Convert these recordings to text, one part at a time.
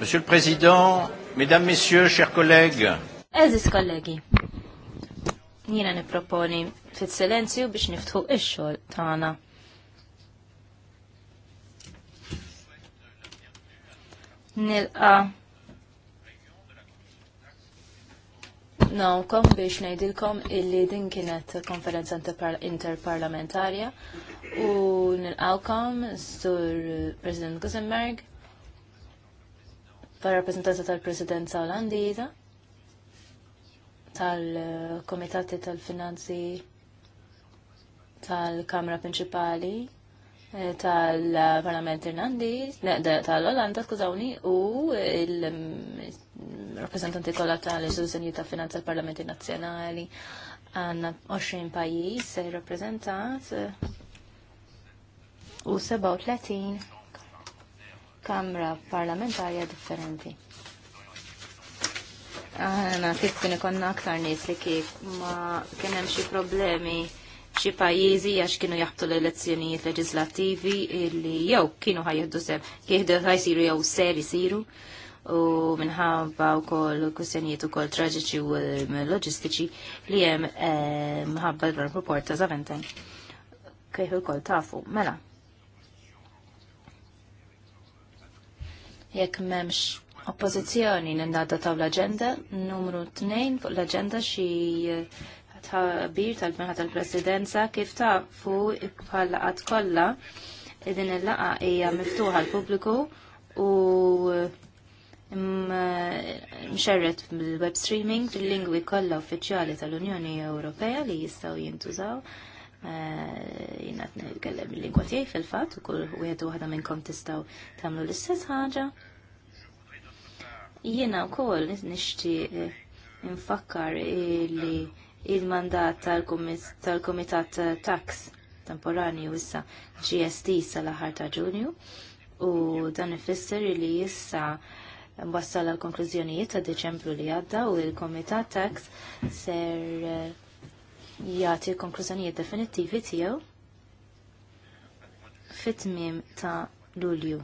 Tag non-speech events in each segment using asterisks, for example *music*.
Monsieur le Président, Mesdames, Messieurs, chers collègues. Eżis kollegi, jina niproponi fit silenzju biex niftħu ix-xogħol tagħna. Nilqa Nawkom biex ngħidilkom illi din kienet konferenza interparlamentarja u nilqawkom sur President Gusenberg par rappresentanza tal-Presidenza Olandiża, tal-Komitati tal-Finanzi tal-Kamra Principali, eh, tal-Parlament Irlandiż, tal-Olanda, skużawni, u il-rappresentanti kollha tal-Istituzzjoni ta' Finanza tal-Parlamenti Nazzjonali għandna 20 pajjiż rappreżentat u 37 kamra parlamentarja differenti. Għana kif kien ikonna aktar nis li kif ma kien hemm xi problemi xi pajjiżi għax kienu jaħtu l-elezzjonijiet leġislattivi li jew kienu ħajjeħdu sem jieħdu ħajsiru jew ser isiru u minħabba u koll kustenijiet u koll traġiċi u loġistiċi li jem eh, mħabba l-rapport zaventen. Zaventem. Kieħu kol tafu, mela. Jekk m'hemmx oppożizzjoni nindadda taw l-aġenda, numru 2 fuq l-aġenda xi tħabir tal-Bnħa tal-Presidenza kif ta' fu bħal-laqat kollha din il-laqa hija miftuħa l-pubbliku u mxerret bil-web streaming fil-lingwi kollha uffiċjali tal-Unjoni Ewropea li jistgħu jintużaw Eh, jina t-netkellem il-lingwa tijaj fil-fat, u kull u għedu għada minnkom tistaw tamlu l-istess ħaġa. Jina u koll nishti eh, infakkar li il-mandat tal-komitat eh, tax temporani u issa GST sal-ħar ta' ġunju u dan ifisser li issa mbassal għal konklużjonijiet ta' Deċembru li għadda u il-Komitat Tax ser jagħti l-konklużjonijiet definittivi tiegħu fit-tmiem ta' Lulju.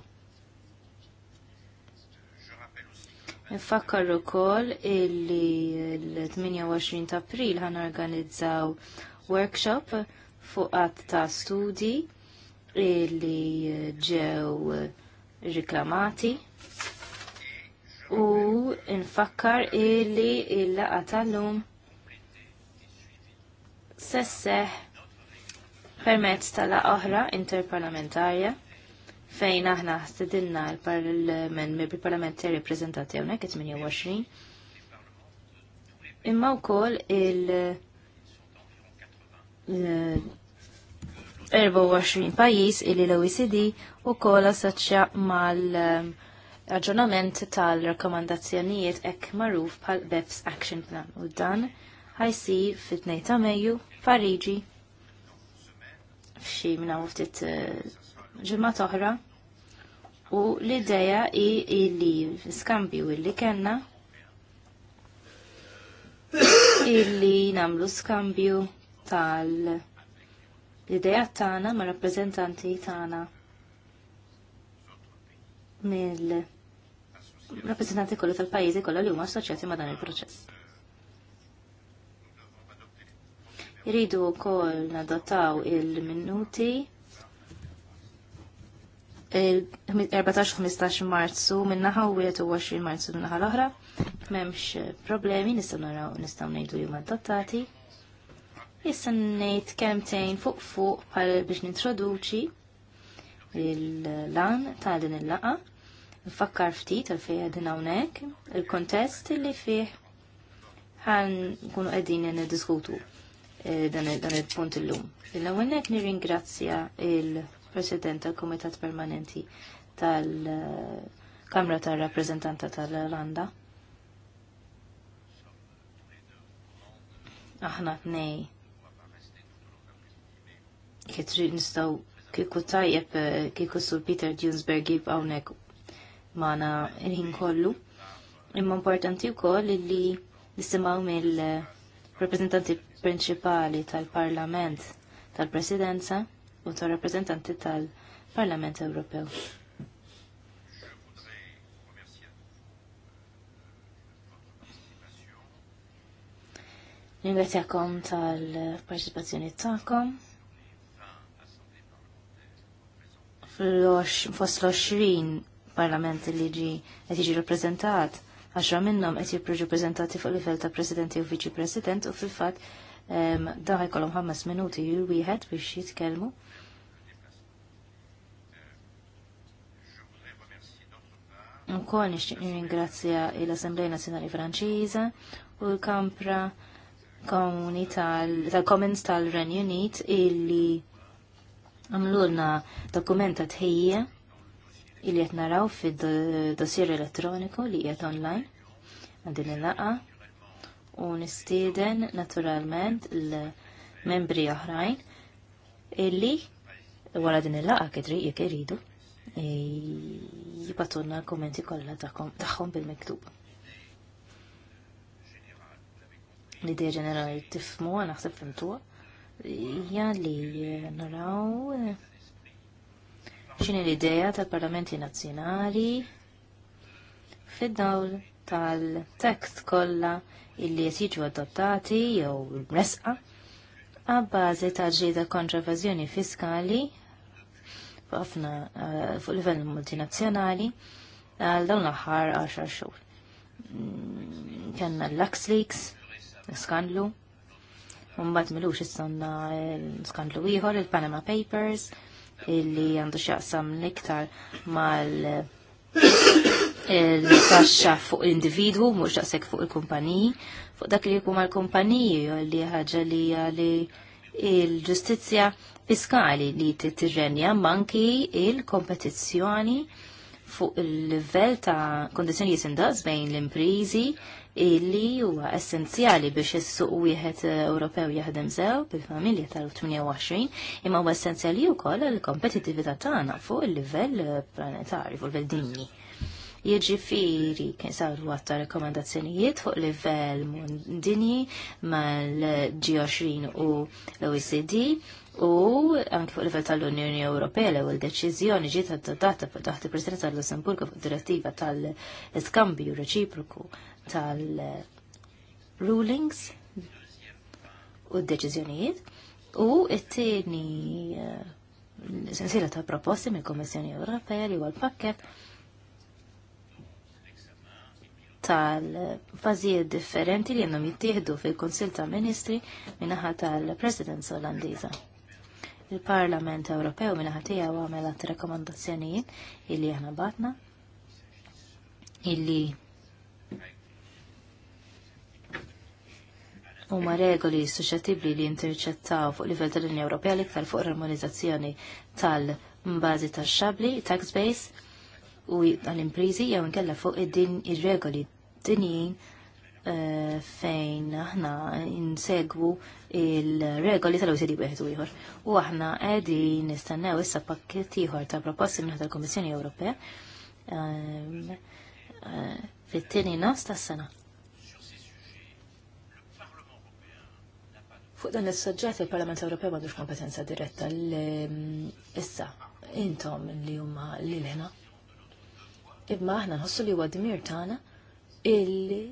Nfakkar ukoll illi l-28 ta' April ħan organizzaw workshop fuq qatt ta' studi illi ġew riklamati u nfakkar illi l laqa tal-lum sesseħ permezz tala oħra interparlamentarja fejn aħna stedinna l-parlament mibri parlamentari prezentati għonek 28 imma wkoll il 24 eh, pajjiż il l-OECD u kol assoċja mal aġġornament tal-rakkomandazzjonijiet ek maruf pal BEPS Action Plan u dan ħajsi fit-2 ta' Mejju Fariġi. f'xi minna ftit eh, ġimgħa oħra u l-ideja i li skambju illi kellna illi namlu skambju tal l ideja tagħna ma' rappreżentanti tagħna mill rappreżentanti kollu tal-pajjiżi kollha li huma assoċjati ma' dan il-proċess. Iridu wkoll nadataw il-minuti il-14-15 marzu minnaħa u 21 marzu minnaħa l-oħra. Memx problemi, nistaw naraw nistaw nejdu jum adottati. Issa nejt kemtejn fuq fuq bħal biex nintroduċi il-lan ta' din il-laqa. Nfakkar ftit għal fejja din hawnhekk, il-kontest li fih ħan kunu qegħdin niddiskutu. Eh, dan il-punt illum. il nir nirringrazzja il-President tal-Komitat Permanenti tal-Kamra tal-Rappresentanta tal landa Aħna t-nej kitri nistaw kiku tajjeb eh, kiku sur Peter Dunesberg jib għawnek maħna il-ħin kollu. Imma importanti u koll li nisimaw mill-reprezentanti prinċipali tal-Parlament tal-Presidenza u tal-Rappresentanti tal-Parlament Ewropew. Ringrazzjakom tal-parċipazzjoni tagħkom. Fost l-20 parlament li ġi qed jiġi rappreżentat għaxra minnhom qed jiġu prezentati fuq livell ta' President u viċi president u fil-fatt da jkollhom ħames minuti wieħed biex jitkellmu. Nkol nixtieq nirringrazzja l-Assembleja Nazzjonali Franċiża u l-Kampra tal-Commons tal-Ren Unit illi għamlulna dokumenta tħejja illi qed naraw fid-dossier elettroniku li qiegħed online għandin il-laqa u nistieden naturalment l-membri oħrajn illi wara din il-laqa kedri jekk iridu e, jibatunna l-kommenti kollha tagħhom bil-miktub. L-idea ġenerali tifmu naħseb fimtu hija li naraw x'inhi l-idea tal-Parlamenti Nazzjonali fid-dawl tal-tekst kollha illi jesiġu adottati jew resqa għabbażi ta' ġlieda kontra fiskali f'ħafna eh, fuq livell multinazzjonali għal dawn l-aħħar 10 xhur. Mm, Kenna l-LuxLeaks, skandlu, mbagħad milux issanna skandlu ieħor il-Panama Papers illi għandu x'jaqsam l-iktar mal il-taxxa fuq l-individwu, mhux daqshekk fuq il-kumpaniji, fuq dak li jkun mal-kumpaniji li ħaġa li għali il-ġustizzja fiskali li tirrenja manki il-kompetizzjoni fuq il-livell ta' kondizjoni jisindaz bejn l-imprizi illi huwa essenzjali biex is-suq wieħed Ewropew jaħdem sew bil-familja tal-28 imma huwa essenzjali wkoll għall kompetitività tagħna fuq il-livell planetari, fuq il-livell dinji. Jiġifieri kien saru għatta rekomendazzjonijiet fuq livell mondini mal-G20 u l-OECD u anke fuq livell tal-Unjoni Ewropea l-ewwel deċiżjoni ġiet adottata taħt il president tal-Lussemburgu fuq direttiva tal-iskambju reċiproku tal-rulings u d-deċiżjonijiet u it-tieni eh, sensiela ta' proposti mill-Kommissjoni Ewropea li huwa l-pakket tal-fazijiet differenti li jennom jittieħdu fil-Konsil ta' Ministri minnaħa tal-Presidenza Olandiza. Il-Parlament Ewropew minnaħa tiegħu għamela t rekomandazzjonijiet illi aħna batna illi huma regoli suscettibbli li jinterċettaw fuq livell tal-Unja Ewropea l-iktar fuq armonizzazzjoni tal-mbażi tax-xabli, tax base, u għal-imprizi jew nkella fuq id-din ir-regoli dinjin uh, eh, fejn aħna insegwu il-regoli tal-OECD u ieħor. U aħna qegħdin nistennew issa pakkett ieħor ta' proposti minn tal-Kummissjoni Ewropea um, uh, fit-tieni nofs tas-sena. Fuq dan is-soġġett il-Parlament Ewropea m'għandux kompetenza diretta ehm, issa intom li huma l-ħena. Imma aħna nħossu li huwa dmir tagħna illi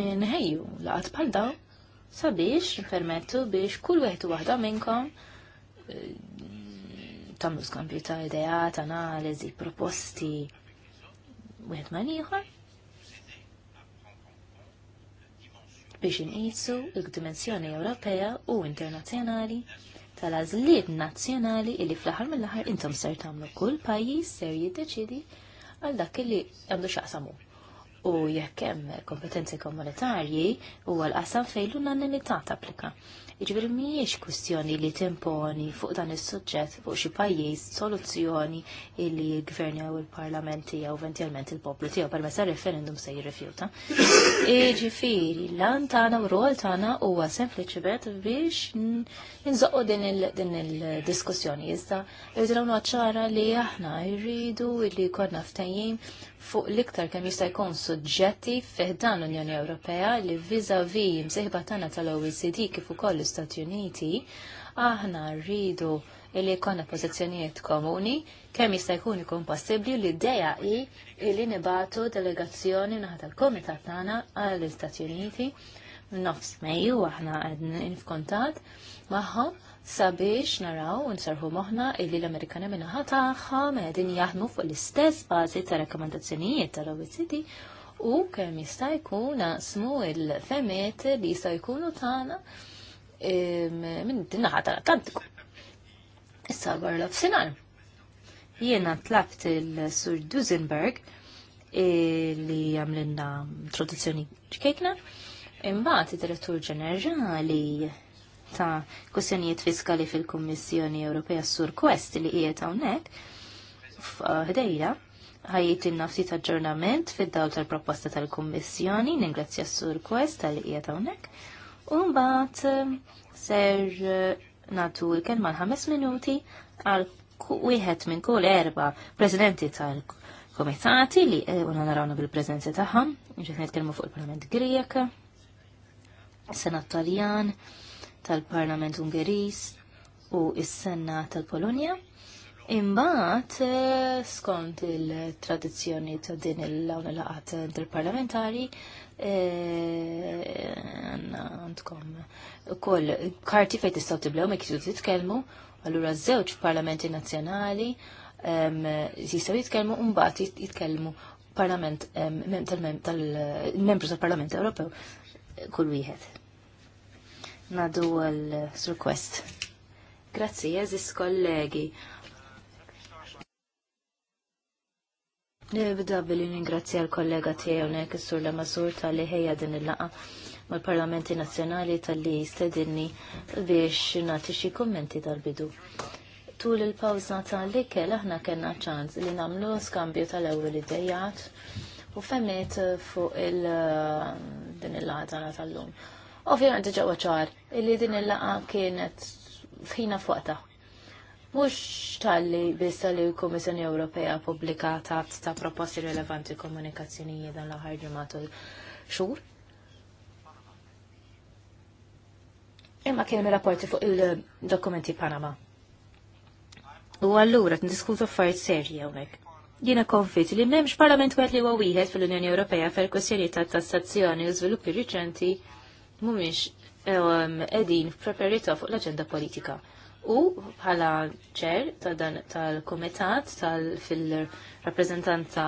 eh, nħejju laqat bħal daw sabiex permettu biex kull wieħed waħda minnkom eh, tagħmlu skambju ta' ideat, analiżi, proposti wieħed ma' ieħor biex inqisu l-dimensjoni Ewropea u internazzjonali tal azliet nazzjonali illi fl-aħħar mill-aħħar intom ser tagħmlu kull pajjiż ser jiddeċidi għal dak li għandu xaqsamu. U jekk hemm kompetenzi komunitarji huwa l-qasam fejn l-unanimità tapplika. applika Jiġifieri mhijiex kwistjoni li timponi fuq dan is-suġġett fuq xi pajjiż soluzzjoni illi l-gvern jew il-parlament jew eventjalment il-poplu tiegħu permezz referendum se jirrifjuta. Jiġifieri lan tagħna u rol tagħna huwa sempliċement biex nżoqqu din il-diskussjoni iżda irridu ċara li aħna jridu illi jkollna ftajjim fuq l-iktar kemm jista' jkun suġġetti dan l-Unjoni Ewropea li vis-a-vi msieħba tagħna tal-OECD kif ukoll l-Istati Uniti aħna rridu li jkollna pożizzjonijiet komuni kemm jista' jkun ikun possibbli li d hi li nibatu delegazzjoni naħa tal kumitat tagħna għall-Istati Uniti nofs Mejju aħna qegħdin f'kuntatt magħhom sabiex naraw u nsarħu moħna illi l-Amerikana ħata taħħa meħedin jaħdmu fuq l-istess bazi ta' rekomendazzjonijiet tal-OECD u kemm jista' jkun naqsmu il-femiet li jista' jkunu tagħna ehm, minn din-naħa tal-Atlantiku. Issa barra f'sinar. Jiena tlabt il-Sur Duzenberg li għamlinna introduzzjoni ċkejkna, imbagħad id-direttur ġenerali ta' kwestjonijiet fiskali fil-Kummissjoni Ewropea Sur kwest li qiegħed hawnhekk f'ħdejja ħajjit il-nafti ta' ġurnament fid-dawl tal-proposta tal-Kummissjoni, ningrazzja Sur Quest tal qiegħed hawnhekk. U mbagħad eh, ser eh, natu l-kelma l-ħames minuti għal wieħed minn kull erba' presidenti tal komitati li eh, unna narawna bil-prezenza taħħam, ġifnet kelmu fuq il-Parlament Grijak, Senat Taljan, tal-Parlament Ungeris u s-Senna tal-Polonja. Imbagħad eh, skont il-tradizzjoni ta' din il-lawna laqat interparlamentari eh, għandkom ukoll karti fejn tistgħu tiblew ma kisu titkellmu, allura żewġ parlamenti nazzjonali jistgħu jitkellmu u mbagħad jitkellmu parlament tal-membru tal-Parlament Ewropew kull wieħed nadu għal-surquest. Eh, Grazzi, jeżis kollegi. Nibda billi ningrazzja l-kollega tiegħu nek is-sur la Masur tal-li ħejja din il-laqa mal-Parlamenti Nazzjonali tal-li jistedinni biex nagħti xi kummenti tal-bidu. Tul il-pawża tal-ikel aħna kellna ċans li nagħmlu skambju tal-ewwel idejjat u femmet fuq il eh, din il-laqa tal-lum. Ovvjament ġewwa ċar illi din il-laqa kienet fħina fuqta. Mux tal-li bissa li l-Komissjoni Ewropea publikata ta' proposti rilevanti komunikazzjonijiet dan l-aħħar ġimgħatu xhur. Imma kienu rapporti fuq il-dokumenti Panama. U allura t affarijiet serji hawnhekk. Jiena konfit li m'hemmx parlament wieħed li huwa wieħed fil-Unjoni Ewropea fer kwestjonijiet ta' tassazzjoni u żviluppi riċenti mumiex edin preparita fuq l-agenda politika. U bħala ċer tal-komitat tal-fil-rappresentanza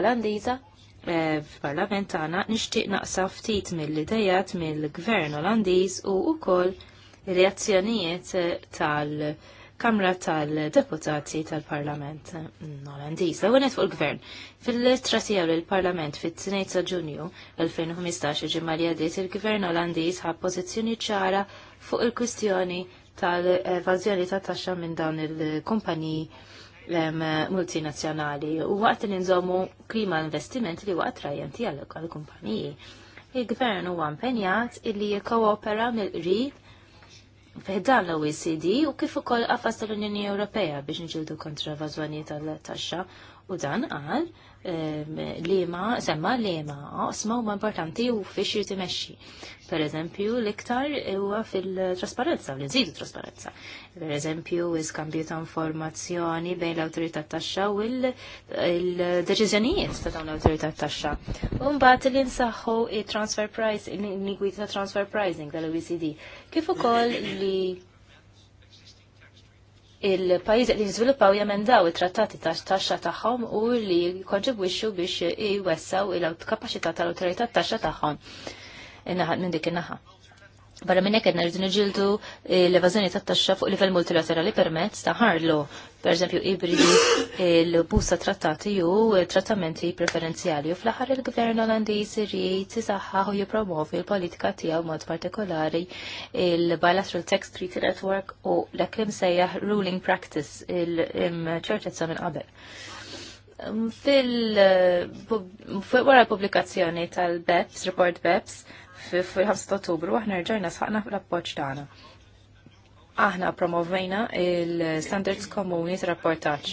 olandiza eh, f'Parlament parlament tagħna nixtieq naqsa ftit mill-idejat mill-gvern olandiż u wkoll reazzjonijiet eh, tal- Kamra tal-Deputati tal-Parlament Olandiż. L-ewwel fuq il-Gvern. fil trasija tiegħu lill-Parlament fit-2 ta' Ġunju 2015 ġimgħa li il-Gvern Olandiż ħab pożizzjoni ċara fuq il-kwistjoni tal-evażjoni ta' taxxa minn dawn il-kumpaniji multinazzjonali u waqt li nżommu klima investimenti li waqt rajenti għal-kumpaniji. Il-Gvern huwa impenjat illi jikkoopera mill-qrib Fe'dan l-OECD u kif ukoll qafas tal-Unjoni Ewropea biex niġildu kontra evażjoni tal-taxxa u dan qal lima, semma lima, osma huma importanti u fiex jitimexxi. Per eżempju, l-iktar huwa fil-trasparenza, li nżidu trasparenza. Per eżempju, iskambju ta' informazzjoni bejn l-autorità taxxa u l-deċiżjonijiet ta' dawn l-autorità taxxa. U li nsaħħu transfer price, il nigwita transfer pricing tal-OECD. Kif ukoll li il-pajizi li jizviluppaw jemendaw it-trattati ta' taxxa tagħhom u li kontribwixxu biex iwessaw il-kapaċità tal-awtorità taxxa tagħhom. Innaħat minn dik in-naħa. Barra minnek edna rridu nġildu eh, l-evazjoni ta' taxxa fuq livell multilaterali permezz ta' ħarlo, per eżempju ibridi eh, l-busta trattati u eh, trattamenti preferenzjali. U fl-aħħar il-gvern Olandiż irid isaħħaħ u jippromovi l-politika tiegħu mod partikolari il-bilateral tax treaty network u l-eklim sejjaħ ruling practice il-ċertezza minn qabel. Fil-wara l-pubblikazzjoni tal-BEPS, report BEPS, fil-5 ta' Ottubru aħna rġajna sħaqna fl-appoġġ tagħna. Aħna promovejna il-standards komuni ta' rapportaġġ,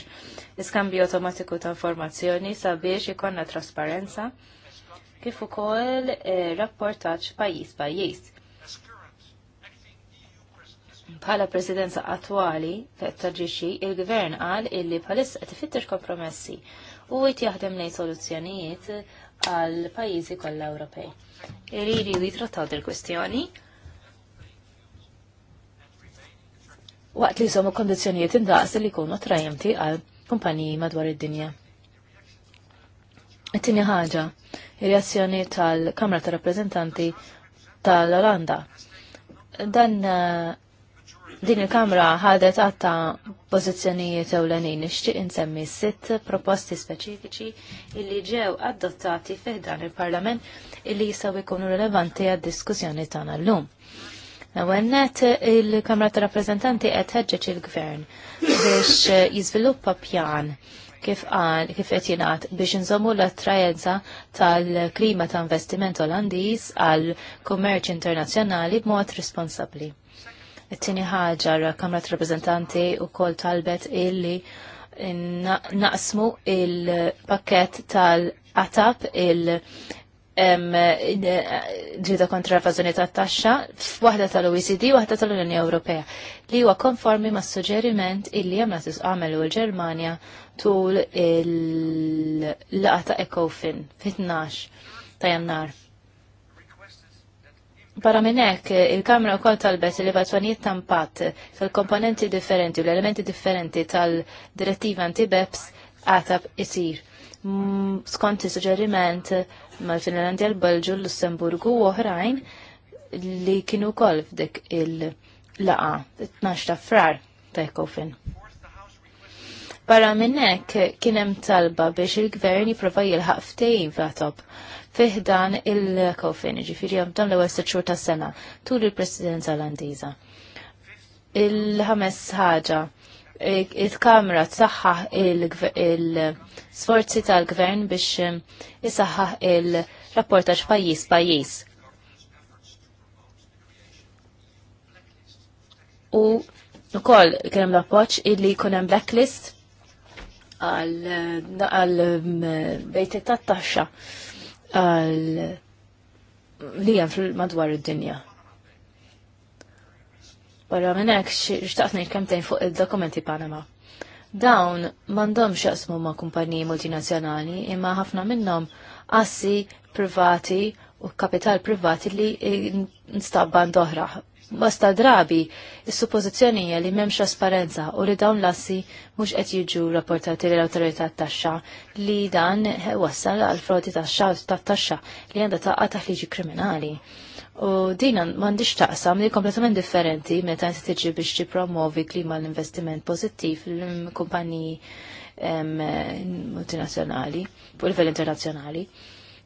l-iskambju automatiku ta' informazzjoni sabiex ikonna trasparenza kif ukoll eh, rapportaġġ pajjiż pajjiż. Bħala presidenza attwali qed taġixxi il-gvern qal illi bħalissa qed ifittex kompromessi u jt jaħdem lejn soluzzjonijiet għal pajjiżi kollha Ewropej. Iridi li trattaw dil-kwestjoni waqt li somu kondizjonijiet indaqs li jkunu trajemti għal kumpaniji madwar id-dinja. it tieni ħaġa, ir-reazzjoni tal-Kamra tal-Rappreżentanti tal-Olanda. Dan eh, Din il-Kamra ħadet għatta pozizjonijiet ewlenin nixtieq insemmi sitt proposti speċifiċi illi ġew adottati fih dan il-Parlament illi jistgħu jkunu rilevanti għad-diskussjoni tagħna llum. Għennet il-Kamra ta' Rappresentanti qed ħeġġeġ il-Gvern biex jiżviluppa pjan kif qal kif qed jingħad biex inżommu l-attrajenza tal-klima ta' investiment Olandiż għal kummerċ internazzjonali b'mod responsabbli. Tini ħaġa r-Kamra Rappresentanti u kol talbet illi naqsmu il-pakket tal-ATAP il- ġida kontra l-fazzjoni ta' taxxa f'waħda tal-OECD u waħda tal-Unjoni Ewropea li huwa konformi ma' suġġeriment illi hemm nasis għamlu l-Ġermanja tul il-laqa ta' ECOFIN fit-12 ta' jannar. Para minnek, il-kamra u kol talbet li evazzjoniet tampat tal-komponenti differenti u l-elementi differenti tal-direttiva anti-BEPS għatab isir. Skont suġġeriment mal-Finlandja, l-Belġu, l-Lussemburgu u oħrajn li kienu kol f'dik il-laqa 12 ta' frar ta' kofin. Para minnek kienem talba biex il-gvern jiprofa jilħaq ftejn fl-atop fiħdan il-kofin, ġifiri għam dan l-ewel s-sċur ta' sena, tul il-presidenza l-Andiza. Il-ħames ħaġa, il-kamra t-saxħa il-sforzi tal-gvern biex jisaxħa um, il-rapportax pajis pajis. U Nkoll, kienem l-appoċ illi kunem blacklist għal um, bejti tat taxxa għal li għan fil-madwar id-dinja. Barra minnek, kemm kemtejn fuq il-dokumenti Panama. Dawn mandom xaqsmu ma' kumpaniji multinazzjonali imma ħafna minnom assi privati u kapital privati li nstabban doħra Basta drabi, is-suppożizzjoni hija li m'hemm trasparenza u li dawn lassi mhux qed jiġu rapportati lill awtorità taxxa li dan wassal għal frodi tax u tat-taxxa li għandha ta' għata liġi kriminali. U dina m'għandix taqsam li kompletament differenti meta inti tiġi biex promovi klima l-investiment pożittiv l multinazjonali, multinazzjonali, l livell internazzjonali.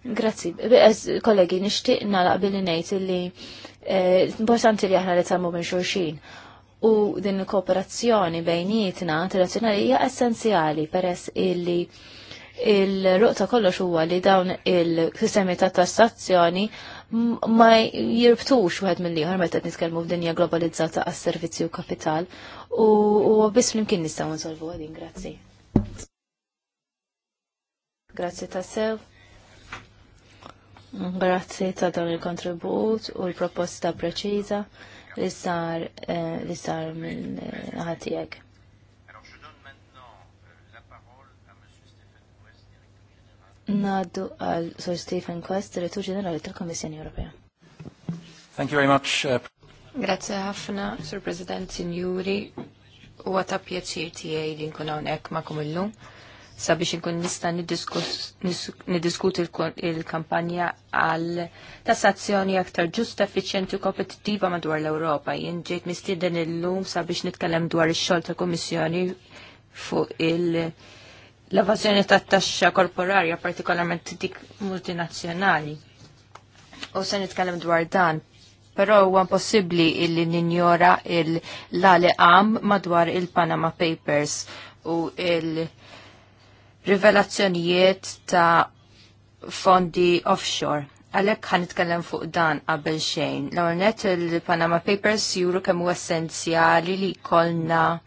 Grazzi, kollegi, nishtiq nalaq billi nejt li eh, importanti li aħna li tammu minn xurxin. U din kooperazzjoni bejnietna internazzjonali hija essenzjali peress illi il-ruqta kollox huwa li dawn il-sistemi ta' tassazzjoni ma jirbtux wieħed mill-ieħor meta qed nitkellmu f'dinja globalizzata għas servizzi u kapital u biss flimkien nistgħu nsolvu għadin, grazzi. Grazzi tassew. Grazzi ta' dan il-kontribut u l-proposta preċiza li sar eh, li sar minn eh, ħatijek. Naddu għal Sir Stephen Quest, Direttur Ġenerali tal-Kommissjoni Ewropea. Thank you very much. Uh, Grazie ħafna, Sir President, Signuri, u għata pjaċir tijaj li nkun hawnhekk ma' illum sabiex inkun nista' niddiskuti il-kampanja għal tassazzjoni aktar ġusta, effiċjenti u kompetittiva madwar l-Ewropa. Jien ġejt mistieden illum sabiex nitkellem dwar ix-xogħol tal-Kummissjoni fuq il- l-evazjoni ta' taxxa korporarja, partikolarment dik multinazzjonali. U se nitkellem dwar dan, però huwa impossibbli illi ninjora il għaliqam għam madwar il-Panama Papers u il- rivelazzjonijiet ta' fondi offshore. Għalek ħan nitkellem fuq dan qabel xejn. l għornet il-Panama Papers juru kemm huwa essenzjali li kolna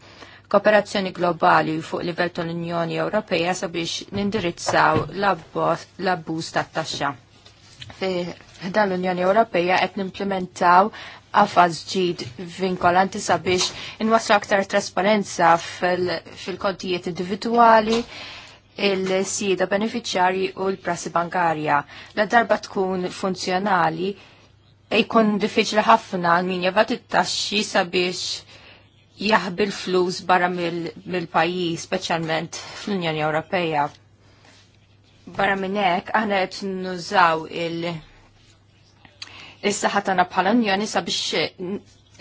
kooperazzjoni globali fuq livell tal-Unjoni Ewropea sabiex nindirizzaw l-abbuż tat-taxxa. Fiħdan l-Unjoni Ewropea qed nimplementaw għafaz ġid vinkolanti sabiex inwaslu aktar trasparenza fil-kontijiet individuali, il-sida beneficjari u l-prassi bankarja. La darba tkun funzjonali, e jkun diffiċli ħafna għal min jabat it-taxxi sabiex jaħbi l-flus barra mill-pajis, specialment fl-Unjoni Ewropea. Barra minn hekk aħna qed nużaw il- Issa ħatana bħala Unjoni sabiex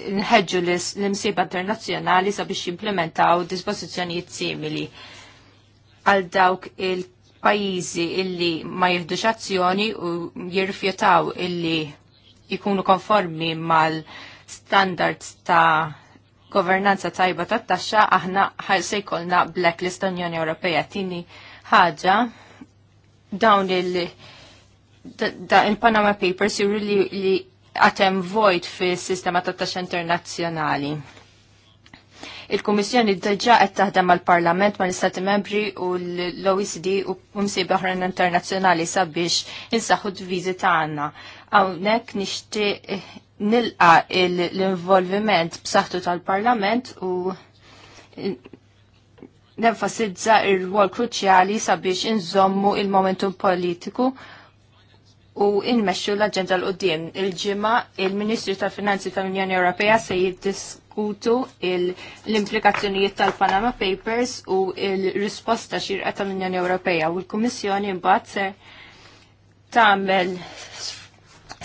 nħedġu l-imsiba internazjonali sabiex jimplementaw dispożizzjonijiet simili għal dawk il-pajizi illi ma jihdux azzjoni u jirrifjetaw illi jikunu konformi mal-standards ta' governanza tajba ta' taxxa aħna ħalse jkollna blacklist Unjoni Ewropea tini ħaġa dawn il- da il-Panama Papers juru li għatem void fil sistema ta' taxxa internazzjonali. Il-Kummissjoni diġà qed taħdem mal-Parlament, mal-Istati Membri u l-OECD u msiba oħrajn internazzjonali sabiex insaħħu d-viżi tagħna. Hawnhekk nixtieq nilqa l-involviment b'saħħtu tal-Parlament u nenfasizza il rwol kruċjali sabiex inżommu il-momentum politiku u inmexxu l-aġenda l qudiem Il-ġimgħa il-Ministri tal-Finanzi tal-Unjoni Ewropea se jiddiskutu l-implikazzjonijiet tal-Panama Papers u l-risposta xirqa tal-Unjoni Ewropea u l-Kummissjoni mbagħad se tagħmel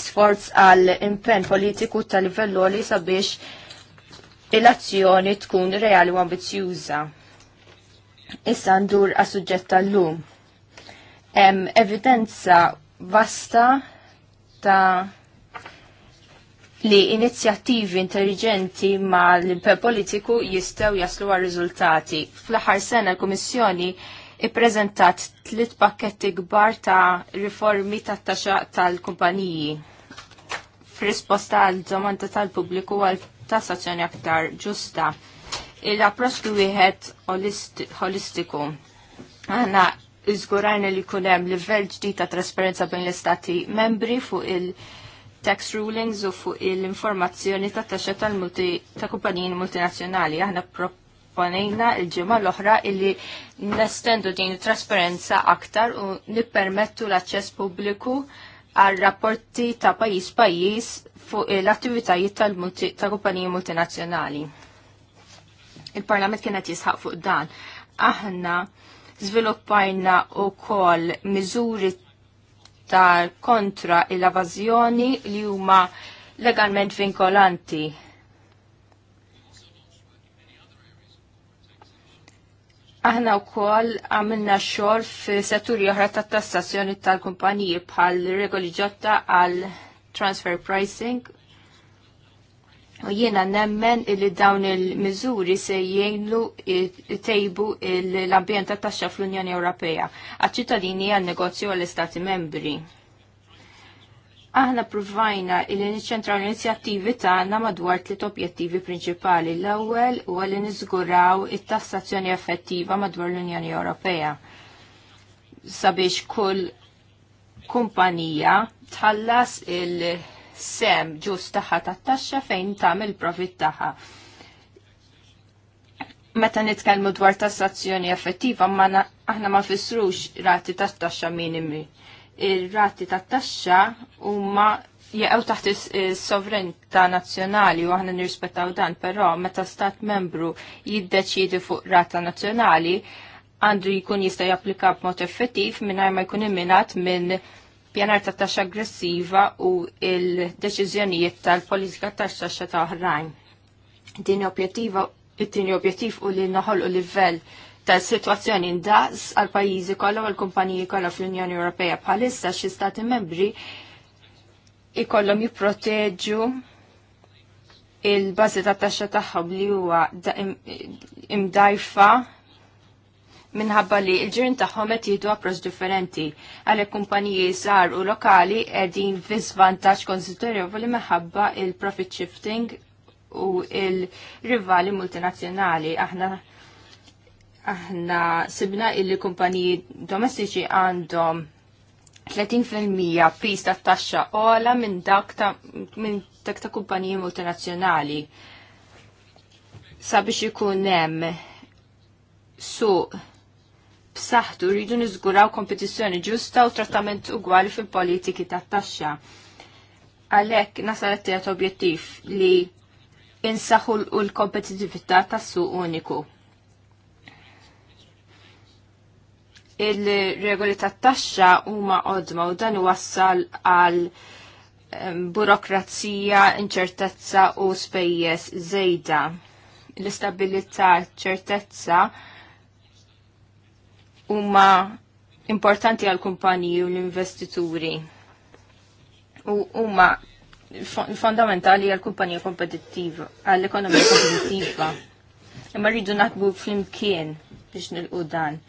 sforz għal impenn politiku tal livell li sabiex il-azzjoni tkun reali u ambizjuża. Issa ndur għas suġġett tal-lum. Evidenza vasta ta' li inizjattivi intelligenti ma l-imper politiku jistaw jaslu għal riżultati. Fl-aħħar sena l-Kummissjoni prezentat tliet pakketti kbar ta' riformi ta' taxxa tal-kumpaniji. F'risposta għal domanda tal-pubbliku għal tassazzjoni aktar ġusta. Il-approċċ li wieħed holistiku. Aħna iżgurajna li kunem livell ġdid ta' trasparenza bejn l-istati membri fuq il-tax rulings u fuq il-informazzjoni ta' taxxa tal-multi ta' kumpanijin multinazzjonali. Aħna proponejna il-ġimgħa l-oħra illi nestendu din trasparenza aktar u nippermettu l-aċċess pubbliku għal rapporti ta' pajis pajis fuq l-attivitajiet tal ta' kumpaniji multinazzjonali. Il-Parlament kienet jisħaq fuq dan. Aħna Zviluppajna u kol miżuri tar kontra il-avazjoni li huma legalment vinkolanti. Aħna u kol għamilna xor fi setturi oħra ta' tassazzjoni tal-kumpaniji bħal regoli ġotta għal transfer pricing U jiena nemmen illi dawn il-miżuri se jgħinlu tejbu l-ambjent ta' taxxa fl-Unjoni Ewropea għaċ-ċittadini għan-negozju għall-Istati membri. Aħna provajna il niċċentraw l-inizjattivi tagħna madwar tliet objettivi prinċipali. L-ewwel huwa li niżguraw it-tassazzjoni effettiva madwar l-Unjoni Ewropea sabiex kull kumpanija tħallas il- sem ġus taħħa tat-taxxa fejn tagħmel profit tagħha. Meta nitkellmu dwar tassazzjoni effettiva ma aħna ma fissrux rati tat-taxxa minimi. Ir-rati tat-taxxa huma jew taħt is sovranità nazzjonali u aħna nirrispettaw dan, però meta stat membru jiddeċidi fuq rata nazzjonali għandu jkun jista' japplika b'mod effettiv mingħajr ma jkun imminat minn pjanar ta' taxxa aggressiva u il-deċiżjonijiet tal-politika tax taxxa ta' oħrajn. Din it-tieni objettiv u li u livell ta' situazzjoni ndaqs għal pajjiżi kollha u l-kumpaniji kollha fl-Unjoni Ewropea bħalissa xi stati membri ikollhom jipproteġu il-bażi ta' taxxa tagħhom li huwa imdajfa minħabba li l-ġirin tagħhom qed jieħdu approċċ differenti għalhekk kumpaniji żgħar u lokali qegħdin fi żvantaġġ konsiderevoli minħabba il-profit shifting u il-rivali multinazzjonali. Aħna aħna sibna illi kumpaniji domestiċi għandhom 30% pista ta' taxxa ola minn dak ta' minn dak ta' kumpaniji multinazzjonali. Sabiex ikun hemm suq so, b'saħħtu rridu niżguraw kompetizzjoni ġusta u trattament ugwali fil-politiki tat-taxxa. Għalhekk nasal qed objettiv li insaħu l-kompetitività tas-suq uniku. Il-regoli tat-taxxa huma qodma u dan wassal għal burokrazija, inċertezza u spejjeż żejda. L-istabilità, ċertezza huma importanti għal kumpaniji u l-investituri u huma fondamentali għal kumpanija kompetittiva, għall ekonomija kompetittiva. Imma rridu naħdmu fl-imkien biex nilqu dan.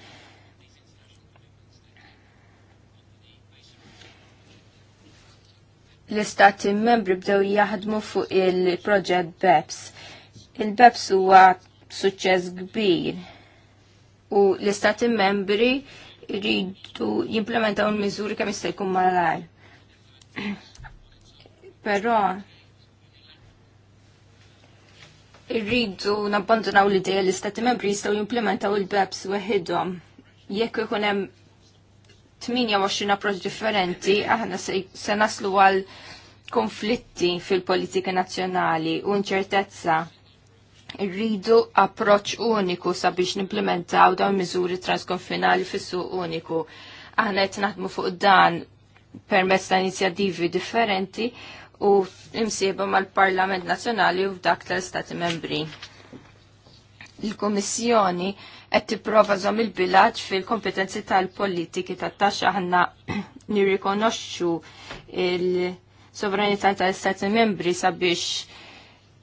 L-istati membri bdew jaħdmu fuq il-proġett BEPS. Il-BEPS huwa suċċess kbir u l-istati membri rridu jimplementaw il-miżuri kemm jista' jkun malajr. *clears throat* Però irridu nabbandunaw l-idea l-istati membri jistgħu jimplementaw il-BEPS weħidhom. Jekk ikun hemm 28 approċ differenti, aħna se naslu għal konflitti fil-politika nazzjonali u nċertezza rridu approċ uniku sabiex nimplementaw dawn miżuri transkonfinali fis-suq uniku. Aħna qed naħdmu fuq dan permezz ta' inizjattivi differenti u imsieba mal-Parlament Nazzjonali u f'dak tal-Stati Membri. Il-Kummissjoni qed tipprova żomm il-bilanċ fil-kompetenzi tal-politiki tat-taxxa aħna *clears throat* nirrikonoxxu il-sovranità tal-Stati Membri sabiex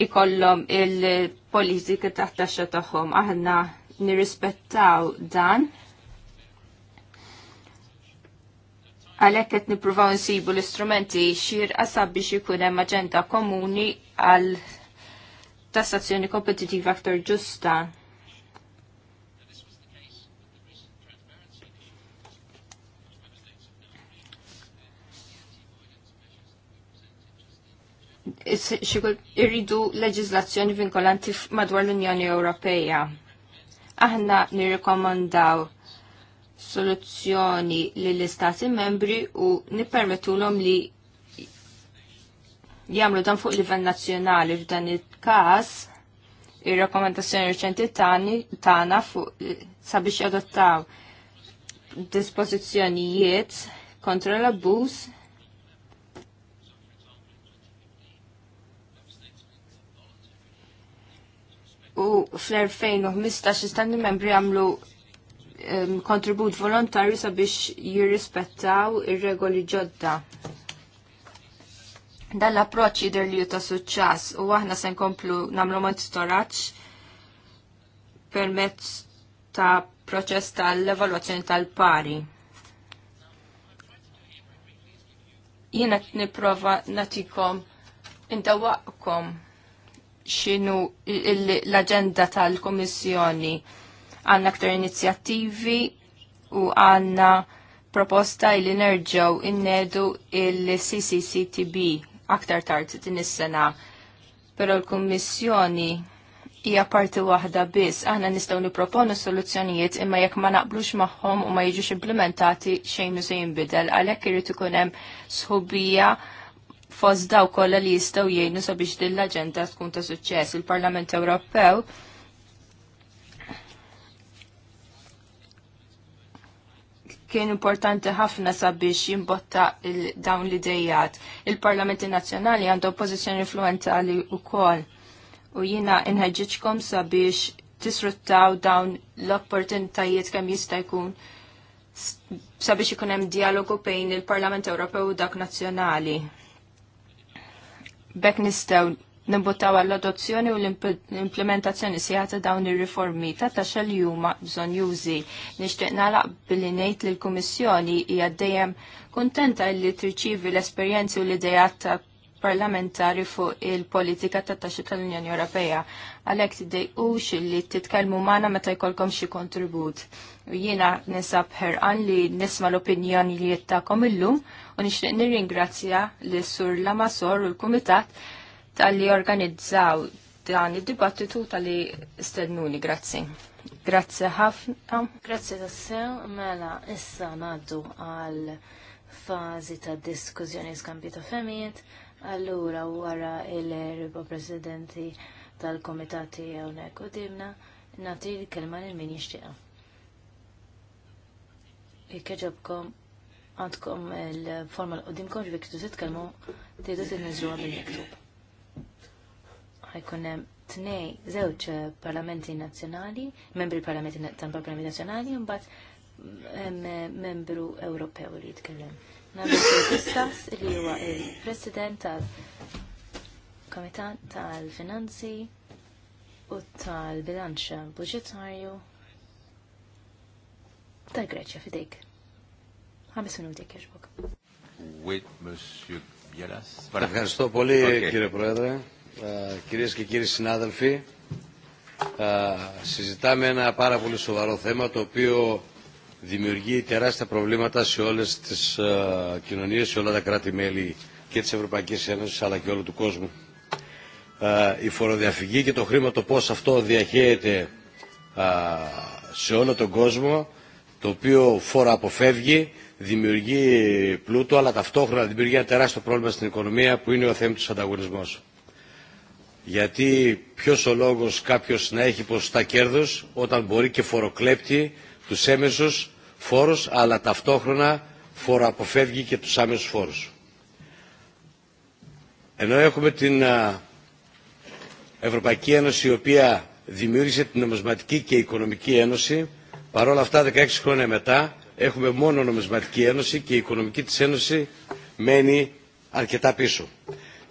ikollhom il-politika taħt taxxa tagħhom. Aħna nirrispettaw dan. Għalhekk qed nippruvaw nsibu l-istrumenti xirqa biex ikun hemm aġenda komuni għal tassazzjoni kompetittiva aktar ġusta. irridu leġizlazzjoni vinkolanti madwar l-Unjoni Ewropeja. Aħna nirrikomandaw soluzzjoni li l-istati membri u l-om li jagħmlu dan fuq livell nazzjonali f'dan il-każ ir rekomendazzjoni reċenti tagħna fuq sabiex adottaw dispożizzjonijiet kontra l-abbuż u fl-2015 istandi membri għamlu um, kontribut volontarju sabiex jirrispettaw ir-regoli ġodda. Dan l-approċ jider li ta' suċċas u aħna se nkomplu namlu monitoraġġ permezz ta' proċess tal-evalwazzjoni tal-pari. Jiena niprofa natikom intawaqkom xinu l-agenda tal-Komissjoni. Għanna aktar inizjattivi u għanna proposta li nerġaw innedu il-CCCTB aktar tard din is-sena. Però l-Kummissjoni hija parti waħda biss, aħna nistgħu nipproponu soluzzjonijiet imma jekk ma naqblux magħhom u ma jiġux implementati xejn se jinbidel għalhekk irid ikun hemm sħubija fost daw kollha li jistgħu jgħinu sabiex din l-aġenda tkun ta' suċċess. Il-Parlament Ewropew kien importanti ħafna sabiex jimbotta dawn l-idejat. Il-Parlamenti Nazzjonali għandu pożizzjoni influenzali wkoll u jina inħeġġiġkom sabiex tisruttaw dawn l-opportunitajiet kemm jista' jkun sabiex ikun hemm dialogu bejn il-Parlament Ewropew u dak nazzjonali bekk nistaw nimbuttaw għall-adozzjoni u l-implementazzjoni ta' dawn ir-riformi ta' taxxa li huma bżonn jużi. Nixtieq nagħlaq billi ngħid li l-Kummissjoni hija dejjem kuntenta li tirċivi l-esperjenzi u l-idejat ta' parlamentari fuq il-politika ta' taxxi tal-Unjoni Ewropea. Għalhekk tidejqux li titkellmu magħna meta jkollkom xi kontribut. U Jiena nisab ħerqan li nisma' l-opinjoni li jittakom illum u nixtieq nirringrazzja li sur Lamasor u l-Kumitat tal-li organizzaw dan id-dibattitu tal-li stednuni, grazzi. Grazzi ħafna. Grazzi tassew, mela issa naddu għal fazi ta' diskussjoni skambi ta' femijiet, allura wara il-erba presidenti tal-komitati għonek u dimna, nati l-kelma l-min jishtiqa. Ikkeġobkom għandkom il-forma l-qoddimkom ġbik tu titkelmu tejdu t-nizru għabin miktub. Għajkunem t-nej zewċ parlamenti nazjonali, membri parlamenti tal-parlamenti nazjonali, mbatt membru Ewropew li jitkellem. Nagħmlu Kistas li huwa il-President tal-Komitat tal-Finanzi u tal-Bilanċ Budġetarju tal-Greċja fidejk minuti Monsieur Bielas. Ευχαριστώ πολύ, okay. κύριε Πρόεδρε. Κυρίες και κύριοι συνάδελφοι, συζητάμε ένα πάρα πολύ σοβαρό θέμα το οποίο δημιουργεί τεράστια προβλήματα σε όλες τις κοινωνίες, σε όλα τα κράτη-μέλη και της Ευρωπαϊκής Ένωσης αλλά και όλου του κόσμου. Η φοροδιαφυγή και το χρήμα, το πώς αυτό διαχέεται σε όλο τον κόσμο, το οποίο φορά αποφεύγει, δημιουργεί πλούτο, αλλά ταυτόχρονα δημιουργεί ένα τεράστιο πρόβλημα στην οικονομία που είναι ο θέμα του ανταγωνισμό. Γιατί ποιο ο λόγο κάποιο να έχει ποσοστά κέρδο όταν μπορεί και φοροκλέπτει του έμεσου φόρου, αλλά ταυτόχρονα φοροαποφεύγει και του άμεσου φόρου. Ενώ έχουμε την Ευρωπαϊκή Ένωση η οποία δημιούργησε την Νομισματική και Οικονομική Ένωση, παρόλα αυτά 16 χρόνια μετά έχουμε μόνο νομισματική ένωση και η οικονομική της ένωση μένει αρκετά πίσω.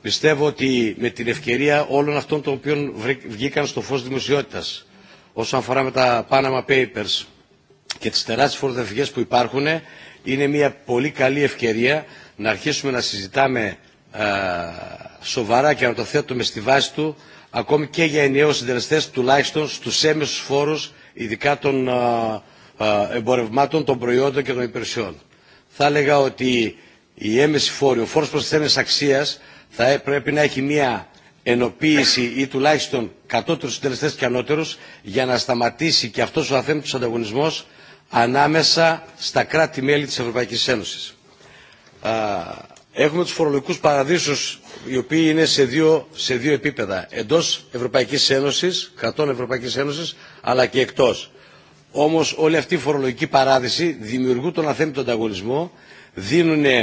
Πιστεύω ότι με την ευκαιρία όλων αυτών των οποίων βγήκαν στο φως δημοσιότητας όσον αφορά με τα Panama Papers και τις τεράστιες φοροδευγές που υπάρχουν είναι μια πολύ καλή ευκαιρία να αρχίσουμε να συζητάμε α, σοβαρά και να το θέτουμε στη βάση του ακόμη και για ενιαίους συντελεστές τουλάχιστον στους έμεσους φόρους ειδικά των α, εμπορευμάτων, των προϊόντων και των υπηρεσιών. Θα έλεγα ότι η έμεση φόρη, ο φόρος προσθέμενης αξίας θα πρέπει να έχει μια ενοποίηση ή τουλάχιστον κατώτερους συντελεστές και ανώτερους για να σταματήσει και αυτός ο αθέμητος ανταγωνισμός ανάμεσα στα κράτη-μέλη της Ευρωπαϊκής Ένωσης. Έχουμε τους φορολογικούς παραδείσους οι οποίοι είναι σε δύο, σε δύο επίπεδα. Εντός Ευρωπαϊκής Ένωσης, κρατών Ευρωπαϊκής Ένωσης, αλλά και εκτός. Όμως όλη αυτή η φορολογική παράδειση δημιουργούν τον αθέμητο ανταγωνισμό, δίνουν, α,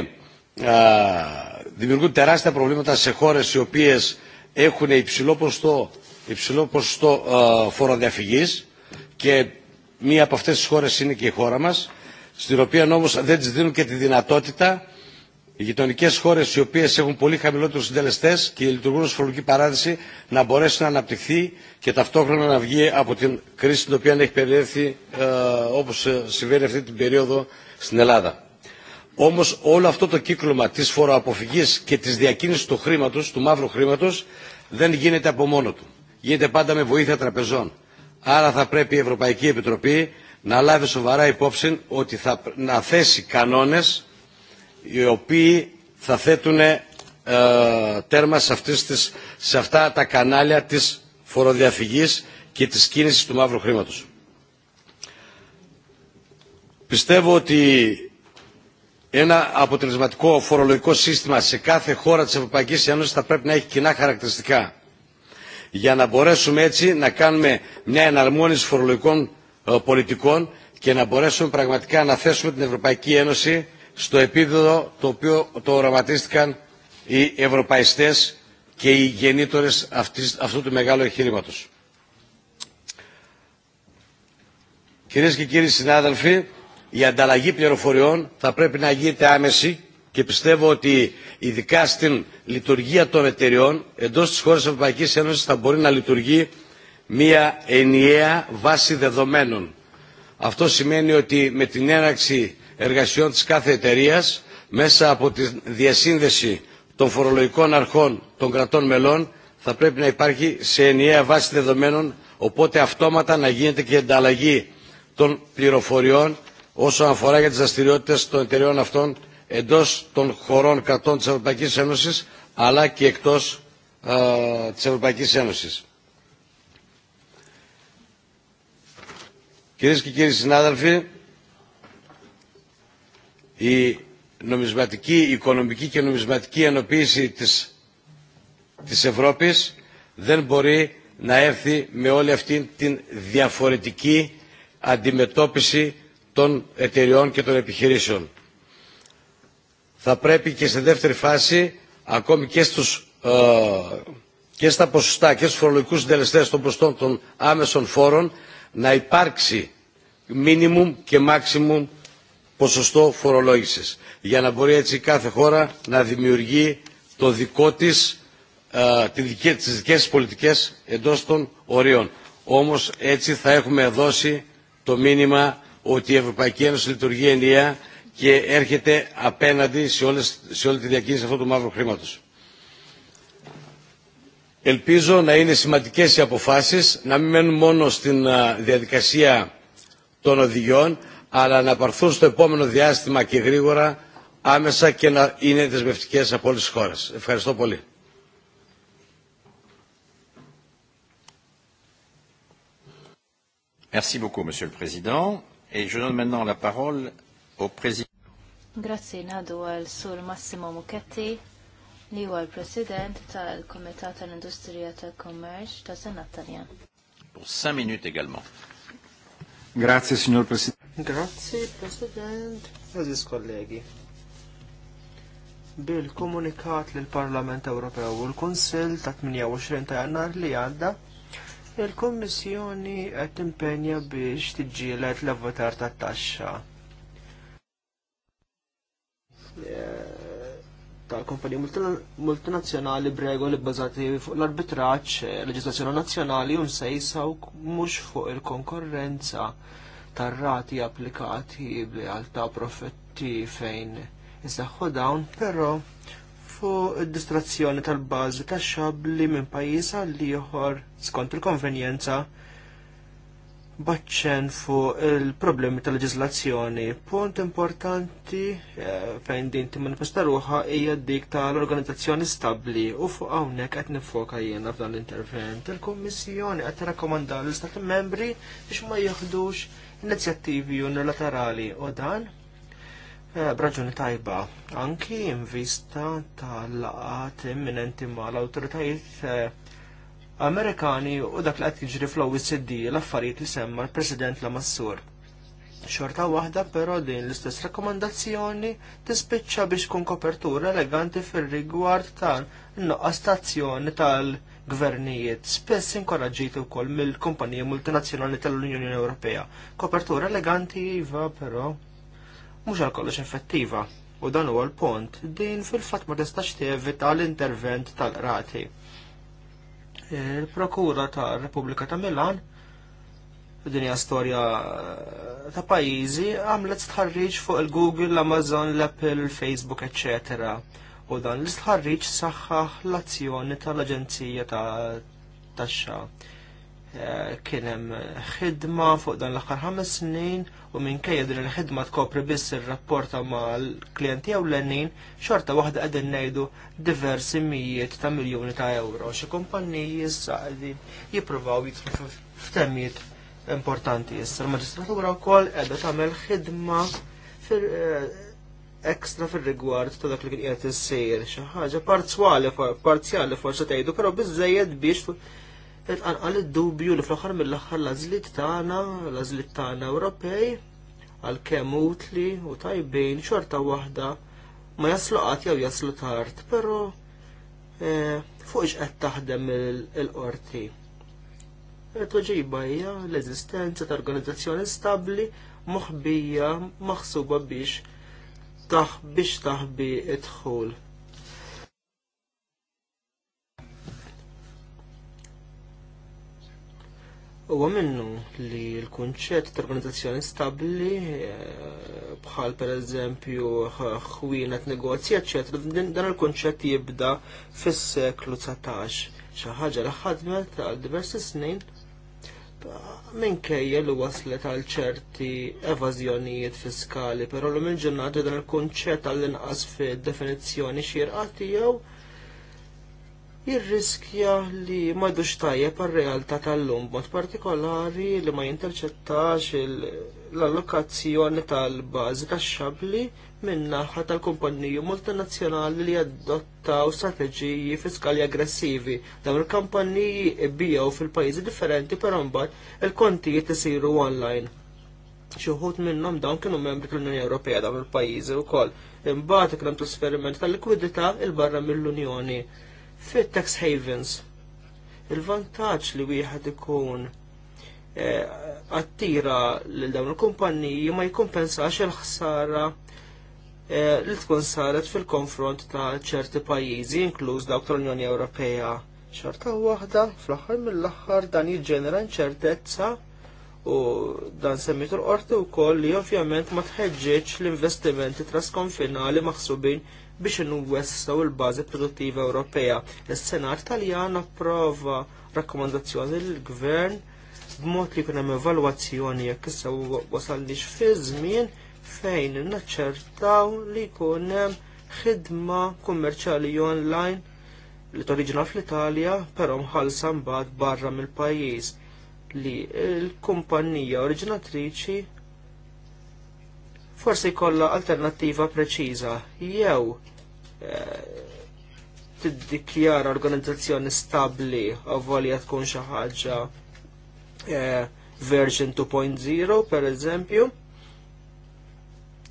δημιουργούν τεράστια προβλήματα σε χώρες οι οποίες έχουν υψηλό ποσοστό, υψηλό ποσοστό α, φοροδιαφυγής και μία από αυτές τις χώρες είναι και η χώρα μας, στην οποία όμως δεν της δίνουν και τη δυνατότητα οι γειτονικέ χώρε οι οποίε έχουν πολύ χαμηλότερου συντελεστέ και λειτουργούν ω φορολογική παράδειση να μπορέσει να αναπτυχθεί και ταυτόχρονα να βγει από την κρίση την οποία έχει περιέλθει ε, όπω συμβαίνει αυτή την περίοδο στην Ελλάδα. Όμω όλο αυτό το κύκλωμα τη φοροαποφυγή και τη διακίνηση του χρήματο, του μαύρου χρήματο, δεν γίνεται από μόνο του. Γίνεται πάντα με βοήθεια τραπεζών. Άρα θα πρέπει η Ευρωπαϊκή Επιτροπή να λάβει σοβαρά υπόψη ότι θα να θέσει κανόνες οι οποίοι θα θέτουν ε, τέρμα σε, αυτές τις, σε αυτά τα κανάλια της φοροδιαφυγής και της κίνησης του μαύρου χρήματος. Πιστεύω ότι ένα αποτελεσματικό φορολογικό σύστημα σε κάθε χώρα της Ευρωπαϊκής Ένωσης θα πρέπει να έχει κοινά χαρακτηριστικά για να μπορέσουμε έτσι να κάνουμε μια εναρμόνιση φορολογικών πολιτικών και να μπορέσουμε πραγματικά να θέσουμε την Ευρωπαϊκή Ένωση στο επίπεδο το οποίο το οραματίστηκαν οι ευρωπαϊστές και οι γεννήτωρες αυτής, αυτού του μεγάλου εγχειρήματος. Κυρίες και κύριοι συνάδελφοι, η ανταλλαγή πληροφοριών θα πρέπει να γίνεται άμεση και πιστεύω ότι ειδικά στην λειτουργία των εταιριών εντός της χώρας Ευρωπαϊκής Ένωσης θα μπορεί να λειτουργεί μια ενιαία βάση δεδομένων. Αυτό σημαίνει ότι με την έναρξη εργασιών της κάθε εταιρεία μέσα από τη διασύνδεση των φορολογικών αρχών των κρατών μελών θα πρέπει να υπάρχει σε ενιαία βάση δεδομένων οπότε αυτόματα να γίνεται και ανταλλαγή των πληροφοριών όσον αφορά για τις δραστηριότητε των εταιρεών αυτών εντός των χωρών κρατών της Ευρωπαϊκής Ένωσης αλλά και εκτός ε, της Ευρωπαϊκής Ένωσης. Κυρίες και κύριοι συνάδελφοι, η νομισματική, η οικονομική και νομισματική ενοποίηση της, της Ευρώπης δεν μπορεί να έρθει με όλη αυτή την διαφορετική αντιμετώπιση των εταιριών και των επιχειρήσεων. Θα πρέπει και στη δεύτερη φάση, ακόμη και, στους, ε, και στα ποσοστά και στους φορολογικούς συντελεστές των ποσοστών των άμεσων φόρων, να υπάρξει μίνιμουμ και μάξιμουμ ποσοστό φορολόγησης για να μπορεί έτσι κάθε χώρα να δημιουργεί το δικό της, τη δική, τις δικές της πολιτικές εντός των ορίων. Όμως έτσι θα έχουμε δώσει το μήνυμα ότι η Ευρωπαϊκή Ένωση λειτουργεί ενιαία και έρχεται απέναντι σε, όλες, σε όλη τη διακίνηση αυτού του μαύρου χρήματος. Ελπίζω να είναι σημαντικές οι αποφάσεις, να μην μένουν μόνο στην διαδικασία των οδηγιών, αλλά να παρθούν στο επόμενο διάστημα και γρήγορα άμεσα και να είναι δεσμευτικές από όλες τις χώρες. Ευχαριστώ πολύ. Merci beaucoup, Monsieur le Président. Et je donne maintenant la parole au Président. Grazie, nadu al sur Massimo Mucchetti, li huwa al president tal-Komitat tal-Industrija tal Commerce tal Senat Italien. Pour cinq minutes également. Grazie, Signor Presidente. Grazzi, President, Aziz kollegi. Bil-komunikat l parlament Ewropew u l konsil ta' 28 ta' jannar li għadda, il-Kommissjoni qed impenja biex tiġġieled l-avvotar tat-taxxa tal-kompanji multinazzjonali li bbażati fuq l-arbitraġġ, leġislazzjoni nazzjonali u msejsa mhux fuq il-konkurrenza tar-rati applikati għalta profetti fejn isaħħu dawn, però fuq id-distrazzjoni tal-bażi tax li minn pajjiż li ieħor skont il-konvenjenza baċċen fuq il-problemi tal leġiżlazzjoni Punt importanti eh, fejn din manifesta ruħa hija dik tal-organizzazzjoni stabbli u fuq hawnhekk qed nifoka jiena f'dan l-intervent. Il-Kummissjoni qed tirrakkomanda l istati membri biex ma jieħdux inizjattivi unilaterali u dan eh, braġuni tajba anki in vista tal-laqat imminenti ma l-autoritajiet eh, Amerikani u dak li qed jiġri fl-OECD l-affarijiet li semma l-President Lamassur xorta waħda però din l-istess rakkomandazzjoni tispiċċa biex tkun kopertura eleganti fir rigward tal noqqas tal tal- gvernijiet spess inkoraġġiti wkoll mill-kumpaniji multinazzjonali tal-Unjoni Ewropea. Kopertura eleganti iva, però mhux għal kollox effettiva. U dan huwa l-pont din fil-fatt ma tistax tevita l-intervent tal-qrati. Il-Prokura tar-Repubblika ta' Milan hija storja eh, ta' pajjiżi għamlet stħarriġ fuq il-Google, l-Amazon, l-Apple, Facebook, eccetera u dan l-istħarriġ saħħaħ l-azzjoni tal-Aġenzija ta' taxxa. Eh, kien hemm ħidma fuq dan l-aħħar ħames snin u minkejja din il-ħidma tkopri biss ir-rapporta mal klienti jew l-għennin xorta waħda qegħdin ngħidu diversi mijiet ta' miljuni ta' euro. Xi kumpanniji issa qegħdin jippruvaw jitlu f'temmijiet importanti issa. l maġistratura wkoll qiegħda tagħmel ħidma fir eh, ekstra fil-rigward ta' dak li kien qiegħed issejjer xi ħaġa parzjali parzjali forsi tgħidu, però biżejjed biex tqanqal id-dubju li fl-aħħar mill-aħħar l-għażliet tagħna, l-għażliet tagħna Ewropej għal kemm utli u tajbin xorta waħda ma jaslu qatt jew jaslu tard, però e, fuq x'qed taħdem il-qorti. E, toġiba hija l-eżistenza ta' organizzazzjoni stabbli moħbija maħsuba biex taħ biex taħbi idħul. Huwa minnu li l-kunċett ta' organizzazzjoni stabbli eh, bħal pereżempju ħwienet negozji, eċċetera, dan il-kunċett jibda fis-seklu 19 xi ħaġa li ħadmet għal diversi snin minkejja li waslet għal ċerti evażjonijiet fiskali, però l minn ġurnati dan il-kunċett għall-inqas fid-definizzjoni xirqati tiegħu jirriskja li ma jdux tajjeb par realtà tal-lum, mod partikolari li ma jintercettax l-allokazzjoni tal-bażi tax-xabli minnaħa tal-kumpanniju multinazzjonali li jadottaw strateġiji fiskali aggressivi. Dawn il kumpanniji ibbijaw fil-pajjiżi differenti per mbagħad il-kontijiet isiru online. Xi wħud minnhom dawn kienu membri tal-Unjoni Ewropea dawn il-pajjiżi wkoll. Imbagħad ikram trasferiment tal-likwidità il barra mill-Unjoni. Fit-tax havens. Il-vantaġġ li wieħed ikun eh, attira lil dawn il-kumpanniji ma jkompensax il-ħsara Eh, li tkun saret fil-konfront ta' ċerti pajjiżi, inkluż dawk tal-Unjoni Ewropea. Xorta waħda, fl-aħħar mill-aħħar dan jiġġenera ċertezza u dan semmitu l-qorti u koll li ovvjament ma tħeġġeġ l-investimenti trasconfinali maħsubin biex n il-bazi produttiva Ewropea. Is-Senat Taljan approva rakkomandazzjoni l-Gvern b'mod li kunem evalwazzjoni jekk issa wasalniex fi żmien fejn naċċertaw li jkun hemm ħidma kummerċjali online li toriġina fl-Italja però mħallsa mbagħad barra mill-pajjiż li l-kumpanija oriġinatriċi forsi jkollha alternattiva preċiża jew eh, tiddikjara organizzazzjoni stabbli avvalja tkun xi ħaġa eh, version 2.0 per eżempju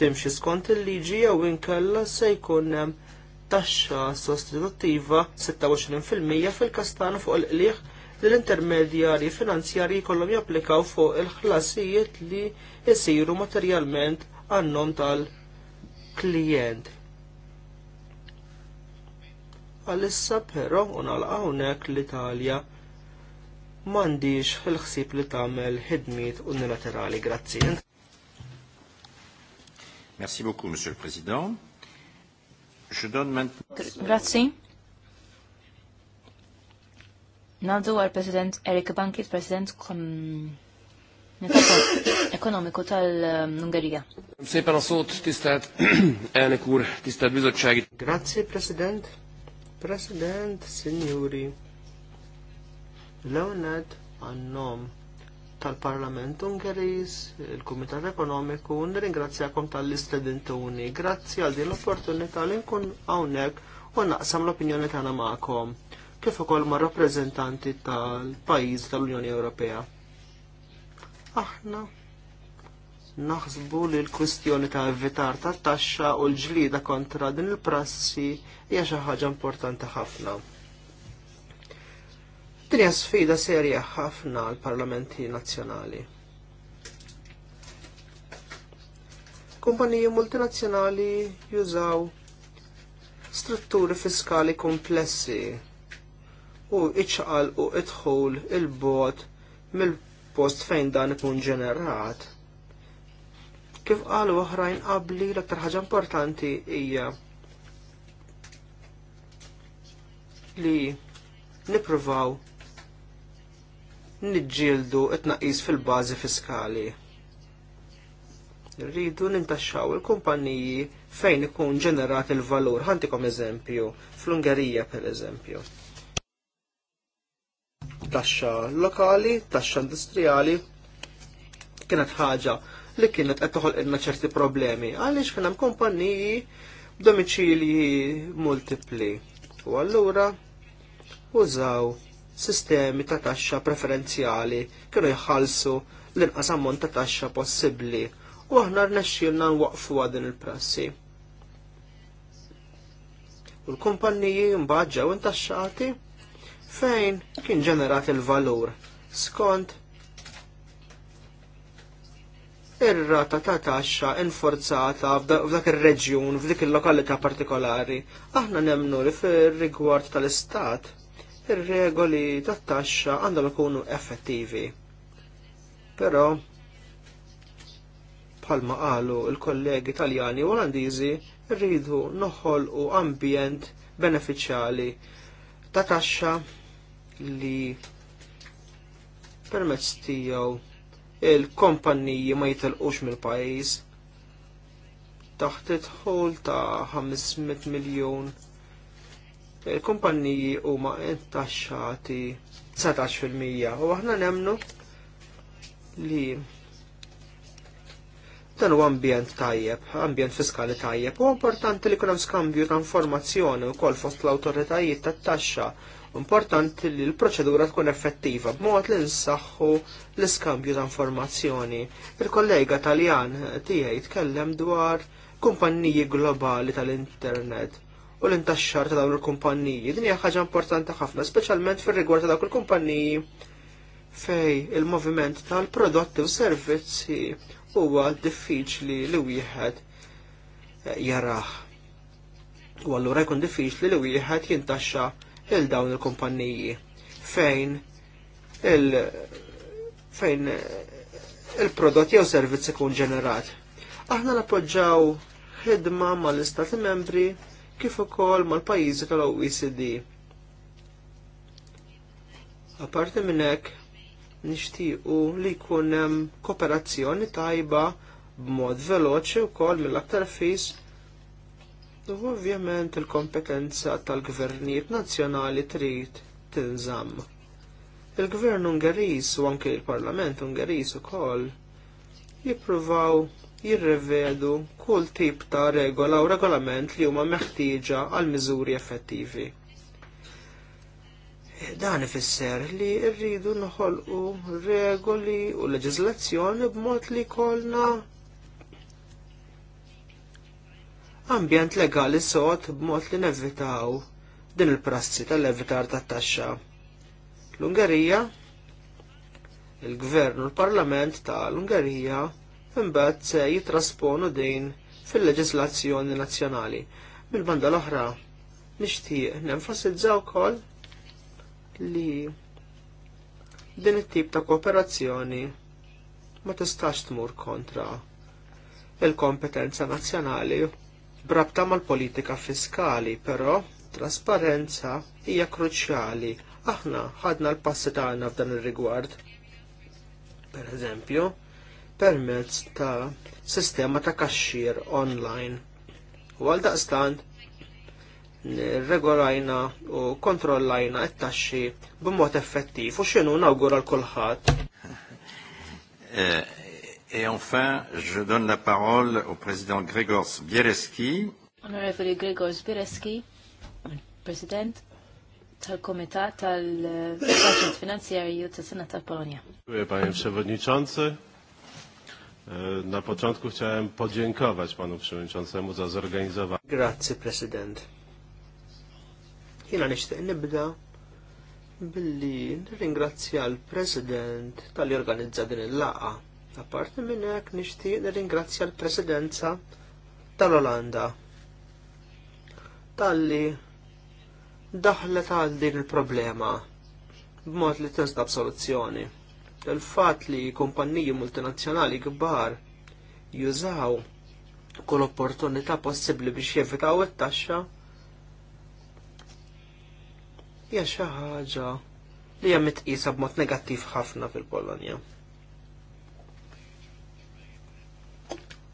timxi skont il-liġi jew inkella se jkun hemm taxxa sostitutiva 26% fil-kastana fuq il-qliq li l-intermedjari finanzjarji jkollhom japplikaw fuq il-ħlasijiet li jsiru materjalment għannom tal-klijent. Għalissa però unalqa hawnhekk l-Italja mandiġ fil ħsib li tagħmel ħidmiet unilaterali grazzi. Merci beaucoup, Monsieur le Président. Je donne maintenant... Grazie. Nadu għal President Erik Bankit, President ekonomiku tal-Ungerija. Sejpa nasot tistat *clears throat* għanek ur tistat bizoċċagi. Grazie, President. President, Signori. Leonard għannom tal-Parlament Ungeriż, il-Kumitat Ekonomiku, nirringrazzjakom tal-istedintuni. Grazzi għal din l-opportunità li nkun hawnhekk u naqsam l-opinjoni tagħna magħkom kif ukoll ma' rappreżentanti tal-pajjiż tal-Unjoni Ewropea. Aħna naħsbu li l-kwistjoni ta' evitar tat-taxxa u l-ġlida kontra din il-prassi hija xi ħaġa importanti ħafna. Dinja sfida serja ħafna l parlamenti nazzjonali. Kumpaniji multinazzjonali jużaw strutturi fiskali komplessi u iċqal u idħul il-bot mill-post fejn dan ikun ġenerat kif qalu oħrajn qabli l-aktar ħaġa importanti hija li nippruvaw niġġieldu it-naqis fil-bażi fiskali. Rridu nintaxxaw il-kumpaniji fejn ikun ġenerat il-valur. Ħantikom eżempju, fl-Ungerija per eżempju. Taxxa lokali, taxxa industrijali, kienet ħaġa li kienet qed inna ċerti problemi. Għaliex kien hemm kumpaniji b'domiċilji multipli. U allura użaw sistemi ta' taxxa preferenzjali kienu jħallsu l-inqas ammont ta' taxxa possibbli u aħna rnexxielna nwaqfu din il-prassi. U l-kumpanniji mbagħad ġew intaxxati fejn kien ġenerat il-valur skont ir-rata ta' taxxa infurzata f'dak ir-reġjun f'dik il-lokalità partikolari. Aħna nemmnu li fir-rigward tal-istat ir-regoli tat-taxxa għandhom ikunu effettivi. Però bħalma qalu il-kollegi Taljani u Olandiżi rridu noħolqu ambjent benefiċjali ta' taxxa li permezz tiegħu il-kompanniji ma jitilqux mill-pajjiż taħt id-ħol ta' 500 miljun il-kumpanniji huma intaxxati 19% u aħna nemnu li dan huwa ambjent tajjeb, ambjent fiskali tajjeb, u importanti li kunem skambju ta' informazzjoni wkoll fost l autoritajiet ta' taxxa importanti li l-proċedura tkun effettiva b'mod li nsaħħu l-iskambju ta' informazzjoni. Il-kollega Taljan tiegħi tkellem dwar kumpanniji globali tal-internet u l-intaxxar ta' dawn il-kumpanniji. Din hija ħaġa importanti ħafna, speċjalment fir-rigward ta' dawk il-kumpanniji fej il-moviment tal-prodotti u servizzi huwa diffiċli li wieħed eh, jarah. U allura jkun diffiċli li wieħed jintaxxa il dawn il-kumpanniji fejn il fejn eh, il prodotti jew servizzi ikun ġenerat. Aħna nappoġġaw ħidma mal-istati membri kif ukoll mal-pajjiżi tal-OECD. Aparti minn hekk nixtiequ li jkun hemm kooperazzjoni tajba b'mod veloċi wkoll mill-aktar fis u ovvjament il-kompetenza tal-gvernijiet nazzjonali trid tinżamm. Il-gvern Ungeriż u anke il-Parlament Ungeriż ukoll jippruvaw jirrevedu kull tip ta' regola u regolament li huma meħtieġa għal miżuri effettivi. Dan ifisser li rridu noħolqu regoli u leġiżlazzjoni b'mod li kolna ambjent legali sod b'mod li nevitaw din il-prassi tal-levitar tat-taxxa. L-Ungerija, il-Gvern u l-Parlament tal-Ungerija imbagħad se jitrasponu din fil-leġislazzjoni nazzjonali. Bil-banda l-oħra nixtieq nenfasizza wkoll li din it-tip ta' kooperazzjoni ma tistax tmur kontra il-kompetenza nazzjonali brabta mal-politika fiskali, però trasparenza hija kruċjali. Aħna ħadna l-passi tagħna f'dan ir-rigward. Per eżempju, permezz ta' sistema ta' kaxxir online. U għal daqstant regolajna u kontrollajna it-taxxi b'mod effettiv u xinu nawgura l-kulħadd. *laughs* Eh, et enfin, je donne la parole au président Grégor Sbiereski. Honorable Grégor Sbiereski, président tal-Komitat tal-Budget Finanzjarju tas Sena tal-Polonja. Panie Przewodniczący, E, na początku chciałem podziękować panu przewodniczącemu za zorganizowanie. Grazie, prezydent. Jena nixtieq nibda billi nirringrazzja l-President tal-li organizza din il-laqa. Apparti minn hekk nixtieq nirringrazzja l-Presidenza tal-Olanda Talli daħlet għal din il-problema b'mod li tinstab soluzzjoni l-fat li kumpanniji multinazzjonali kbar jużaw kull opportunità possibbli biex jevitaw it-taxxa hija xi ħaġa li hija mitqisa b'mod negattiv ħafna fil-Polonja.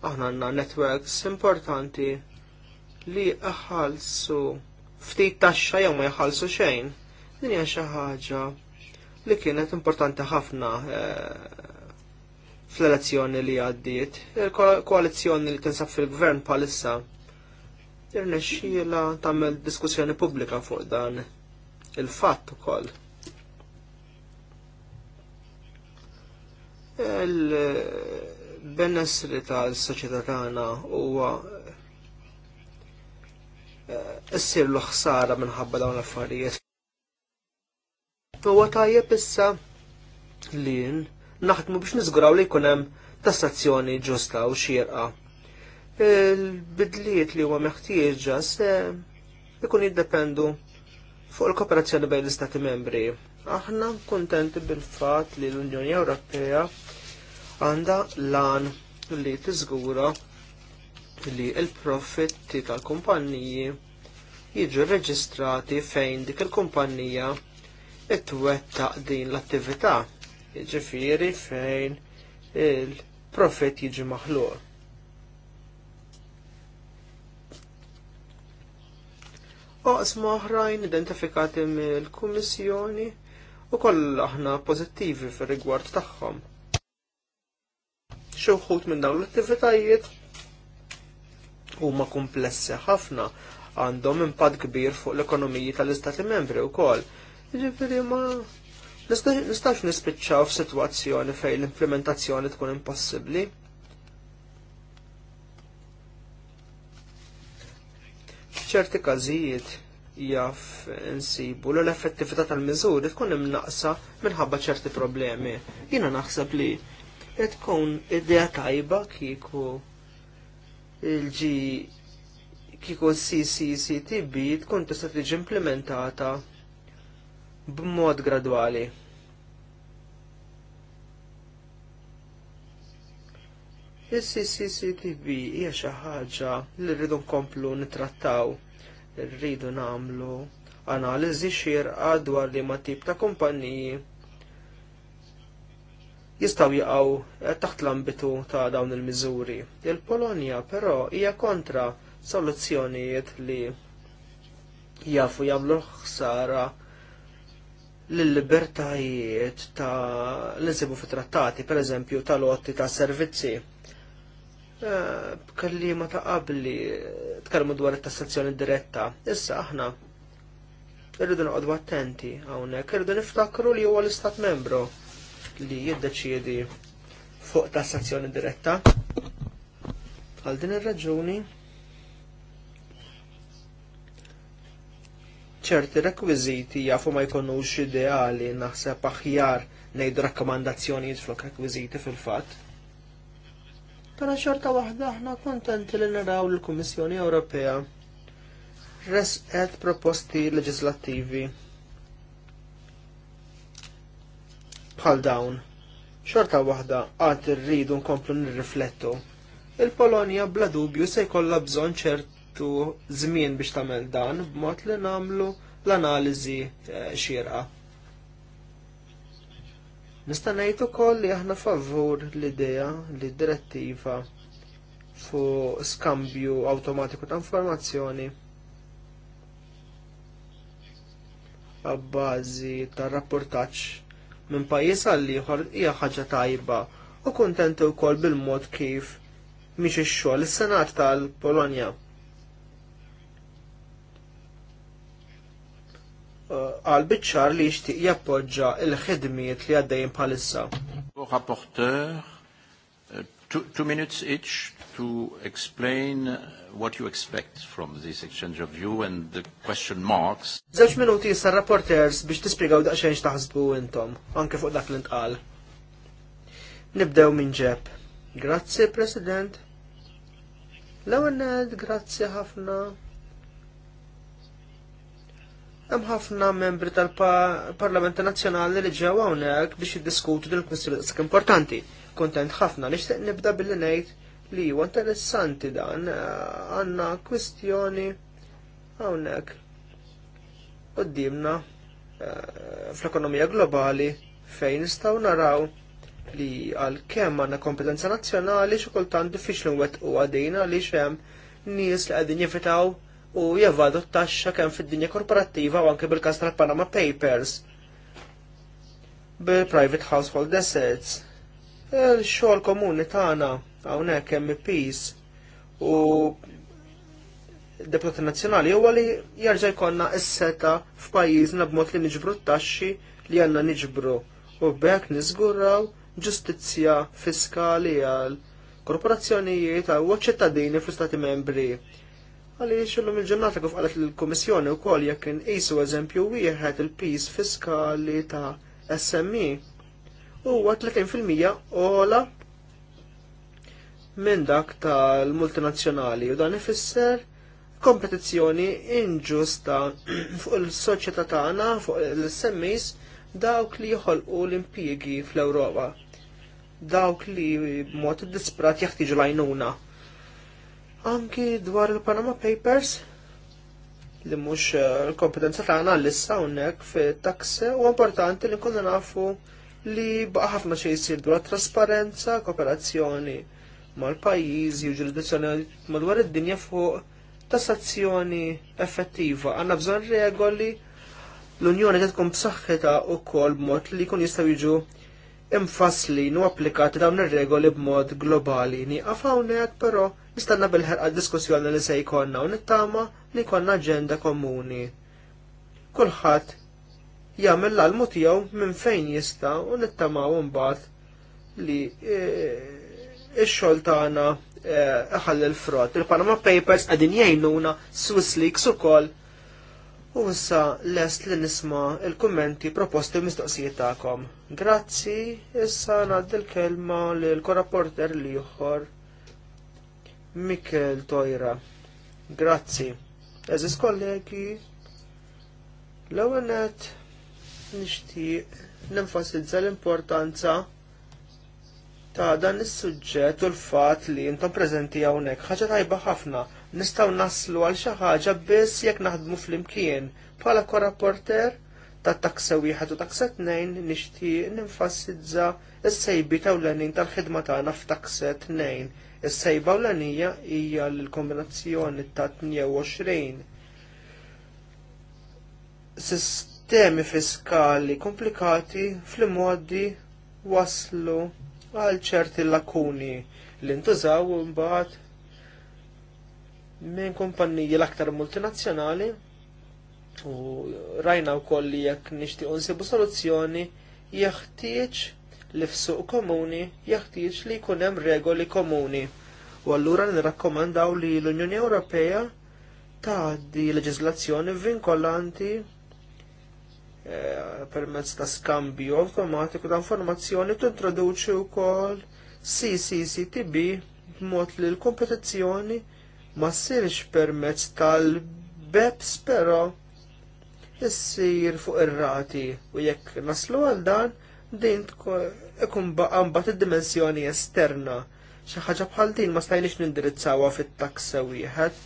Aħna għandna networks importanti li aħalsu ftit taxxa jew ma jħallsu xejn. Din hija xi ħaġa li kienet importanti ħafna eh, fl-elezzjoni li għaddiet. Il-koalizjoni li tinsab fil-gvern palissa irnexxiela tagħmel diskussjoni pubblika fuq dan il-fatt ukoll. Il-benessri tal-soċjetà tagħna huwa eh, issir l-ħsara minħabba dawn l-affarijiet. Huwa tajjeb issa li naħdmu biex niżguraw li jkun hemm tassazzjoni ġusta u xierqa. Il-bidliet li huwa meħtieġa se ikun jiddependu fuq il-kooperazzjoni bejn l-Istati membri. Aħna kuntenti bil-fatt li l-Unjoni Ewropea għandha lan li tiżgura li l-profitti tal-kumpanniji jiġu reġistrati fejn dik il-kumpanija it-twettaq din l-attività, ġifiri fejn il-profit jiġi maħluq. Oqsma oħrajn identifikati mill-Kummissjoni u koll aħna pozittivi fir rigward tagħhom. Xi wħud minn dawn l-attivitajiet huma komplessi ħafna għandhom impatt kbir fuq l-ekonomiji tal-Istati Membri wkoll Ġifiri ma nistax nispiċċaw f'sitwazzjoni fejn l-implementazzjoni tkun impossibbli. ċerti każijiet jaf insibu l effettività tal-miżuri tkun imnaqsa minħabba ċerti problemi. Jiena naħseb li tkun idea tajba kieku il-ġi kiku CCCTB tkun tista' tiġi implementata b'mod gradwali. Is-CCTV hija xi ħaġa li rridu nkomplu nittrattaw, rridu nagħmlu analiżi xierqa dwar li ma tip ta' kumpaniji jistaw jaqgħu taħt l-ambitu ta' dawn il-miżuri. Il-Polonja però hija kontra soluzzjonijiet li jafu jagħmlu ħsara l-libertajiet ta' l-insibu fi trattati, per eżempju, tal-otti ta' servizzi. Eh, ma ta' qabli, tkellmu dwar it-tassazzjoni diretta. Issa aħna irridu noqogħdu attenti hawnhekk, irridu niftakru li huwa l-Istat membru li jiddeċiedi fuq tassazzjoni diretta. Għal din ir-raġuni ċerti rekwiżiti jafu ma jkunux ideali naħseb aħjar ngħidu rakkomandazzjonijiet flok rekwiżiti fil-fatt. Tara xorta waħda aħna kontenti li naraw l-Kummissjoni Ewropea resqet proposti leġislattivi bħal dawn. Xorta waħda għad irridu nkomplu nirriflettu. Il-Polonja bla dubju se jkollha bżonn ċert Tu żmien biex tagħmel dan b'mod li nagħmlu l-analiżi eh, xirqa. Nista' ngħid ukoll li aħna favur l-idea li direttiva fuq skambju awtomatiku ta' informazzjoni għabbażi ta' rapportaċ minn pajjiż għal ieħor hija ħaġa tajba u kuntenti wkoll bil-mod kif miex ix-xogħol is-Senat tal-Polonja. Eh, għal bitċar li jixtieq jappoġġa il-ħidmiet li għaddejjin bħalissa. Rapporteur, eh, two, two minutes each to explain eh, what you expect from this exchange of view and the question marks. Zewċ minuti jissa rapporters biex tispiegaw daqxejn xtaħsbu intom, anke fuq dak l-intqal. Nibdew minn ġeb. Grazzi, President. l grazie grazzi ħafna Hemm ħafna membri tal parlament Nazzjonali li ġew hawnhekk biex jiddiskutu din il-kwistjoni daqshekk importanti. Kontent ħafna nixtieq nibda billi ngħid li huwa interessanti dan għandna kwistjoni hawnhekk qudiemna eh, fl-ekonomija globali fejn nistgħu naraw li għal kemm għandna kompetenza nazzjonali xi kultant diffiċli nwettqu għadin għaliex hemm nies li qegħdin jifitaw u jevvaldu t-taxxa kemm fid-dinja korporattiva u anke bil-każ tal-Panama Papers bil-private household assets. Il-xogħol komuni tagħna hawnhekk hemm MPs u deputati nazzjonali huwa li jerġa' jkollna s-seta f'pajjiżna b'mod li niġbru t-taxxi li għandna niġbru u bekk niżgurraw ġustizzja fiskali għal korporazzjonijiet u ċittadini fl-Stati membri Għaliex illum il-ġurnata kif qalet l-Kummissjoni wkoll jekk inqisu eżempju wieħed il-pis fiskali ta' SME huwa 30% ola minn dak tal-multinazzjonali u dan ifisser kompetizzjoni inġusta *clears throat* fuq il-soċjetà tagħna, fuq l-SMEs dawk li jħolqu l-impjiegi fl-Ewropa. Dawk li b'mod disprat jaħtiġu lajnuna Anki dwar il-Panama Papers, li mhux eh, l-kompetenza tagħna l-issa hawnhekk fit-taxe u importanti li nkunu nafu li baqa' ħafna xi jsir dwar trasparenza, kooperazzjoni mal-pajjiżi u ġurisdizzjoni madwar id-dinja fuq tassazzjoni effettiva. Għandna bżonn regoli l-Unjoni qed tkun b'saħħitha wkoll b'mod li jkun jistgħu jiġu imfassli u applikati dawn ir-regoli b'mod globali. Nieqaf hawnhekk però Nistanna bil-ħerqa diskussjoni li se jkollna u nittama li jkollna aġenda komuni. Kulħadd jagħmel l-almu tiegħu minn fejn jista' u nittamaw imbagħad li e, ix-xogħol tagħna e, ħall il-frott. Il-Panama Papers qegħdin jgħinuna Swiss Leaks ukoll U issa lest li nisma il kummenti proposti mistoqsijiet tagħkom. Grazzi, issa ngħaddi l-kelma lil korrapporter li joħor Mikel Tojra. Grazzi. Eżis kollegi, l-għonet nishtiq enfasizza l-importanza ta' dan is-suġġett u l fat li intom preżenti hawnhekk ħaġa tajba ħafna nistgħu naslu għal xi ħaġa biss jekk naħdmu flimkien bħala korrapporter ta' taksa wieħed u taksa tnejn nixtieq ninfasizza s-sejbi ta' l tal-ħidma tagħna f'taksa tnejn Is-sejba l-għanija hija l-kombinazzjoni ta' 22 sistemi fiskali komplikati fl-modi waslu għal ċerti lakuni li ntużaw mbagħad minn kumpanniji l-aktar multinazzjonali u rajna wkoll li jekk nixtiequ nsibu soluzzjoni jeħtieġ li f'suq komuni jaħtieġ li jkun hemm regoli komuni. U allura nirrakkomandaw li l-Unjoni Ewropea tgħaddi leġislazzjoni vinkolanti eh, permezz ta' skambju awtomatiku ta' informazzjoni tintroduċi wkoll CCCTB b'mod li l-kompetizzjoni ma ssirx permezz tal-BEPS però issir fuq ir-rati u jekk naslu għal dan din ikun baqa' mbagħad id-dimensjoni esterna. Xi ħaġa bħal din ma stajniex nindirizzawha fit-taksa wieħed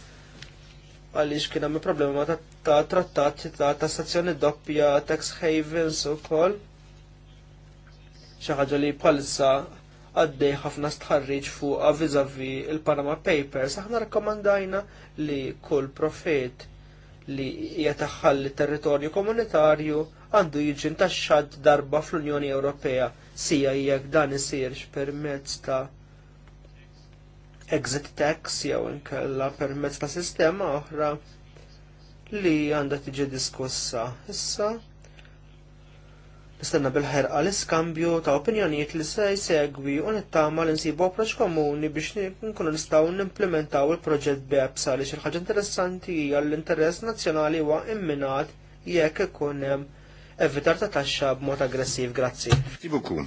għaliex kien hemm problema ta' trattat ta' tassazzjoni doppja tax havens ukoll. Xi ħaġa li bħalissa għaddej ħafna stħarriġ fuq vizavi il-Panama Papers, aħna rakkomandajna li kull profit li jataħħalli territorju komunitarju għandu jiġi taċċad darba fl-Unjoni Ewropea sija jekk dan isirx permezz ta' exit tax jew inkella permezz ta' sistema oħra li għandha tiġi diskussa. Issa Nistenna bil-ħerqa l-iskambju ta' opinjonijiet li se jsegwi u nittama li nsibu approċ komuni biex nkunu nistgħu implementaw il-proġett bebsa li xi ħaġa interessanti hija l-interess nazzjonali huwa imminat jekk ikun hemm evitar ta' taxxa b'mod aggressiv. Grazzi. Tibuku.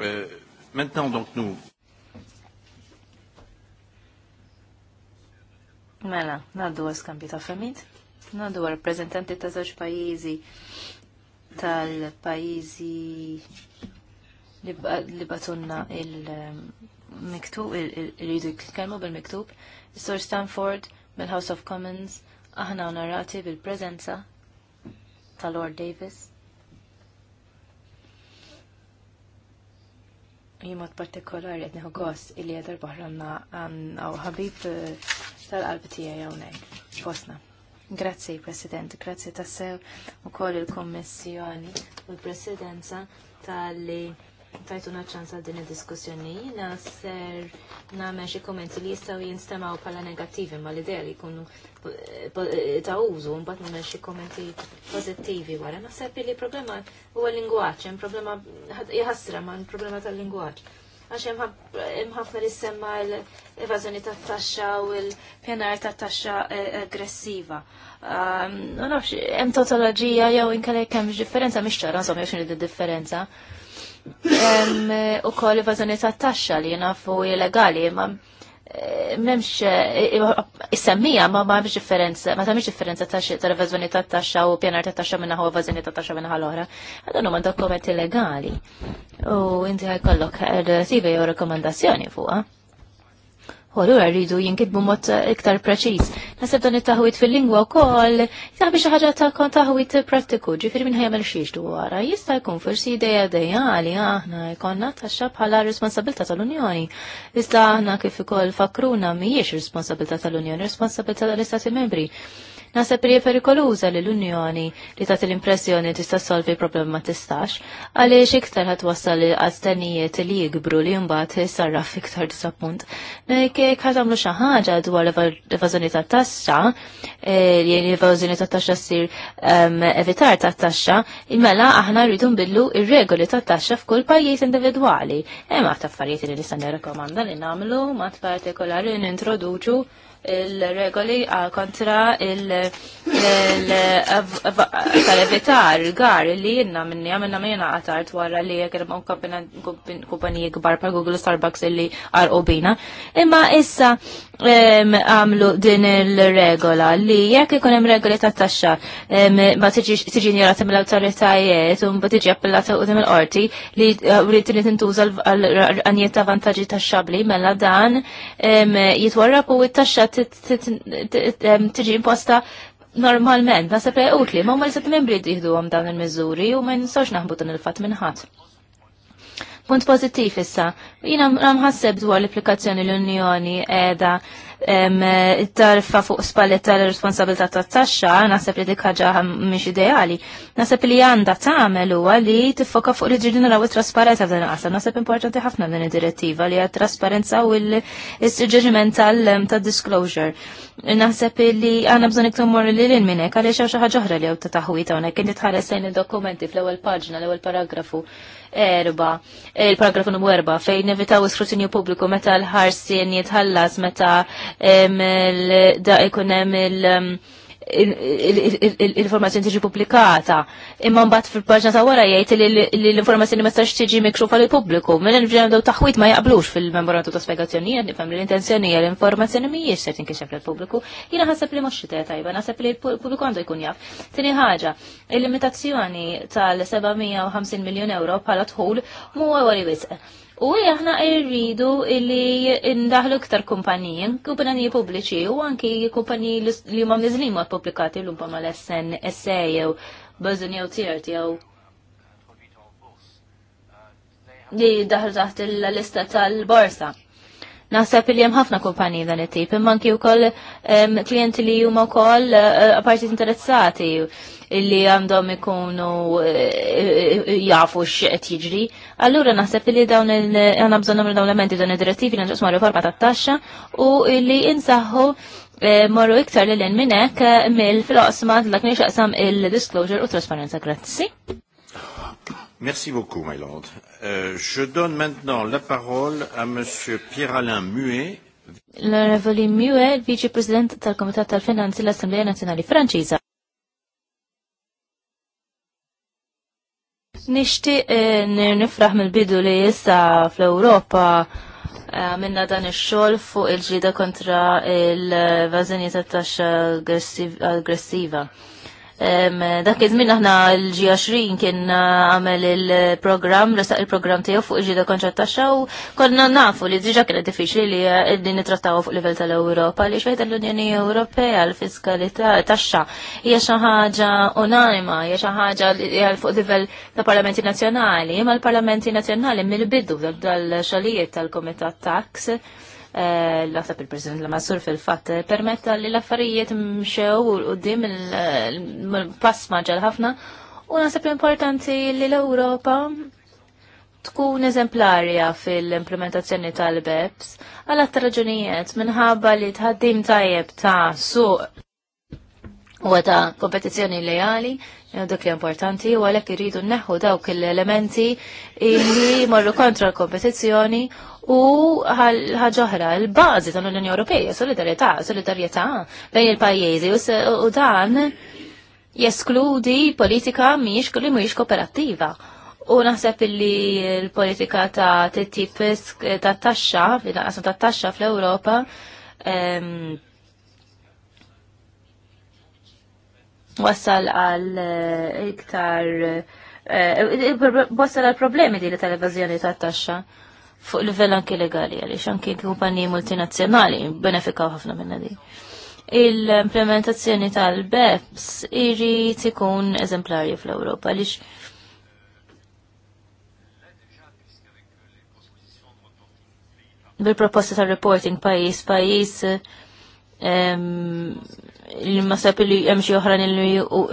Euh, maintenant donc nous. Mela, naddu għaskampju ta' femid, naddu rappresentanti ta' żewġ pajjiżi tal-pajjiżi li batunna il-miktub, il-ridu kelmu bil-miktub, il-Sor Stanford, mill-House of Commons, aħna onorati bil-prezenza ta' Lord Davis. Jimot partikolari għedni għos il-li għedar għan għaw ħabib eh, tal-qalbi tijaj fosna. Grazzi, President, grazzi tassew u koll il-Kommissjoni u l-Presidenza tal-li tajtuna ċans għal din id-diskussjoni. Jina ser namel xi kommenti li jistgħu jinstemaw bħala negattivi ma l-idea li jkunu eh, eh, ta' użu mbagħad nagħmel xi kommenti pożittivi wara. Naħseb li problema huwa lingwaġġ, hemm problema jħassra ma' problema tal-lingwaġġ għax hemm ħafna li semma l-evażjoni tat-taxxa u l-pjanar tat-taxxa eh, aggressiva. U ehm, nafx hemm totoloġija jew inkella kemm hemm differenza mhix ċara insomma jew x'inhi differenza Eh, u koll evażjoni ta' taxxa li nafu illegali ma eh, memx eh, is-semmija ma ma biex differenza, ma tamix differenza ta' evażjoni ta' taxxa u pjanar ta' taxxa minna ħu evażjoni ta' taxxa minna ħal-oħra. Għadan huma dokumenti illegali. u inti ħajkollok rsivi jew rekomendazzjoni fuqha. U allura rridu jinkitbu mod iktar preċiż. Nasib dan it-taħwit fil-lingwa wkoll jtaħbi xi ħaġa ta' taħwit prattiku, ġifieri minn ħejjel xiex dwarha. Jista' jkun forsi idea ideali aħna jkollna taxxa bħala responsabilità tal-Unjoni. Iżda aħna kif ukoll fakruna mhijiex responsabilità tal-Unjoni, responsabilità tal-Istati Membri. Naħseb li perikoluża li l-Unjoni li tagħti l-impressjoni tista' solvi problema ma tistax, għaliex iktar wasal wassal għastanijiet li jikbru li mbagħad sarraf iktar disappunt. Eh, kek ħat għamlu xi ħaġa dwar l-evażjoni tat-taxxa, eh, li l-evażjoni tat-taxxa ssir ehm, evitar tat-taxxa, il-mela aħna rridu billu il regoli tat-taxxa f'kull pajjiż individwali. Hemm ta' affarijiet li nisan nirrekomanda li nagħmlu mat partikolari nintroduċu il-regoli ah, kontra il-tal-evitar, il-gar li jenna minni għamilna minna għatar wara li jek irmaw kumpaniji gbar pa' Google Starbucks illi u bina. Imma issa għamlu din il-regola li jekk ikun hemm regoli ta' taxxa ma tiġi njorata mill-awtoritajiet u mbagħad tiġi appellata qudiem il-qorti li rrid eh, li tintuża għanijiet ta' vantaġġi taxxabli mela dan jitwarrab u t-taxxa tiġi imposta normalment, nasab li utli, ma' ma' jisab membri jihdu għam dan il-mizzuri u ma' nistax naħbu dan il-fat minnħat. Punt pozittiv issa. Jina mħasseb dwar l-applikazzjoni l-Unjoni edha tarfa fuq spallet tal-responsabilità tat-taxxa naħseb li dik ħaġa mhix ideali. Naħseb li għandha tagħmel huwa li tiffoka fuq li ġirdin naraw it-trasparenza f'dan il-qasam. Nasab importanti ħafna din id-direttiva li hija trasparenza u l-istiġġiġiment tal-disclosure. Naħseb li għandna bżonn iktar morri li lil minnek għaliex hawn xi ħaġa oħra li ta' taħwita hawnhekk inti tħares lejn id-dokumenti fl-ewwel paġna, l-ewwel paragrafu erba, il-paragrafu numru erba, fejn nevitaw iskrutinju pubbliku meta l-ħarsin jitħallas, meta ikunem il- il-informazzjoni tiġi pubblikata. Imma mbagħad fil-paġna ta' wara jgħid li l-informazzjoni ma tistax tiġi mikxufa lil pubbliku. Minn mela ġenew taħwit ma jaqblux fil-memorandum ta' spjegazzjoni nifhem li l-intenzjoni hija l-informazzjoni mhijiex se tinkixef lil pubbliku. Jiena ħaseb li mhux xi tajba, naħseb li l-pubbliku għandu jkun jaf. Tieni ħaġa, il-limitazzjoni tal-750 miljun euro bħala dħul mhuwa wari wisq U aħna irridu illi indaħlu iktar kumpaniji, kumpaniji pubbliċi u anki kumpaniji li huma miżlin ma publikati l ma l-essen essej jew bazzun jew tiert jew li daħlu taħt il-lista tal-borsa. Naħseb li hemm ħafna kumpanij dan it-tip, imma anki wkoll klijenti li huma wkoll eh, eh, parti interessati illi għandhom ikunu eh, eh, jafu x'qed jiġri. Allura naħseb illi dawn għandna bżonn nagħmlu dawn elementi dawn id-direttivi li ġosma riforma tat-taxxa u illi insaħħu eh, morru iktar lil minn hekk mill fil-qosma dak nixaqsam il-disclosure u trasparenza. Grazzi. Merci beaucoup, my lord. Euh, je donne maintenant la parole à Monsieur Pierre-Alain Muet. L'onorevole Muet, vice-président tal-Komitat tal-Finanzi l-Assemblea Nazjonali Franċiża. Nishti eh, nifraħ mill-bidu li jissa fl-Europa eh, minna dan ix-xogħol fuq il ġida kontra il-vażinji tax aggressiva. Dak iż-żmien aħna l-G20 kien uh, għamel il-programm, restaq il-programm tiegħu fuq iġida kontra taxxa u konna nafu li diġa' kienet diffiċli li uh, din nitrattaw fuq livell tal-Ewropa li xejn l-Unjoni Ewropea l-fiskalità taxxa hija xi ħaġa unanima, hija xi ħaġa għal fuq livell ta' parlamenti nazzjonali, imma l-parlamenti nazzjonali mill-bidu dal-xogħlijiet tal-Komitat Tax Eh, l-għasab il-President Lamassur fil-fat eh, permetta li l-affarijiet mxew u d-dim il-pass maġal ħafna u nasab importanti li l-Europa tkun eżemplarja fil-implementazzjoni tal-BEPS għal raġunijiet minħabba li tħaddim tajjeb ta' suq u għata kompetizjoni lejali, dak li importanti, u għalek irridu neħu dawk l-elementi li morru kontra l-kompetizjoni u ħagħoħra l-bazi tal-Unjoni Ewropeja, solidarietà, solidarietà bejn il-pajjiżi u dan jeskludi politika miex kulli miex kooperattiva. U naħseb li l-politika ta' t-tip ta' taxxa, ta' taxxa fl-Europa, wassal għal eh, iktar eh, eh, wassal għal problemi di li tal ta' taxxa fuq livell anki legali għaliex anki kumpaniji multinazzjonali benefikaw ħafna minna di. Il-implementazzjoni tal-BEPS irrid ikun eżemplari fl-Ewropa għaliex bil-proposta tal-reporting pajis pajis li ma sepp li hemm xi oħrajn li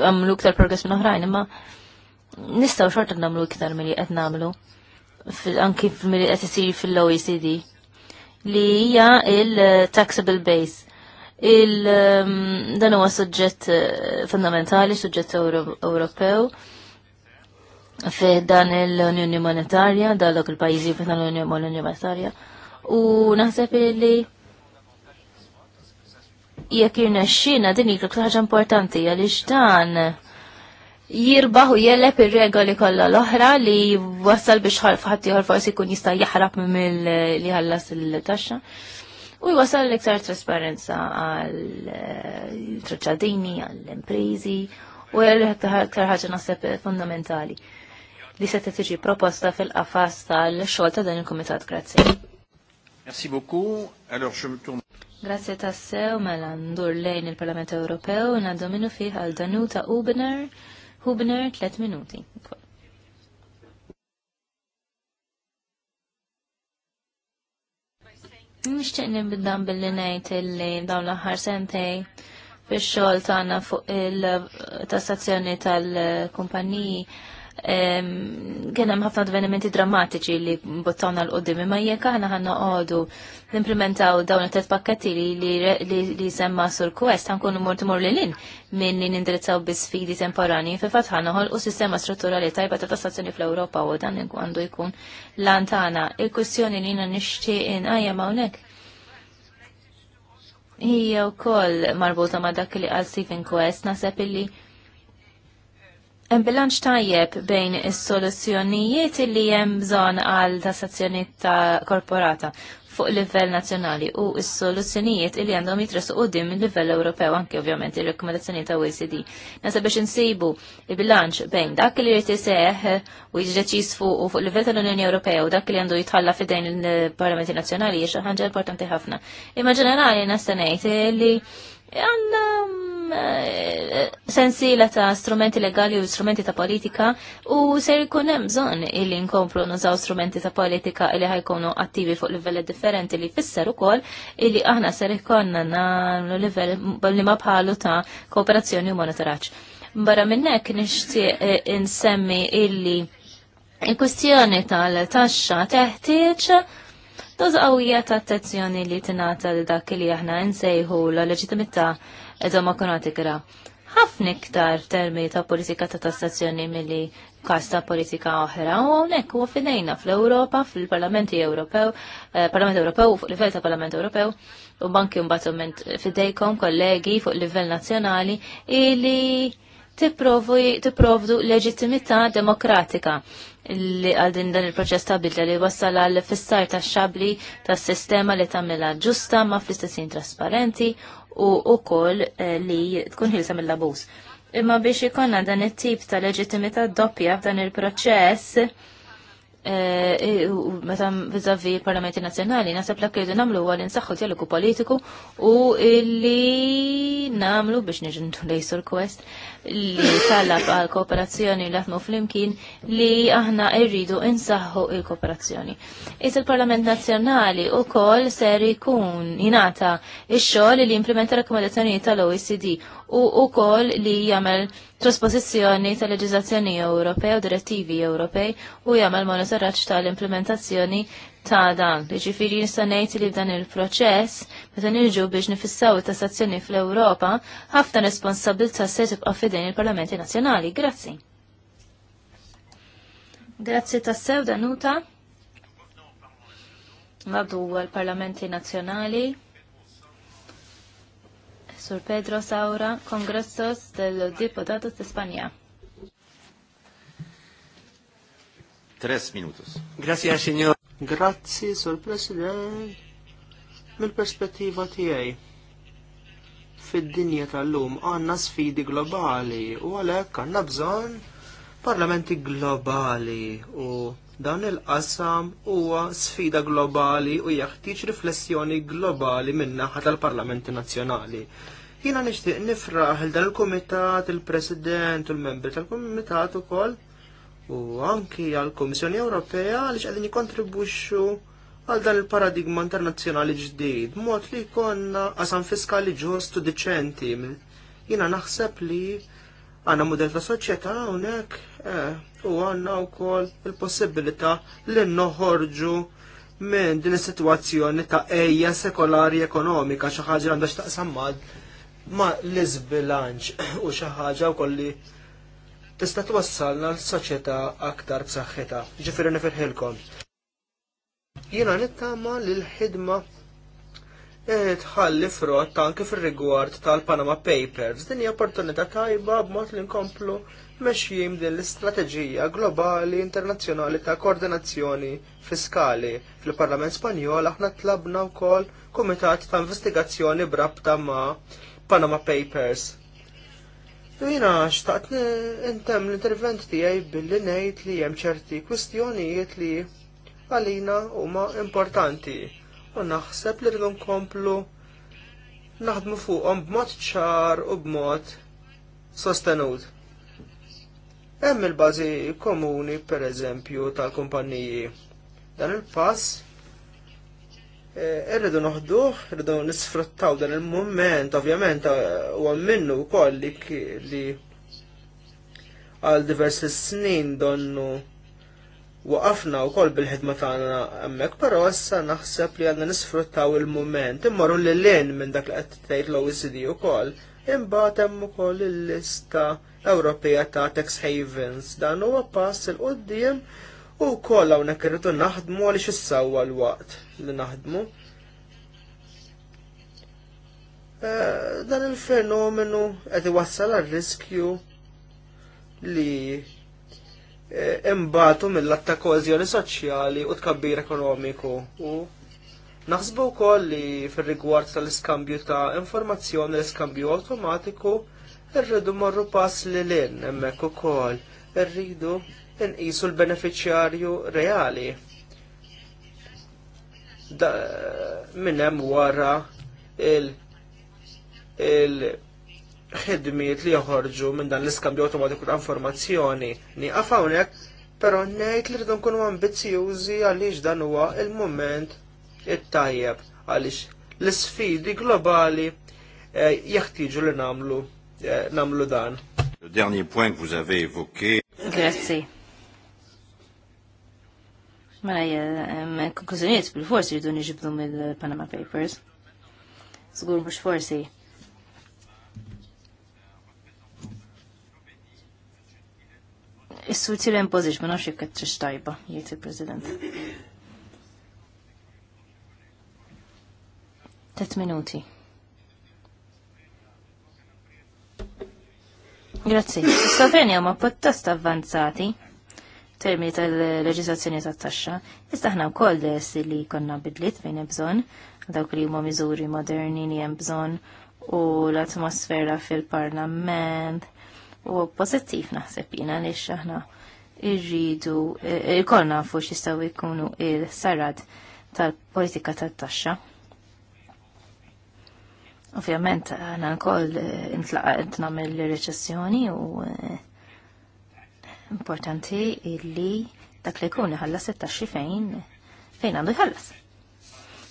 għamlu ktar progress minn oħrajn, imma nistgħu xorta nagħmlu iktar li qed nagħmlu anki mill qed isir fil-OECD li hija il-taxable base. Il um, dan huwa suġġett uh, fundamentali, suġġett Ewropew fi dan l-Unjoni Monetarja, dalok il-pajjiżi fi dan l-Unjoni Monetarja. U naħseb li jekk irnexxina din jikru ħaġa importanti għaliex dan jirbaħu u jelleb ir-regoli kollha l-oħra li wassal biex ħadd ieħor forsi jkun jista' jaħrab mill li ħallas il-taxxa. U jwasal l-iktar trasparenza għal eh, traċċadini, għall imprizi u l-iktar ħaġa naħseb fundamentali li se tiġi proposta fil-qafas tal-xogħol ta' dan il-Kumitat. Grazzi. Merci beaucoup. Alors je me tourne Grazie tassew mela ndur lejn il-Parlament Ewropew naddu minnu fih għal Danuta Hubner, Hubner 3 minuti. Nishtiq nibdan billi ngħid illi dawn l-aħħar sentej fix-xogħol tagħna fuq il-tassazzjoni tal-kumpaniji kien hemm ħafna avvenimenti drammatiċi li bottawna l-qoddim imma jekk aħna ħanna għodu nimplementaw dawn it-tet pakketti li semma sur kwest ħankunu mort mor lil in minn li nindirizzaw bi sfidi temporani fil fatt ħanoħol u sistema strutturali tajba ta' tassazzjoni fl-Ewropa u dan għandu jkun lantana. Il-kwistjoni li jiena nixtieq inqajjem hawnhekk hija wkoll marbuta ma' dak li qal Stephen Quest naħseb illi hemm bilanċ tajjeb bejn is-soluzzjonijiet li hemm bżonn għal tassazzjoni ta' korporata fuq livell nazzjonali u s-soluzzjonijiet li għandhom jitresu qudiem minn livell Ewropew anke ovvjament ir-rekomendazzjoni ta' OECD. Nasa biex insibu il-bilanċ bejn dak li jrid iseħ u jiġdeċis fuq u fuq livell tal-Unjoni Ewropea u dak li għandu jitħalla fidejn il-Parlamenti Nazzjonali hija ħaġa importanti ħafna. Imma ġenerali nista' ngħid li għandna Eh, la ta' strumenti legali u strumenti ta' politika u ser jkun hemm bżonn illi nkomplu nużaw strumenti ta' politika illi ħajkunu attivi fuq livelli differenti li fisser ukoll illi aħna ser ikonna nagħmlu livell li ma bħalu ta' kooperazzjoni u monitoraġġ. Barra minnek nixtieq eh, insemmi illi il kustjoni tal-taxxa teħtieġ Doż qawwija ta' attenzjoni li tingħata li dak li aħna nsejħu l leġitimità kuna tikra. Ħafna iktar termi ta' politika ta' tassazzjoni milli kas ta' politika oħra u hawnhekk huwa fidejna fl-Ewropa, fil-Parlamenti Ewropew, eh, Parlament Ewropew fuq livell ta' Parlament Ewropew u banki mbagħad fidejkom kollegi fuq livell nazzjonali illi tipprovdu leġittimità demokratika li għal din dan il-proċess ta' bidla li wassal għal fissar ta' xabli ta' sistema li tagħmilha ġusta ma' fl-istessin trasparenti u wkoll eh, li tkun ħilsa mill-abuż. Imma biex ikonna dan it-tip ta' leġitimita doppja f'dan il-proċess eh, meta vizavi parlamenti nazzjonali nasab l irdu namlu għal insaxħu dialogu politiku u illi namlu biex neġentu lejsu l-kwest li talab għal kooperazzjoni li għatmu flimkien li aħna irridu insaħħu il-kooperazzjoni. Is il-Parlament Nazzjonali u kol ser ikun jinata il-xol li implementa rekomendazzjoni tal-OECD u u kol li jagħmel trasposizjoni tal-leġizazzjoni Ewropej u direttivi Ewropej u jagħmel monitoraċ tal-implementazzjoni ta' dan. Ġifiri nistanejt li f'dan il-proċess, meta nirġu biex nifissaw it-tassazzjoni fl-Ewropa, ħafna responsabilta se tibqa' fidejn il-Parlamenti Nazzjonali. Grazzi. Grazzi ta' sew Danuta. Naddu għal-Parlamenti Nazzjonali. Sur Pedro Saura, Kongressos del Diputato de Spanja. Tres minutos. Gracias, señor. Grazzi, Sur President, mill-perspettiva tiegħi. Fid-dinja tal-lum għandna sfidi globali u għalhekk għandna bżonn parlamenti globali u dan il-qasam huwa sfida globali u jaħtieġ riflessjoni globali min-naħa tal-Parlamenti Nazzjonali. Jiena nixtieq nifraħ il dan il-Kumitat, il-President u l-Membri tal-Kumitat ukoll u anki għal-Komissjoni Ewropea li qegħdin jikontribwixxu għal dan il-paradigma internazzjonali ġdid, mod li jkollna qasam fiskali ġustu diċenti. Jiena naħseb li għandna mudell ta' soċjetà hawnhekk eh, u għandna wkoll il-possibilità li noħorġu minn din is-sitwazzjoni ta' eja sekolari ekonomika xi ħaġa għandha x'taqsam ma' l-iżbilanċ *clears throat* u xi ħaġa kolli tista' twassalna l-soċjetà aktar b'saħħitha. Ġifieri nifirħilkom. Jiena nittama li l-ħidma e, tħalli frott anke fir-rigward tal-Panama Papers. Din hija opportunità tajba b'mod li nkomplu mexjim din l-istrateġija globali internazzjonali ta' koordinazzjoni fiskali. Fil-Parlament Spanjol aħna tlabna wkoll kumitat ta' investigazzjoni brabta ma' Panama Papers U jina xtaqt intem l-intervent tijaj billi nejt li jem ċerti kwistjonijiet li għalina huma importanti u naħseb li rridu komplu naħdmu fuqhom b'mod ċar u b'mod sostenut. Hemm il-bażi komuni pereżempju tal-kumpanniji. Dan il-pass Eh, irridu noħduh, irridu nisfruttaw dan il-moment, ovvjament, eh, u għamminnu u koll li għal diversi snin donnu waqafna u koll bil-ħidma tagħna hemmhekk, però issa naħseb li għandna nisfruttaw il-mument, immorru l lin minn dak li qed tgħid l-OECD ukoll. Imbagħad hemm ukoll il-lista Ewropea ta' tax havens dan huwa pass il qudiem u wkoll hawnhekk irridu naħdmu għaliex issawwa l-waqt li naħdmu. Eh, dan il-fenomenu qed iwassal għal riskju li eh, imbatu mill latta koezjoni soċjali u tkabbir ekonomiku u Naħsbu wkoll li fir-rigward tal-iskambju ta' informazzjoni l-iskambju awtomatiku irridu marru pass li emmek u kol irridu nqisu l-benefiċjarju reali minnem wara il- il-ħidmiet li joħorġu minn dan l-iskambju automatiku ta' informazzjoni. ni hawnhekk, però ngħid li rridu nkunu ambizzjużi għaliex dan huwa il-mument it-tajjeb għaliex l-sfidi globali eh, jeħtieġu li namlu eh, namlu dan. Il dernier point que vous avez évoqué. Grazie. Mela, konklużjonijiet bil-forsi jridu niġibdu mill-Panama Papers. Zgur mux forsi. Issu sur tirem pożiġ ma nafx jekk qed tajba, jgħid il-President. Tet minuti. Grazie. Sofrenja ma pottost avvanzati termi tal-leġislazzjoni tat-taxxa. issa aħna wkoll dessi li konna bidlit fejn hemm bżonn dawk li huma miżuri moderni li hemm bżonn u l-atmosfera fil-parlament u pożittiv naħseb jiena li aħna irridu eh, ikollna nafu x'jistgħu jkunu il-sarad tal-politika tat-taxxa. Ovvjament, għana nkoll intlaqqa eh, namel l-reċessjoni u eh, Importanti illi dak li jkun iħallas it-taxxi fejn fejn għandu jħallas.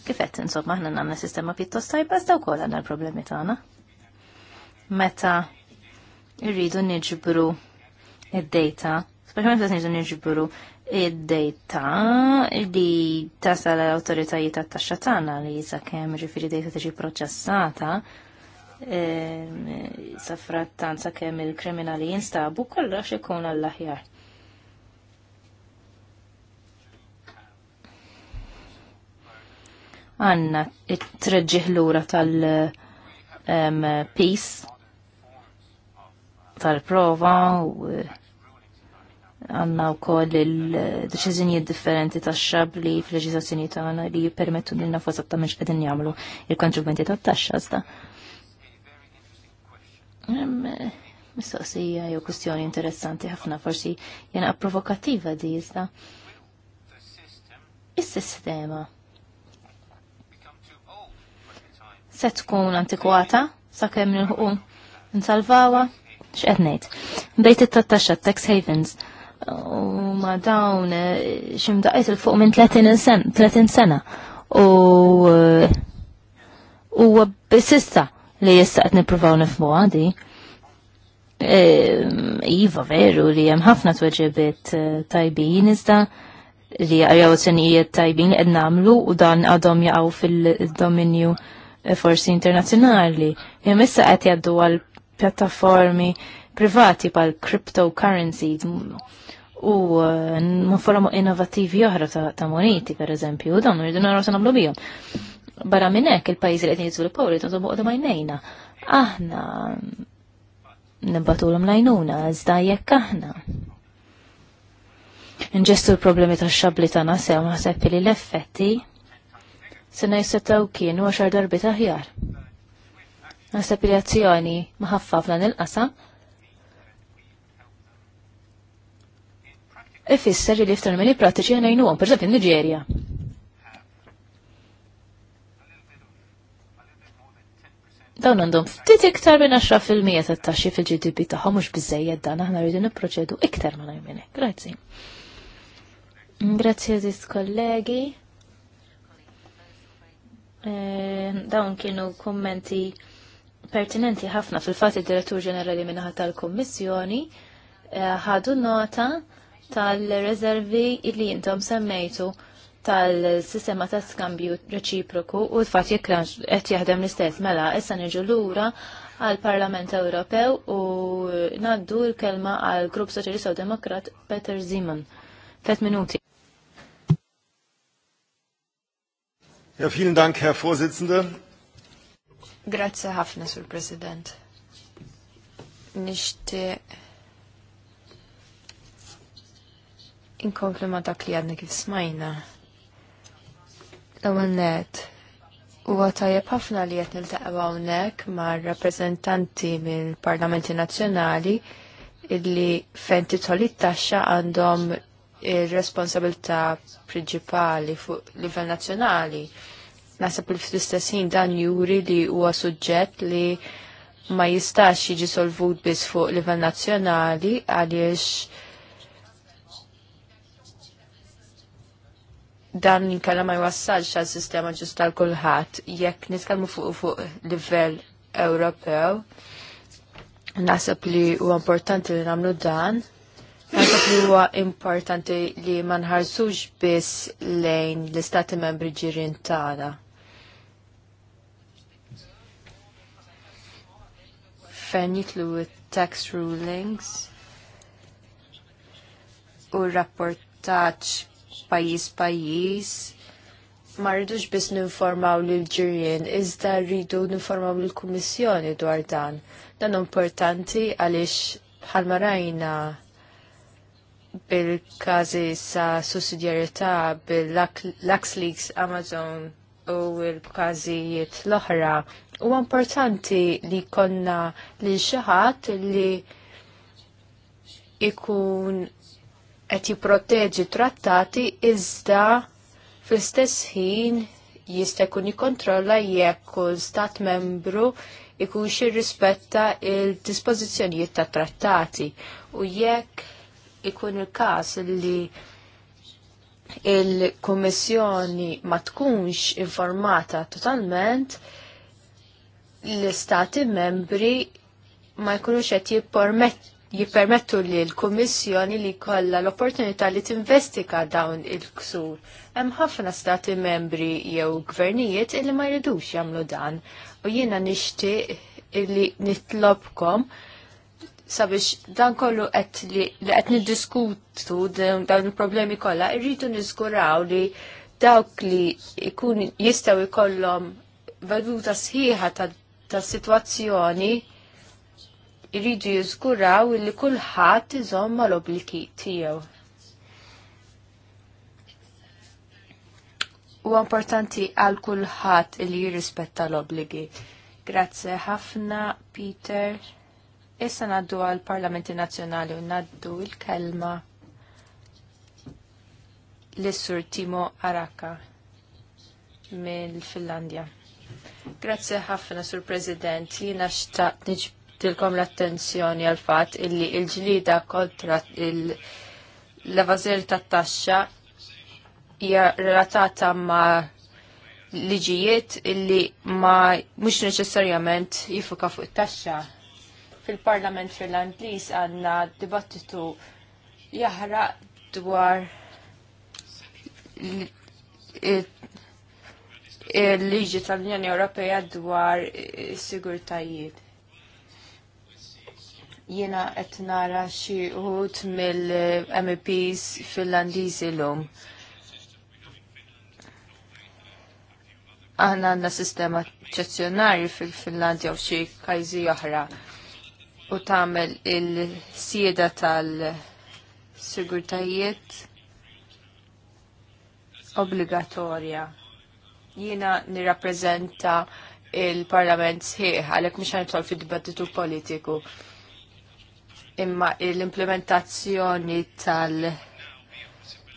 Kifet, insomma, ħna għanna sistema pjuttost tajba, zdaw kol għanna l-problemi tagħna. Meta irridu niġbru id-data, speċjalment meta irridu niġbru id-data li tasal l-autoritajiet tat-taxxa tagħna li sakemm ġifieri data tiġi proċessata, safrat sa' kemm il-kriminali jinstabu kollox ikun għall-aħjar. Għanna it-treġġiħ lura tal-peace tal-prova u għanna u koll il deċizjoni differenti ta' xab li fil-leġizazzjoni ta' għana li jipermettu li nafu sa' ta' għedin jamlu il-kontribwenti ta' taxxa Eh, mistoqsija jew kustjoni interessanti ħafna forsi jena provokativa di jista. Is-sistema se tkun antikwata sakemm nilħu nsalvawa x'qed ngħid. Bdejt it-tattaxxa tax havens u ma dawn eh, ximdaqqiet il fuq minn 30 sena u eh, huwa biss li jistaqt niprofaw nifmu għadi. Iva veru li hemm ħafna tweġibiet tajbin iżda li għarjaw senijiet tajbin li għednamlu u dan għadhom jgħaw fil-dominju forsi internazzjonali. Jem issa għet jaddu għal pjattaformi privati pal cryptocurrencies u ma forma innovativi oħra ta' moneti per eżempju, u u rridu naraw se nagħmlu bihom barra minnek il-pajizi li għedin jizviluppaw li għedin għodhom għajnejna. Aħna l-om lajnuna, iżda jekk aħna. Nġestu l-problemi ta' xabli ta' nasew seppi li l-effetti sena jistetaw kienu għaxar darbi taħjar. Naħseb li azzjoni maħaffafna f'dan il-qasam ifisser li f'termini pratiċi għanajnu għom, per esempio, Nigeria. dawn għandhom ftit iktar minn 10% ta' taxxi fil-GDP tagħhom mhux biżejjed dan aħna rridu nipproċedu iktar ma minn hekk. Grazzi. Grazzi eżist kollegi. Eh, dawn kienu kommenti pertinenti ħafna fil-fatt id-Direttur Ġenerali minnaħa tal-Kommissjoni eh, ħadu nota tal-rezervi li jintom semmejtu tal-sistema ta' skambju reċiproku u l fat jekranx qed jaħdem l-istess mela issa niġu lura għal-Parlament Ewropew u naddu l-kelma għal-Grupp Soċjalista u Demokrat Peter Zeman. Fet minuti. Ja, vielen Dank, Herr Vorsitzende. Grazie ħafna, Sur President. Nishti in ma dak li għadna kif smajna. L-ewwel net. Huwa tajjeb ħafna li qed niltaqgħu hawnhekk mar-rappreżentanti mill-Parlamenti Nazzjonali illi fejn titħol it-taxxa għandhom ir-responsabilità prinċipali fuq livell nazzjonali. Nasab li fl-istess dan juri li huwa suġġett li ma jistax jiġi solvut biss fuq livell nazzjonali għaliex dan jinkalla ma jwassalx għal sistema ġust għal kulħadd jekk nitkellmu fuq fuq livell Ewropew. Nasab li u importanti li namlu dan. Nasab li huwa importanti li ma nħarsux biss lejn l-istati membri ġirien tagħna. Fejn jitlu tax rulings u rapportaċ pajjiż pajjiż. Ma rridux biss ninformaw lil ġirien iżda rridu ninformaw lill kummissjoni dwar dan. Dan importanti għaliex bħalma rajna bil-każi sa' sussidjarjetà bil-Lux Leaks Amazon u l-każijiet l-oħra huwa importanti li konna li xi ħadd li ikun qed jipproteġi trattati iżda fl-istess ħin jista' jkun jikkontrolla jekk kull stat membru jkunx jirrispetta il-dispożizzjonijiet ta' trattati u jekk ikun il-każ li il-Kummissjoni ma tkunx informata totalment l-istati membri ma jkunux qed jippermetti jippermettu li l-Kummissjoni li kollha l-opportunità li tinvestika dawn il-ksur. Hemm ħafna stati membri jew gvernijiet illi ma jridux jagħmlu dan u jiena nixtieq illi nitlobkom sabiex dan kollu qed li qed niddiskutu dawn il-problemi kollha irridu niżguraw li dawk li jkun jistgħu jkollhom valuta sħiħa tas-sitwazzjoni irridu jiżguraw li kulħadd iżomm mal-obbligi tiegħu. Huwa importanti għal kulħadd illi jirrispetta l-obbligi. Grazzi ħafna, Peter. Issa naddu għal Parlamenti Nazzjonali u naddu il-kelma l-Sur Timo Araka mill-Finlandja. Grazie ħafna, Sur President. Jina xtaqt Tilkom l-attenzjoni għal fatt illi il-ġlida kontra l-evazir ta' taxxa hija relatata ma' liġijiet illi ma mhux neċessarjament jifuka fuq it-taxxa. Fil-Parlament Finlandiż għandna dibattitu jahra dwar il-liġi tal-Unjoni Ewropea dwar sigurtajiet. Jiena qed nara xi wħud mill-MEPs Finlandiżi llum. Aħna għandna sistema eċċezzjonarju fil-Finlandja u xi kajżi oħra u tagħmel il-sieda tal-sigurtajiet obbligatorja. Jiena nirrappreżenta il-parlament sħiħ, għalek mux għan fid-dibattitu politiku imma l-implementazzjoni tal-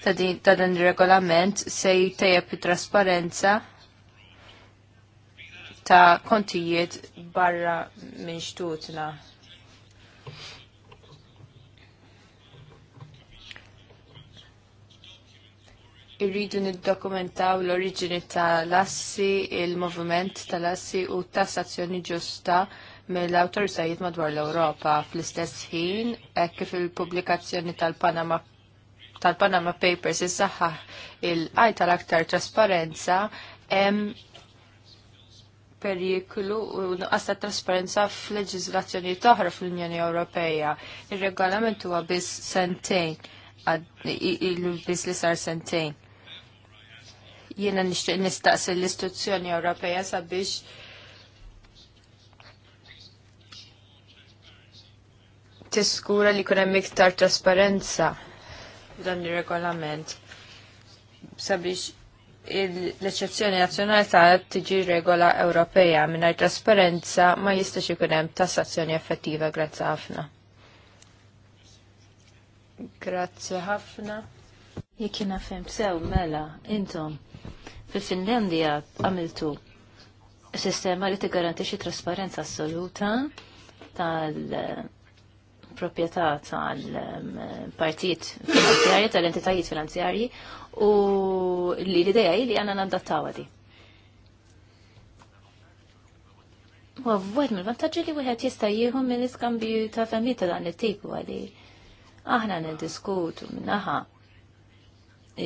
ta' dan regolament se jtejjeb it-trasparenza ta' kontijiet barra minn xtutna. Irridu niddokumentaw l-oriġini tal-assi, il movement tal-assi u tassazzjoni ġusta mill-awtoritajiet madwar l-Ewropa fl-istess ħin hekk kif il-pubblikazzjoni tal-Panama tal-Panama Papers is-saħħa il għaj tal-aktar trasparenza hemm periklu u nuqqas ta' trasparenza f'leġiżlazzjoni toħra fl-Unjoni Ewropea. Ir-regolament huwa biss sentejn il-biss li sar sentejn jiena nixtieq nistaqsi l-istituzzjoni Ewropea sabiex tiskura li kunem iktar trasparenza dan il-regolament sabiex l-eċezzjoni nazjonali ta' tiġi regola Ewropea mingħajr trasparenza ma jistax ikun hemm tassazzjoni effettiva grazzi ħafna. Grazzi ħafna. Jekk jiena fhem sew mela intom fil-Finlandja għamiltu sistema li tigarantixxi trasparenza assoluta tal proprjetà tal-partijiet finanzjarji, tal-entitajiet finanzjarji u li l-ideja li għanna nandattawa di. U għavwet mill-vantagġi li wieħed jista' jieħu mill-iskambju ta' femmiet ta' dan it-tipu għali. Aħna niddiskutu minnaħa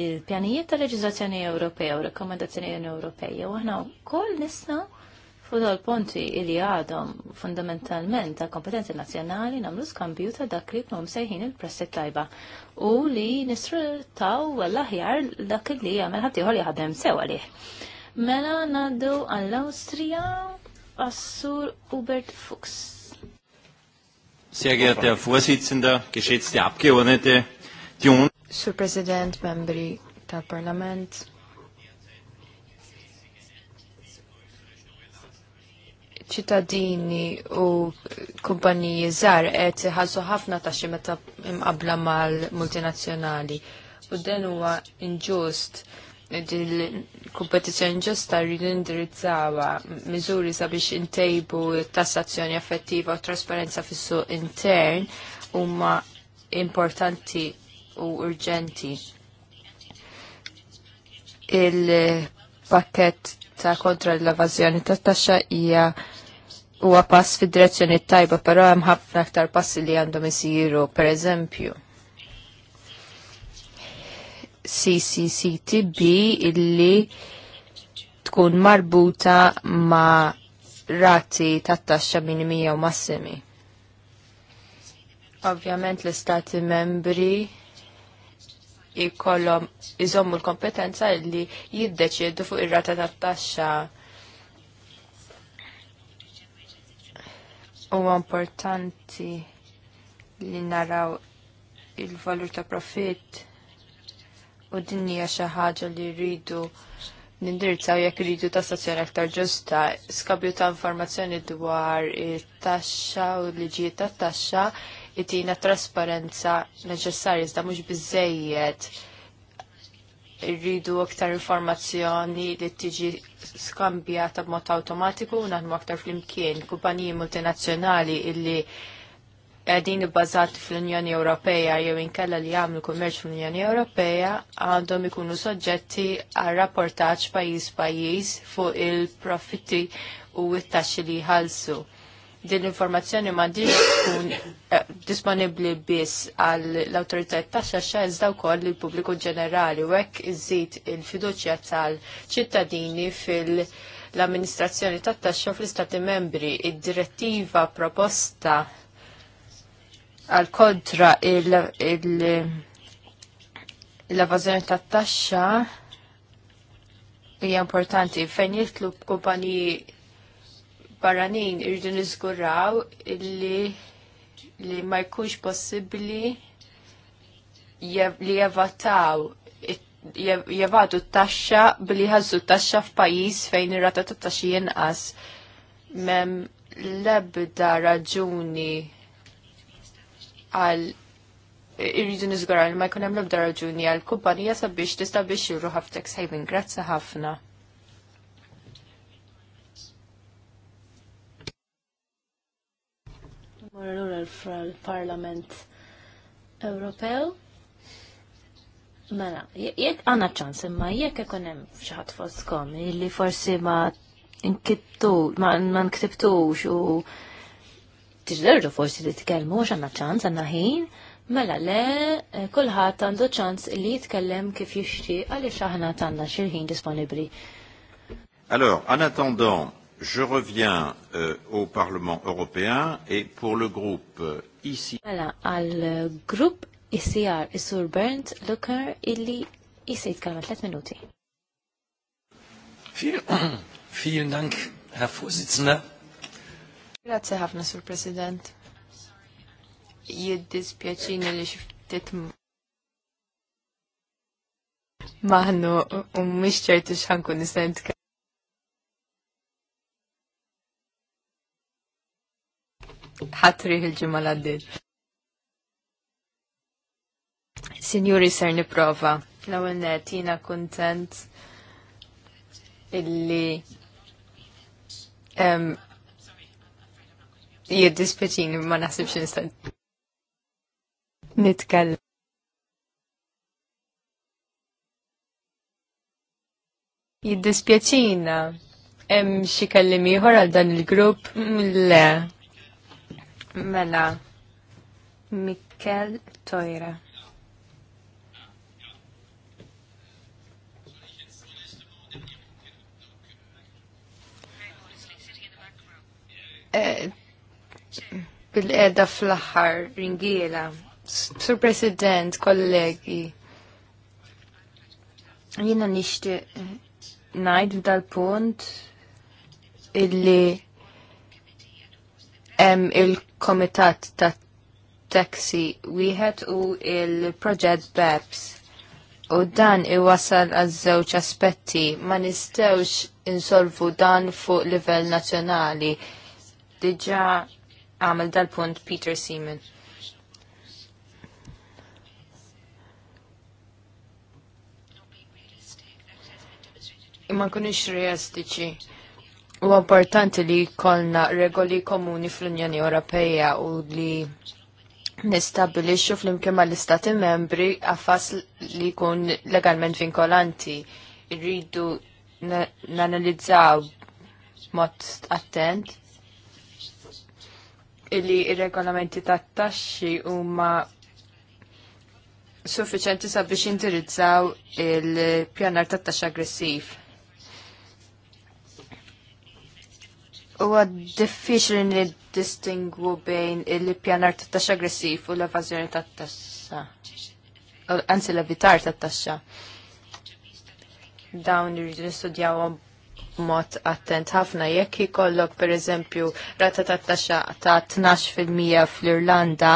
il-pjanijiet tal-leġizzazzjoni Ewropea u rekomendazzjoni Ewropeja u aħna wkoll nisna' Fudol dal-ponti li għadhom fundamentalment ta' kompetenzi nazjonali namlu skambju ta' dak li jkunu sejħin il presset tajba u li nisfruttaw l-aħjar dak li jagħmel ħaddieħor jaħdem sew għalih. Mela naddu għall austria Assur Hubert Fuchs. Sehr geehrter Herr Vorsitzender, geschätzte Abgeordnete, die Sur President, membri tal Parlament, ċittadini u kumpaniji żgħar qed iħallsu ħafna taxxi meta imqabla mal-multinazzjonali. U dan huwa inġust il-kompetizjoni ġusta rridu indirizzawa miżuri sabiex intejbu tassazzjoni effettiva u trasparenza fis-suq intern huma importanti u urġenti. Il-pakket ta' kontra l-evazjoni ta' taxxa hija huwa pass fid-direzzjoni tajba, però hemm ħafna aktar passi li għandhom isiru, per eżempju. CCCTB illi tkun marbuta ma rati ta' taxxa minimija u massimi. Ovvjament l-istati membri jkollhom iżommu l-kompetenza illi jiddeċiedu fuq ir-rata ta' taxxa huwa importanti li naraw il-valur ta' profit u din hija xi ħaġa li rridu nindirizzaw jekk rridu ta' stazzjoni aktar ġusta, skabju ta' informazzjoni dwar it-taxxa u l-liġijiet tat-taxxa itina trasparenza neċessarja iżda mhux biżejjed rridu aktar informazzjoni li tiġi skambjata b'mod automatiku u naħdmu aktar fl-imkien kumpaniji multinazzjonali illi għedin bazati fl-Unjoni Ewropeja jew inkella li għamlu kummerċ fl-Unjoni Ewropeja għandhom ikunu soġġetti għal rapportaġġ pajjiż pajjiż fuq il-profitti u it-taxxi li jħallsu din l-informazzjoni ma diġ tkun eh, disponibli biss għall autoritajt ta' xaxxa iżda wkoll il-pubbliku ġenerali u hekk iżid il-fiduċja tal-ċittadini fil- l-amministrazzjoni tat-taxxa fl-Istati membri id-direttiva proposta għal kontra l-evażjoni tat-taxxa hija importanti fejn jitlu kumpaniji barranin irridu nizguraw li li ma jkunx possibbli li jevataw jevadu t-taxxa billi ħazzu t-taxxa f'pajjiż fejn ir-rata tat-taxxi jinqas. Mem l-ebda raġuni għal irridu nizgura li ma jkun hemm l-ebda raġuni għal kumpanija sabiex tista' biex jirru f'tax haven. Grazzi ħafna. Wara l-ura l-Parlament Ewropew. Mela, jek għanna ċans, imma jek ekonem xaħat foskom, illi forsi ma nkittu, ma nkittu u tiġderġu forsi li t-kelmu, għanna ċans, għanna ħin, mela le, eh, kullħat għandu ċans li jitkellem kif jishti, għalli xaħna għanna xirħin disponibli. Allora, en attendant, je reviens euh, au Parlement européen et pour le groupe euh, ici. Mela, għal groupe ICR sur Bernd Lucker illi jisir jitkallem 3 minuti. *coughs* Vielen Dank, Herr Vorsitzender. Grazie ħafna, Sur President. Jiddispjaċini li xiftit maħnu u mhix ċerti x'ħankun nista' ħatri il-ġimma l-għaddit. Signori ser niprofa. L-ewwel tina kontent illi jiddispeċin ma naħsibx nista' nitkellem. Jiddispjaċina hemm xi kellim ieħor għal dan il-grupp? Mm, le, Mela, Mikkel Tojra. Eh, bil-edha fl-axar ringiela. Sur President, kollegi, jina nishti najd dal punt illi hemm il-Komitat ta' Taxi wieħed u il-Proġett BEPS. U dan iwasal għaż żewġ aspetti ma nistgħux insolvu dan fuq livell nazzjonali. Diġà għamel dal-punt Peter Seaman. Imma kunix realistiċi U importanti li kolna regoli komuni fl-Unjoni Ewropeja u li nistabilixxu fl-imkien mal-istati membri għafas li jkun legalment vinkolanti. Irridu nanalizzaw mod attent illi ir-regolamenti tat-taxxi huma suffiċenti sabiex indirizzaw il-pjanar tat taxxi aggressiv. huwa diffiċli distingu bejn il-pjanar ta' taxxa aggressiv u l-evażjoni ta' taxxa. Anzi l-evitar ta' taxxa. Dawn irridu nistudjawhom mod attent ħafna jekk ikollok pereżempju rata ta' taxxa ta' 12% fl-Irlanda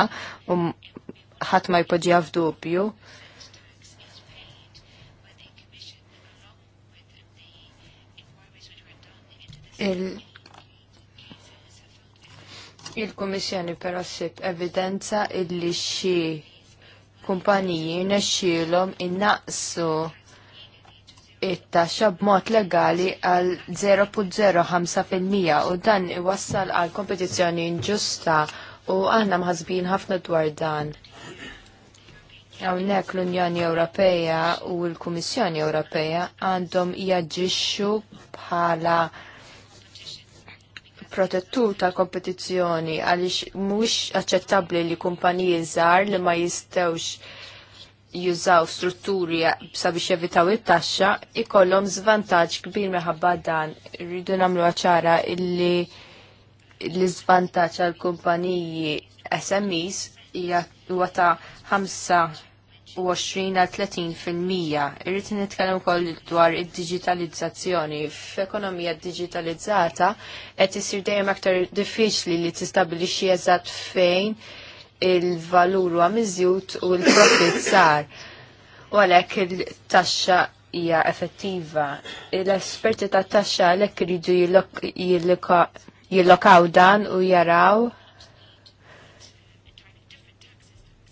u ħadd ma jpoġġiha f'dubju. il Il-Kummissjoni però ssib evidenza illi xi kumpaniji nexxielhom innaqsu it-taxxa b'mod legali għal 0.05% u dan iwassal għal kompetizzjoni inġusta u għanna mħazbin ħafna dwar dan. Hawnhekk l-Unjoni Ewropea u l-Kummissjoni Ewropea għandhom jaġixxu bħala protettur tal-kompetizzjoni għaliex mhux aċċettabbli li kumpaniji żgħar li ma jistewx jużaw strutturi sabiex jevitaw it-taxxa ikollhom żvantaġġ kbir minħabba dan. Irridu nagħmlu ċara illi l-iżvantaġġ għall kumpaniji SMEs huwa ta' 5 20 għal 30 fil-mija. Irrid nitkellem ukoll dwar id-digitalizzazzjoni. F'ekonomija digitalizzata qed isir dejjem aktar diffiċli li tistabbilixxi eżatt fejn il-valur huwa miżjud u l-profit sar. U għalhekk il-taxxa hija effettiva. L-esperti tat-taxxa għalhekk iridu jillokaw dan u jaraw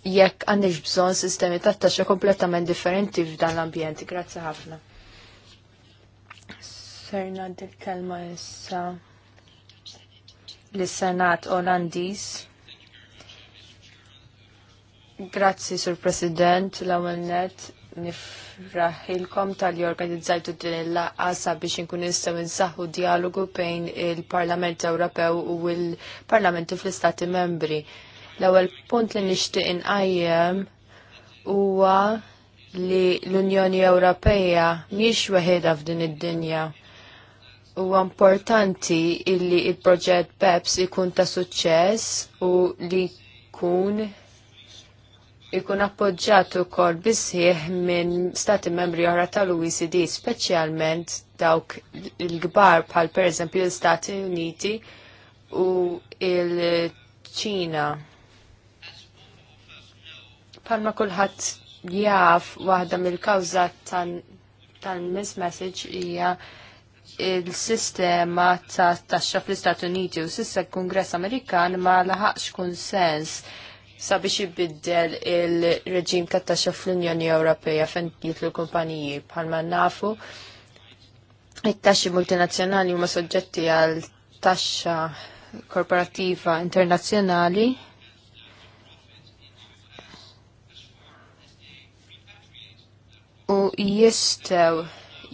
jekk għandix bżon sistemi ta' taxxa kompletament differenti f'dan l-ambjent. Grazzi ħafna. Serna dik kelma issa l-Senat Olandiż. Grazzi, Sur President, l net, nifraħilkom tal-jorganizzajtu din il-laqqa sabiex nkun nistgħu nsaħħu dialogu bejn il-Parlament Ewropew u l-Parlamenti fl-Istati Membri L-ewwel punt li nixtieq inqajjem huwa li l-Unjoni Ewropea mhix waħedha f'din id-dinja. Huwa importanti illi il-proġett BEPS ikun ta' suċċess u li jkun ikun appoġġjat ukoll bisħieħ minn stati membri oħra tal-OECD, speċjalment dawk il-kbar bħal pereżempju l-Stati Uniti u il-Ċina. Palma kulħadd jaf waħda mill-kawża tal-miss message hija il-sistema ta' taxxa fl-Istati Uniti u sissa l-Kongress Amerikan ma laħaqx konsens sabiex ibiddel il-reġim ta' taxxa fl-Unjoni Ewropea fejn jitlu kumpaniji bħalma nafu it-taxxi multinazzjonali huma soġġetti għal taxxa korporattiva internazzjonali u jistaw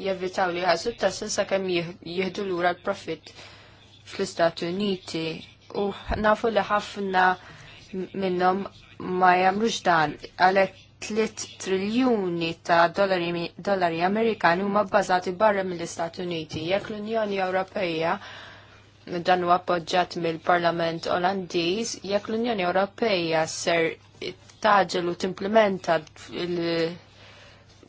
jevitaw li ħassu tassin sa' kem jihdu l-ura l-profit fl-Istati Uniti u nafu li ħafna minnom ma jamrux dan għalek 3 triljuni ta' dollari, dollari Amerikani huma bbażati barra mill-Istati Uniti. Jekk l-Unjoni Ewropea dan huwa appoġġat mill-Parlament Olandiż, jekk l-Unjoni Ewropea ser taġel u timplementa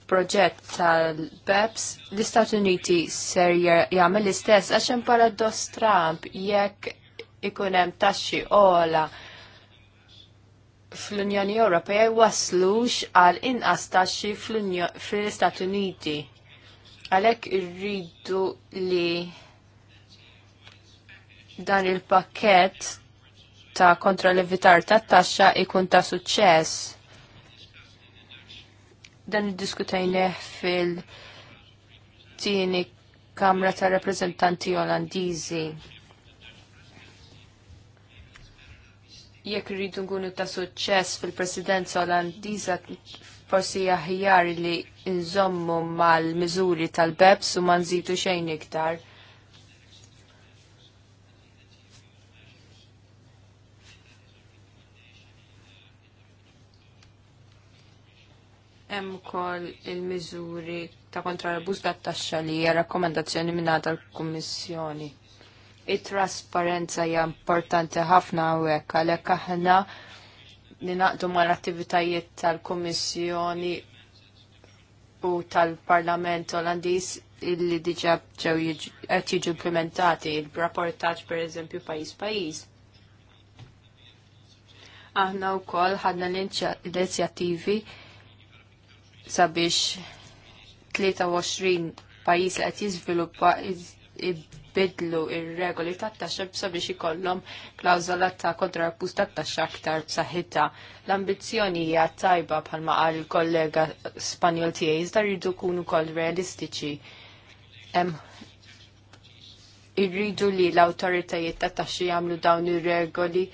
proġett tal-BEPS l-Istati Uniti ser jagħmel l-istess għax hemm paradoss Trump jekk ikun hemm taxxi ola fl-Unjoni Ewropea jwaslux għal inqas taxxi fl-Istati Uniti. Għalhekk irridu li dan il-pakkett ta' kontra l-evitar ta' taxxa ikun ta' suċċess dan id fil-tieni Kamra ta' Rappresentanti Olandiżi. Jekk rridu nkunu ta' suċċess fil-Presidenza Olandiża forsi aħjar li nżommu mal-miżuri tal-BEPS u ma nżidu xejn iktar. Hemm ukoll il-miżuri ta' kontra l-abbuż tat-taxxa li hija rakkomandazzjoni mingħata l-Kummissjoni. It-trasparenza hija importanti ħafna hawnhekk għalhekk aħna ninaqdu mal-attivitajiet tal-Kummissjoni u tal-Parlament Olandiż illi diġà ġew qed jiġu implementati il-rapportaġġ pereżempju pajjiż pajjiż. Aħna wkoll ħadna l-inizjattivi sabiex 23 pajis li qed jiżviluppa ibidlu ir-regoli tat-taxxa sabiex ikollhom klawżola ta' kontrarpus tat-taxxa aktar b'saħħitha. L-ambizzjoni hija tajba bħalma qal il-kollega Spanjol tiegħi iżda rridu kunu ukoll realistiċi. Irridu li l-awtoritajiet tat-taxxi jagħmlu dawn ir-regoli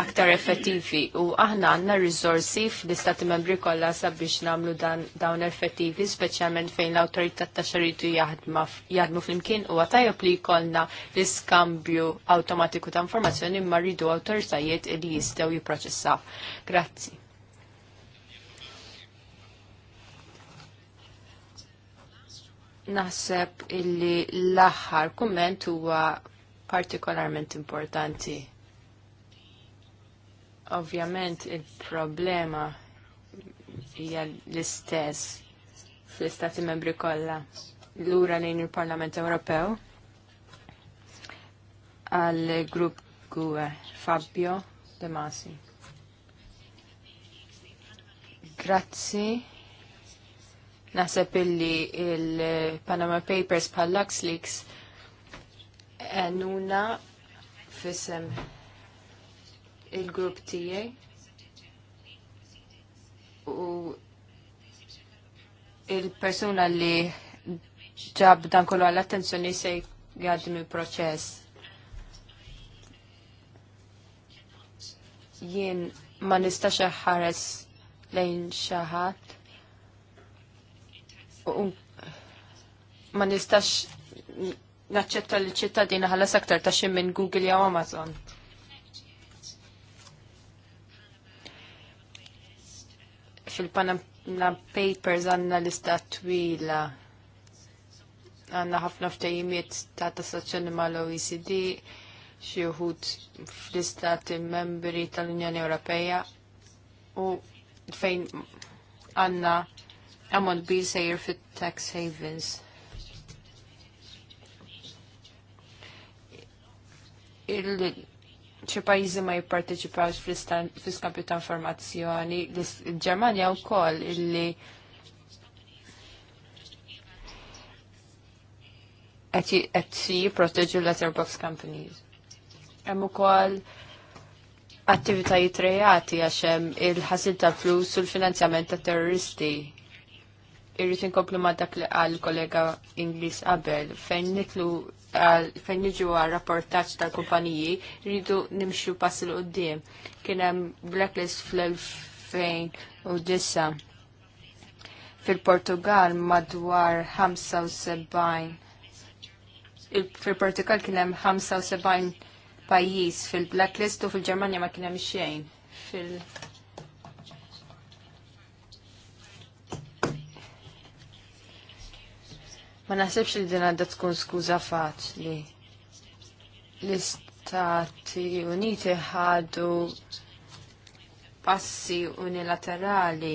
aktar effettivi u aħna għanna rizorsi fl-istati membri kollha sabiex namlu dawn effettivi, speċjalment fejn l-autorità ta' xaritu jaħdmu fl-imkien u għatajab li jkollna l-iskambju automatiku ta' informazzjoni imma rridu autoritajiet li jistaw jipproċessaw. Grazzi. Naħseb illi l-aħħar kumment huwa partikolarment importanti Ovvjament il-problema hija l-istess fl-istati membri kollha. Lura lejn il-Parlament Ewropew għal grupp GUE Fabio De Masi. Grazzi. Naseb illi il-Panama Papers pal-LuxLeaks għannuna fissem il-grupp tijaj. u il-persuna li ġab dan kollu għall-attenzjoni se jgħaddi il proċess Jien ma nistax ħares lejn xaħat. u ma nistax naċċetta li ċittadina ħalas aktar ta' xi minn Google jew Amazon. fil-Panama Papers għanna lista twila għanna ħafna ftajimiet ta' tassazzjoni ma' l-OECD xieħut fl-istati membri tal-Unjoni Ewropeja u fejn għanna għamon bil sejr fit tax havens. Il ċe pajizi ma jipparteċipawx fl skampju ta' informazzjoni, l-Ġermanja u koll illi qed jipproteġu letterbox companies. Hemm ukoll attivitajiet rejati għax hemm il-ħasil tal-flus u l-finanzjament ta' terroristi. Irrid inkomplu ma' dak li għal kollega Ingliż qabel fejn nitlu fejn niġu għal rapportaċ tal-kumpaniji, rridu nimxu passi l-qoddim. Kienem blacklist fl-2009 fil-Portugal madwar 75 fil-Portugal kienem 75 pajis fil-blacklist u fil-Germania ma kienem xejn fil-Portugal Ma naħsebx li din għadda tkun skuża faċli. L-Istati Uniti ħadu passi unilaterali.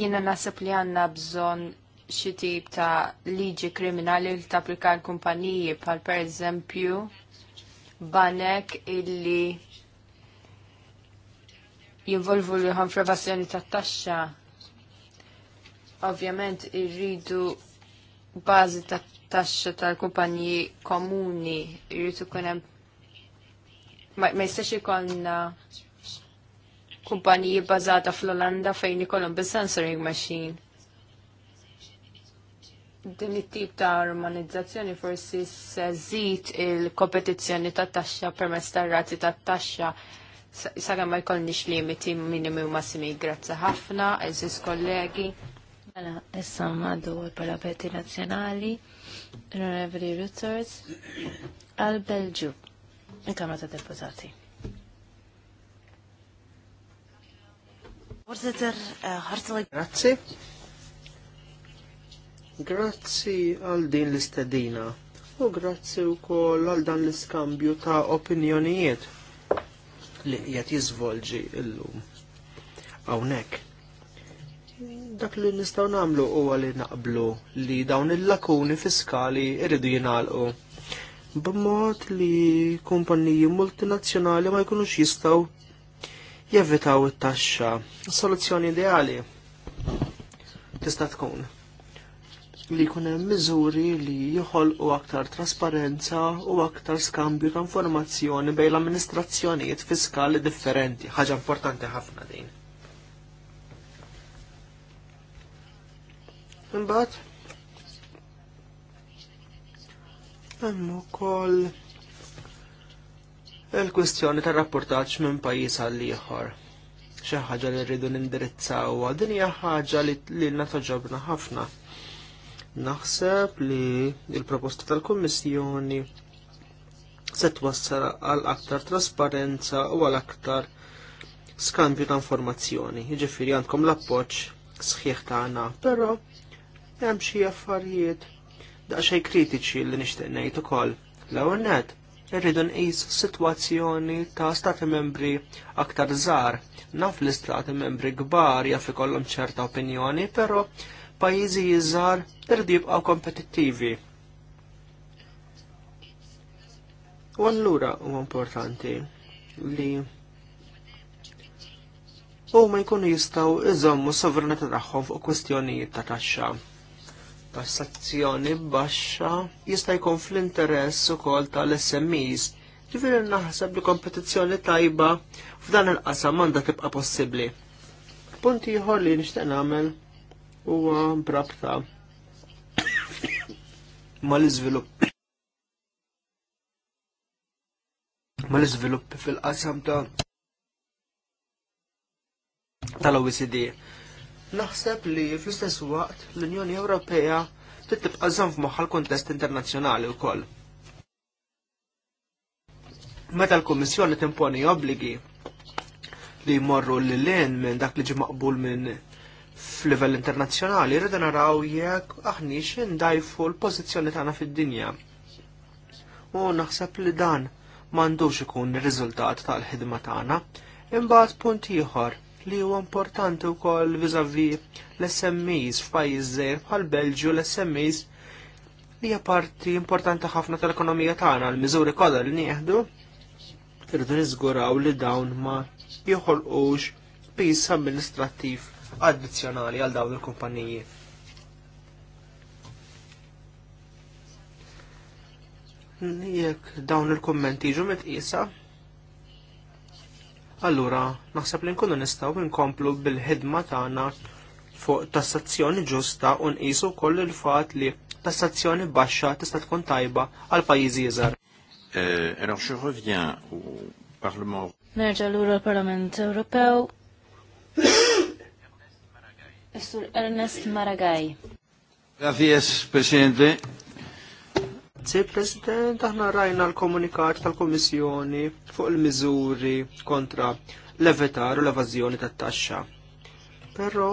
Jiena naħseb li għandna bżonn xi tip ta' liġi kriminali li tapplika l-kumpaniji bħal pereżempju banek illi jinvolvu li ħan privazzjoni tat-taxxa Ovvjament irridu bażi ta' taxxa tal-kumpanji komuni irrid ikun hemm ma jistax ikun kumpaniji bbażata fl-Olanda fejn ikollhom bis-sensoring machine. Din it-tip ta' armonizzazzjoni forsi se żid il-kompetizzjoni tat taxxa permezz tar-rati tat taxxa sakemm ma jkollniex limiti minimi u massimi. Grazzi ħafna, eżis kollegi. Għala, mela, issa għaddu għal-Parlamenti Nazjonali, Honorable Reuters, għal-Belġu, il-Kamra ta' Deputati. Voorzitter, eh, hartelijk Grazzi. Grazzi għal din l-istedina u grazzi u koll għal dan l-iskambju ta' opinjonijiet li jgħat jizvolġi l-lum. Awnek. Dak li nistgħu nagħmlu huwa li naqblu li dawn il-lakuni fiskali irridu jingħalqu b'mod li kumpaniji multinazzjonali ma jkunux jistgħu jevitaw it-taxxa. Soluzzjoni ideali tista' tkun li jkun hemm miżuri li joħolqu aktar trasparenza u aktar skambju ta' informazzjoni bejn l-amministrazzjonijiet fiskali differenti. Ħaġa importanti ħafna din. Imbagħad hemm ukoll il-kwistjoni tar-rapportaġġ minn pajjiż għal ieħor. Xi ħaġa li rridu nindirizzawha din hija ħaġa li lilna toġobna ħafna. Naħseb li il-proposta tal-Kummissjoni se twassal għal aktar trasparenza u għal aktar skambju ta' informazzjoni. Jiġifieri għandkom l-appoġġ sħiħ tagħna, però hemm xi affarijiet xej kritiċi li nixtieq ngħid ukoll. L-ewwel net irridu nqis sitwazzjoni ta' stati membri aktar żgħar. Naf li stati membri kbar jaf ikollhom ċerta opinjoni, però pajjiżi żgħar irridu jibqgħu kompetittivi. U allura huwa importanti li u ma jkunu jistaw iżommu sovranità tagħhom fuq kwistjonijiet ta' taxxa tassazzjoni baxxa jista' jkun fl-interess ukoll tal-SMEs. Ġifieri naħseb li kompetizzjoni tajba f'dan il-qasam għandha tibqa' possibbli. Punti ieħor li nixtieq nagħmel huwa brabta *coughs* mal-iżvilupp mal-iżvilupp fil-qasam ta' tal-OECD. Naħseb li fl-istess waqt l-Unjoni Ewropea trid tibqa' żomm f'moħħa l-kuntest internazzjonali wkoll. Meta l-Kummissjoni timponi obbligi li jmorru l lin minn dak li ġi maqbul minn f'livell internazzjonali, rridu naraw jekk aħniex dajfu l-pożizzjoni tagħna fid-dinja. U naħseb li dan m'għandux ikun ir-riżultat tal-ħidma tagħna, imbagħad punt ieħor li huwa importanti wkoll viżavi l-SMEs f'pajjiż żgħir bħal Belġju l-SMEs li hija parti importanti ħafna tal-ekonomija tagħna l-miżuri kollha li nieħdu irdu niżguraw li dawn ma joħolqux pis amministrattiv addizzjonali għal dawn il-kumpaniji. Jekk dawn il-kummenti ġu mitqisa, allura naħseb li nkunu nistgħu nkomplu bil-ħidma tagħna fuq tassazzjoni ġusta u nqisu koll il-fatt li tassazzjoni baxxa tista' tkun tajba għal pajjiżi iżgħar. Eh, alors je reviens au Parlement. Nerġa' lura l-Parlament Ewropew. *coughs* Ernest Maragaj. Grazie, Presidente. Grazzi, President, aħna rajna l-komunikat tal-Komissjoni fuq il-miżuri kontra l-evitar u l-evazjoni tat taxxa Però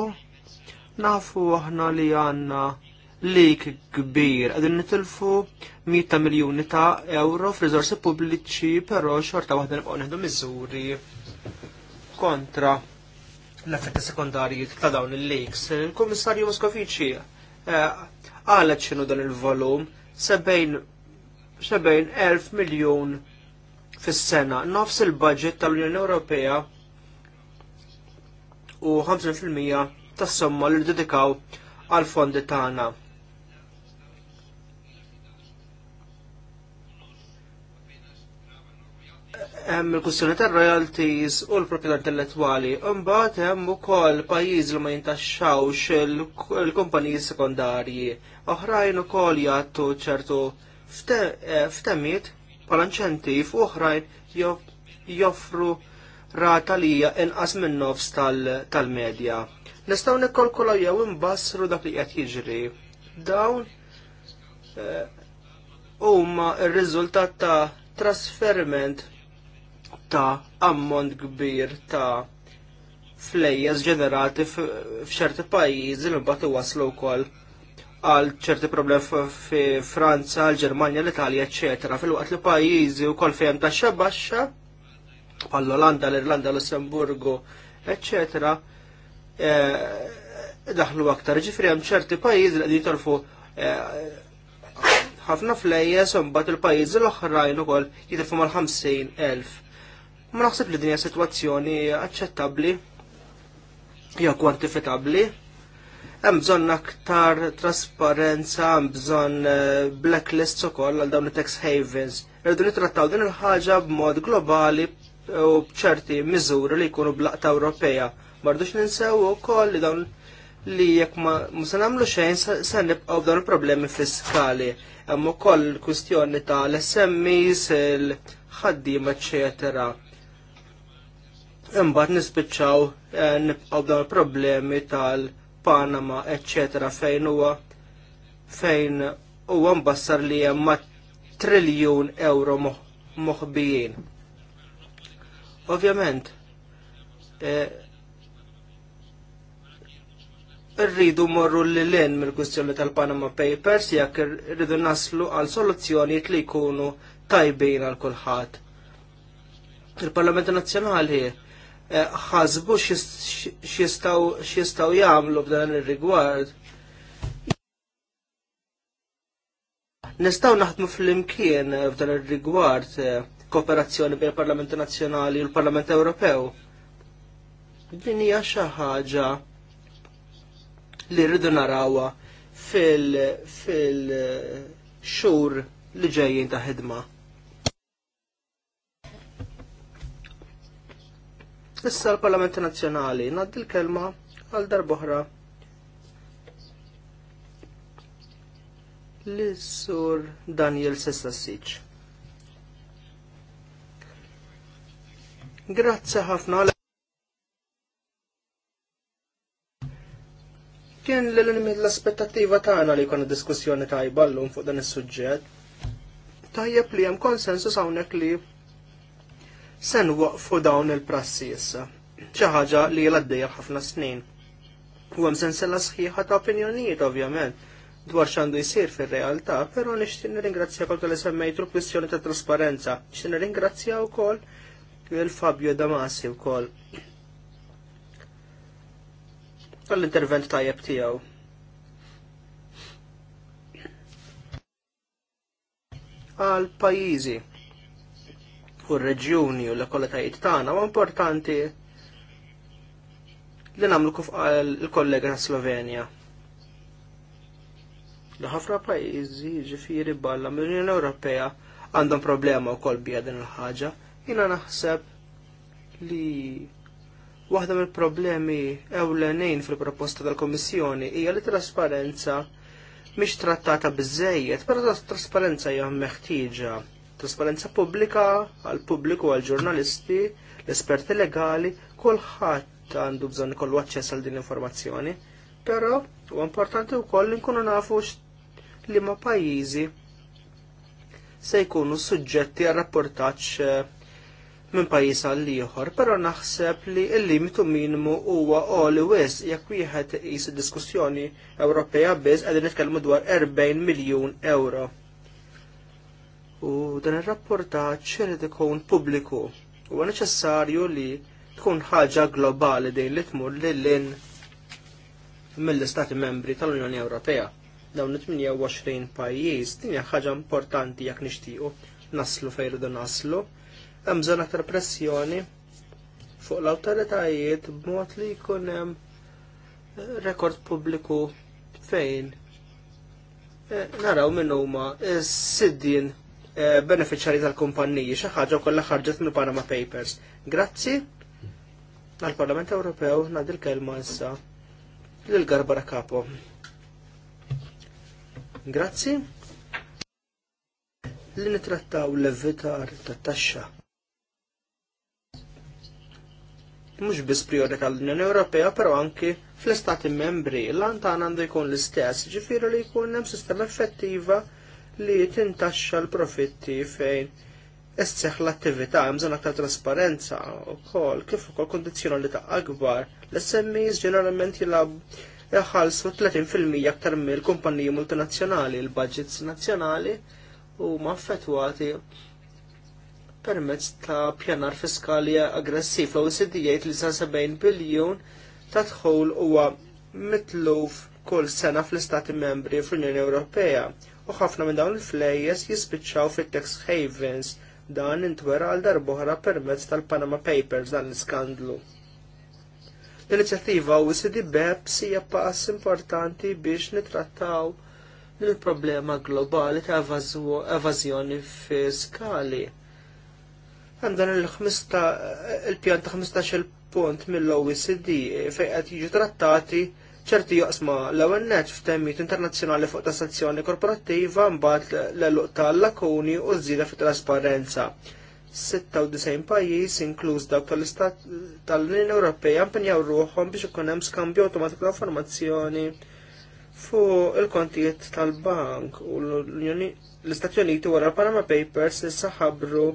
nafu aħna li għanna lik kbir, għadin nitilfu 100 miljoni ta' euro f'rizorsi pubbliċi, però xorta waħda nibqgħu neħdu miżuri kontra l-effetti sekundarji ta' dawn il-leaks. Il-Kummissarju Moskovici għalet eh, xinu dan il-volum 70,000 miljon fis-sena, nofs il-budget tal-Unjoni Ewropea u 50% tas-somma li dedikaw għal fondi tagħna. hemm il-kwistjoni tar-royalties u l-proprjetà intellettwali. Imbagħad hemm ukoll pajjiż li ma jintaxxawx il-kumpaniji sekondarji. Oħrajn ukoll jagħtu ċertu eh, ftemiet bħala inċentiv u oħrajn joffru rata li hija inqas min nofs tal-medja. Nistgħu nikkolkulaw jew imbassru dak li qed jiġri. Dawn eh, huma r-riżultat ta' trasferiment ta' ammont kbir ta' flejjes ġenerati f'ċerti pajjiżi li mbagħad iwaslu wkoll għal ċerti problemi fi Franza, l-Ġermanja, l-Italja, eċetera. Fil-waqt li pajjiżi wkoll fejn ta' xebaxxa, bħal olanda l-Irlanda, l Lussemburgu, eċetera, eh, daħlu aktar. ġifri hemm ċerti pajjiżi li qegħdin jitolfu eh, ħafna flejjes u mbagħad il-pajjiżi l-oħrajn ukoll jitilfu mal-50 elf Ma naħseb li dinja situazzjoni aċċettabbli jew kwantifikabbli. Hemm bżonn aktar trasparenza, hemm bżonn eh, blacklists ukoll għal dawn it-tax havens. Irridu nittrattaw din il-ħaġa b'mod globali eh, u b'ċerti miżuri li jkunu blaqta Ewropea. Mardux ninsew ukoll li dawn li jekk ma se nagħmlu xejn se nibqgħu dawn il-problemi fiskali. Hemm ukoll kwistjoni tal l-SMEs, il-ħaddim, eċċetera imbagħad nispiċċaw eh, nibqgħu dawn il-problemi tal-Panama, eċċetera, fejn huwa fejn huwa mbassar li hemm ma' triljun euro moħbijin. Ovvjament, eh, rridu morru li l mill-kustjoni tal-Panama Papers jekk rridu naslu għal soluzzjonijiet li jkunu tajbin għal kulħadd. Il-Parlament Nazzjonali ħasbu x'jistgħu jagħmlu b'dan ir-rigward. Nistgħu naħdmu fl-imkien f'dan ir-rigward eh, kooperazzjoni bejn il-Parlament Nazzjonali u l-Parlament Ewropew. Din hija xi ħaġa li rridu narawha fil-xhur li ġejjin ta' ħidma. Issa l-Parlamenti Nazzjonali ngħaddi l-kelma għal darboħra li sur Daniel Sessassic. Grazzi ħafna għal kien l-element l-aspettativa tagħna li jkun diskussjoni tajba llum fuq dan is-suġġett. Tajjeb li hemm konsensus hawnhekk li se nwaqfu dawn il-prassi issa. ċaħġa ħaġa li l ħafna snin. U sen sensella sħiħa ta' opinjonijiet ovvjament dwar xandu jisir fil-realtà, pero nishtin ringrazzja kol tal semmejtu kwistjoni ta' trasparenza. Nishtin ringrazzja u kol il-Fabio Damasi u kol. Tal-intervent tajjeb tijaw. Għal pajizi u r-reġjuni u l-ekolatajiet tagħna huwa importanti li nagħmlu kif qal il-kollega ta' Slovenja. Li ħafna pajjiżi ġifieri balla mill-Unjoni Ewropea għandhom problema wkoll biha din il-ħaġa. Jiena naħseb li waħda mill-problemi ewlenin fil-proposta tal-Kommissjoni hija li trasparenza mhix trattata biżejjed, però trasparenza hija meħtieġa trasparenza pubblika għal pubbliku għal ġurnalisti, l-esperti legali, kulħadd għandu bżonn kollu aċċess għal din informazzjoni Però u importanti wkoll li nkunu nafu li ma pajjiżi se jkunu suġġetti għal rapportaċ eh, minn pajjiż għal ieħor, però naħseb li il limitu minimu huwa all wis jekk wieħed qis diskussjoni Ewropea biss qegħdin nitkellmu dwar 40 miljun euro u dan ir-rapportaġġ irid ikun pubbliku. Huwa neċessarju li tkun ħaġa globali dejn li tmur lil mill-Istati Membri tal-Unjoni Ewropea. Dawn 28 pajjiż din hija ħaġa importanti jekk nixtiequ naslu fejn irridu naslu. Hemm bżonn aktar pressjoni fuq l-awtoritajiet b'mod li jkun hemm eh, rekord pubbliku fejn eh, naraw minn huma s siddin Eh, beneficjari tal-kumpanniji, xi ħaġa kollha ħarġet minn Panama Papers. Grazzi għall-Parlament Ewropew ngħaddi l-kelma issa lil Garbara Capo. Grazzi li nitrattaw l-evitar tat-taxxa. Mhux biss priorità l-Unjoni Ewropea, però anki fl-Istati membri l-antan għandu jkun l-istess, ġifieri li jkun hemm sistema effettiva li tintaxxa l-profitti fejn esseħ l-attività mżon aktar trasparenza u kol kif u kol ta' akbar l-SMEs ġeneralment jilab jħalsu 30% aktar mill kumpaniji multinazzjonali l-budgets nazzjonali u maffetwati permezz ta' pjanar fiskali aggressiv l-OECD jgħid li 70 biljun ta' dħul huwa mitluf kull sena fl-Istati membri fl-Unjoni Ewropea u ħafna minn dawn il-flejjes jispiċċaw fit-tax havens dan intwera għal darbohra permezz tal-Panama Papers dan l-iskandlu. L-inizjattiva u sidi BEPS hija pass importanti biex nitrattaw il-problema globali ta' evażjoni fiskali. Għandan il-pjan ta' 15 punt mill-OECD eh, fejn qed jiġu trattati ċerti joqsma l-ewwel net internazzjonali fuq tassazzjoni korporattiva mbagħad l-eluq tal-lakuni u żieda fit-trasparenza. 96 pajjiż inkluż dawk tal-Istat tal-Unjoni Ewropea impenjaw ruħhom biex ikun hemm skambju awtomatiku ta' informazzjoni fuq il-kontijiet tal-bank u l-Istati Uniti wara l Panama Papers issa ħabru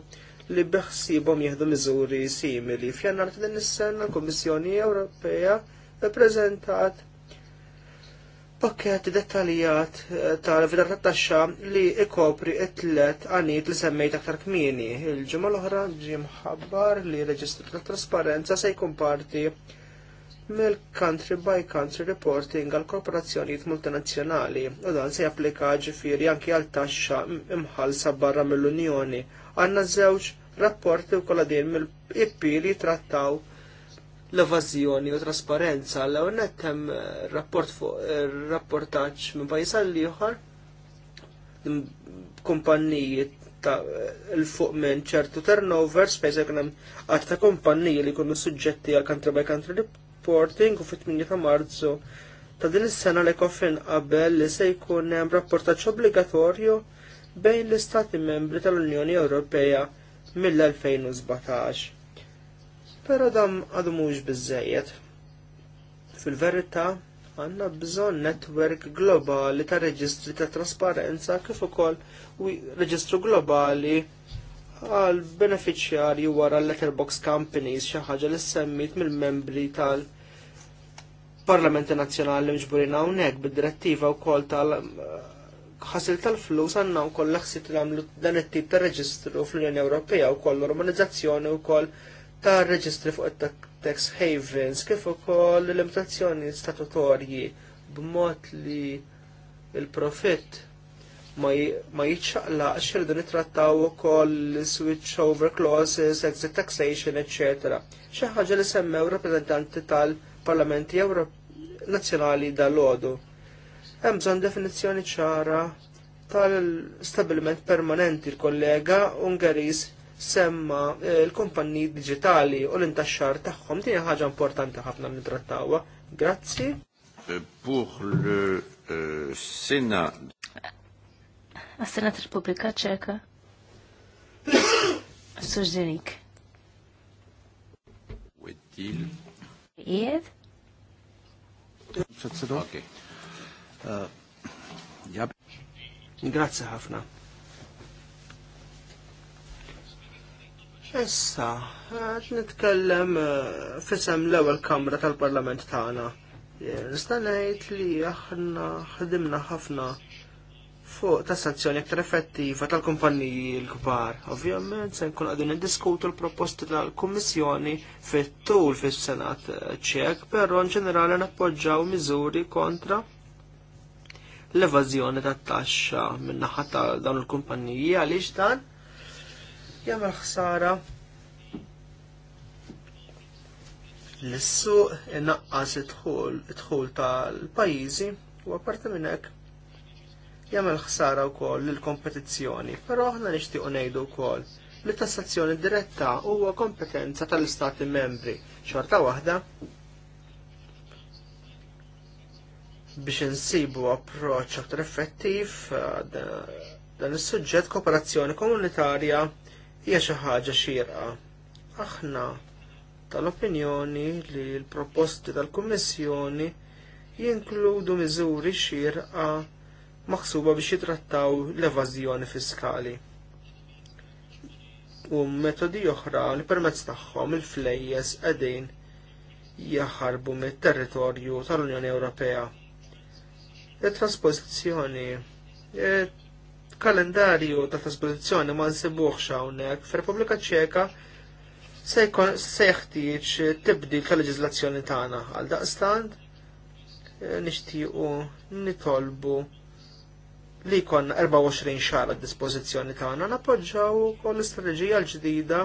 li beħsibhom jieħdu miżuri simili. F'jannar ta' din is-sena l-Kummissjoni Ewropea ppreżentat pakket dettaljat eh, tal-vidar ta' taxxa li ikopri it-tlet għanit li semmejt aktar kmini. Il-ġimgħa l-oħra ġie mħabbar li reġistru ta' trasparenza se jkun parti mill-country by country reporting għal korporazzjonijiet multinazzjonali u dan se japplika ġifieri anki għal taxxa imħalsa barra mill-Unjoni. Għanna żewġ rapporti u kolla din mill-IP li trattaw l-evażjoni u trasparenza l hemm eh, rapport fuq eh, rapportaġġ minn pajisal li ieħor kumpanniji ta' eh, il-fuq minn ċertu turnover, spesa jekk hemm ta' kumpanniji li jkunu suġġetti għal country by country reporting u fit-8 ta' Marzu ta' din is-sena li koffin qabel li se jkun hemm rapportaġġ obbligatorju bejn l-Istati membri tal-Unjoni Ewropea mill-2017 pero dam għadu mhux biżejjed. Fil-verità, għandna bżonn netwerk globali ta' reġistri ta' trasparenza kif ukoll reġistru globali għal beneficjarju wara letterbox companies xi ħaġa li semmit mill-membri tal- Parlamenti Nazzjonali mġburin hawnhekk bid-direttiva wkoll tal ħasil tal-flus għandna wkoll l-ħsit nagħmlu dan it-tip ta' reġistru fl-Unjoni Ewropea wkoll l organizzazzjoni wkoll ta' reġistri fuq it-tax havens kif ukoll limitazzjoni statutorji b'mod li il-profitt ma jitxaqlaqx irridu nittrattaw ukoll switch over clauses, exit taxation, etc. Xi ħaġa li semmew rappreżentanti tal-Parlamenti Nazzjonali dal-Odu. Hemm bżonn definizzjoni ċara tal-stabilment permanenti l-kollega Ungaris semma eh, l-kumpanni digitali u l-intaxxar tagħhom din ħaġa importanti ħafna nitrattawha. Grazzi. Eh, pour le eh, Sénat. Għas-Senat Repubblika Ċeka. *coughs* Suġġerik. Wettil. Jed? Predsedo. Ok. Grazie ħafna. Issa, għad nitkellem eh, fissem l-ewel kamra tal-parlament tagħna. Nista' ngħid li aħna ħdimna ħafna fuq ta' sanzjoni aktar effettiva tal-kumpanniji l-kbar. Ovvjament se nkun qegħdin niddiskutu l-proposti tal-Kummissjoni fit-tul fis-Senat eh, Ċek, però ġenerali nappoġġaw miżuri kontra l-evażjoni tat-taxxa min-naħa ta' dawn il-kumpanniji għaliex dan jagħmel ħsara l-suq inaqqas id-dħul tal-pajjiżi u apparti minn hekk jagħmel ħsara wkoll lill-kompetizzjoni, però aħna nixtiequ ngħidu wkoll li tassazzjoni diretta huwa kompetenza tal-Istati membri xorta waħda biex insibu approċċ aktar effettiv eh, dan is-suġġett kooperazzjoni komunitarja hija xi ħaġa xierqa. Aħna tal-opinjoni li l-proposti tal-Kummissjoni jinkludu miżuri xirqa maħsuba biex jitrattaw l-evażjoni fiskali u metodi oħra li permezz tagħhom il-flejjes qegħdin jaħarbu mit-territorju tal-Unjoni Ewropea. it trasposizzjoni kalendarju ta' trasposizjoni ma' nsibuħx hawnhekk fir republika Ċeka se jeħtieġ tibdil tal-leġiżlazzjoni tagħna għal daqstant eh, nixtiequ nitolbu li jkollna 24 xahar għad dispożizzjoni tagħna nappoġġaw ukoll l-istrateġija l-ġdida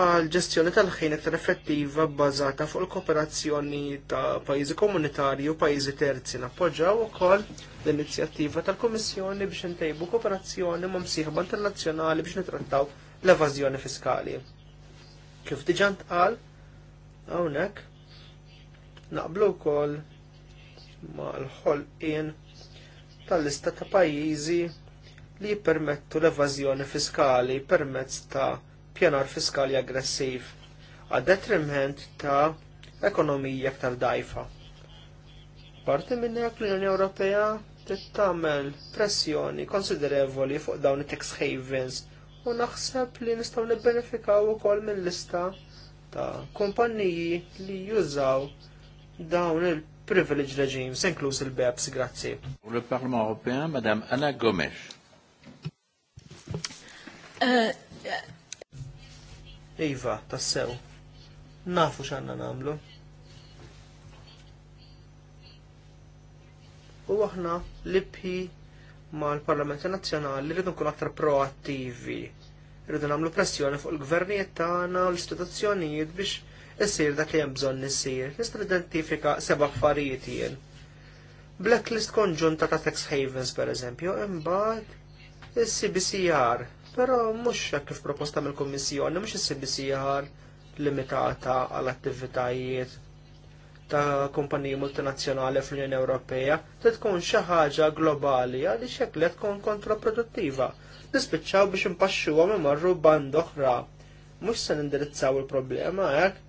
għal ġestjoni tal-ħin iktar effettiva bbażata fuq il-kooperazzjoni ta' pajjiżi komunitarji u pajjiżi terzi nappoġġaw ukoll l-inizjattiva tal-Kummissjoni biex intejbu kooperazzjoni ma' msieħba internazzjonali biex nitrattaw l-evażjoni fiskali. Kif diġà ntqal hawnhekk naqblu wkoll ma' l-ħolqien tal-lista ta' pajjiżi li jippermettu l-evażjoni fiskali permezz ta' pjanar fiskali aggressiv għad detriment ta' ekonomija aktar dajfa. Parti minn hekk l-Unjoni Ewropea tagħmel pressjoni konsiderevoli fuq dawn it-tax havens u naħseb li nistgħu nibbenefikaw ukoll mill-lista ta' kumpaniji li jużaw dawn il-privilege regimes, inkluż il-BEPS, grazzi. parlament Madame Anna Gomes. Euh, Iva, tassew. Nafu x'għandna nagħmlu. U aħna libħi mal-Parlamenti Nazzjonali rridu nkunu aktar proattivi. Rridu nagħmlu pressjoni fuq il-gvernijiet tagħna u l-istituzzjonijiet biex issir dak li hemm bżonn issir. Nista' identifika seba' affarijiet jien. Blacklist konġunta ta' tax havens pereżempju, imbagħad is-CBCR Però mhux hekk kif proposta mill-Kummissjoni mhux issib isiħar limitata għall attivitajiet ta' kumpaniji multinazzjonali fl-Unjoni Ewropea se tkun xi ħaġa globali għaliex hekk li tkun kontraproduttiva. Nispiċċaw biex impaxxuhom imorru band oħra. Mhux se nindirizzaw il-problema hekk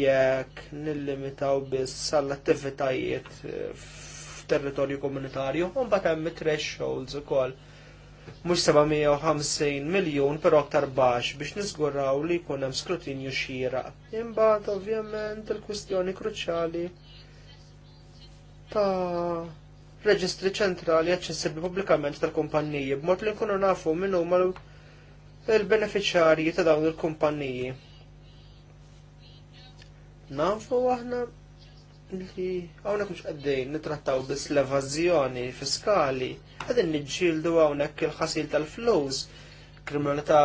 jekk nillimitaw biss għall-attivitajiet eh, f'territorju komunitarju, u mbagħad hemm thresholds ukoll mhux 750 miljun però aktar baxx biex niżguraw li jkun hemm skrutinju xieraq. Imbagħad ovvjament il-kwistjoni kruċjali ta' reġistri ċentrali aċċessibbli pubblikament tal-kumpanniji b'mod li nkunu nafu minn huma l-beneficjarji ta' dawn il-kumpanniji. Nafu aħna li għawna kux għaddejn nitrattaw bis l evażjoni fiskali Għadin nġildu għawnek il-ħasil tal-flows, kriminalità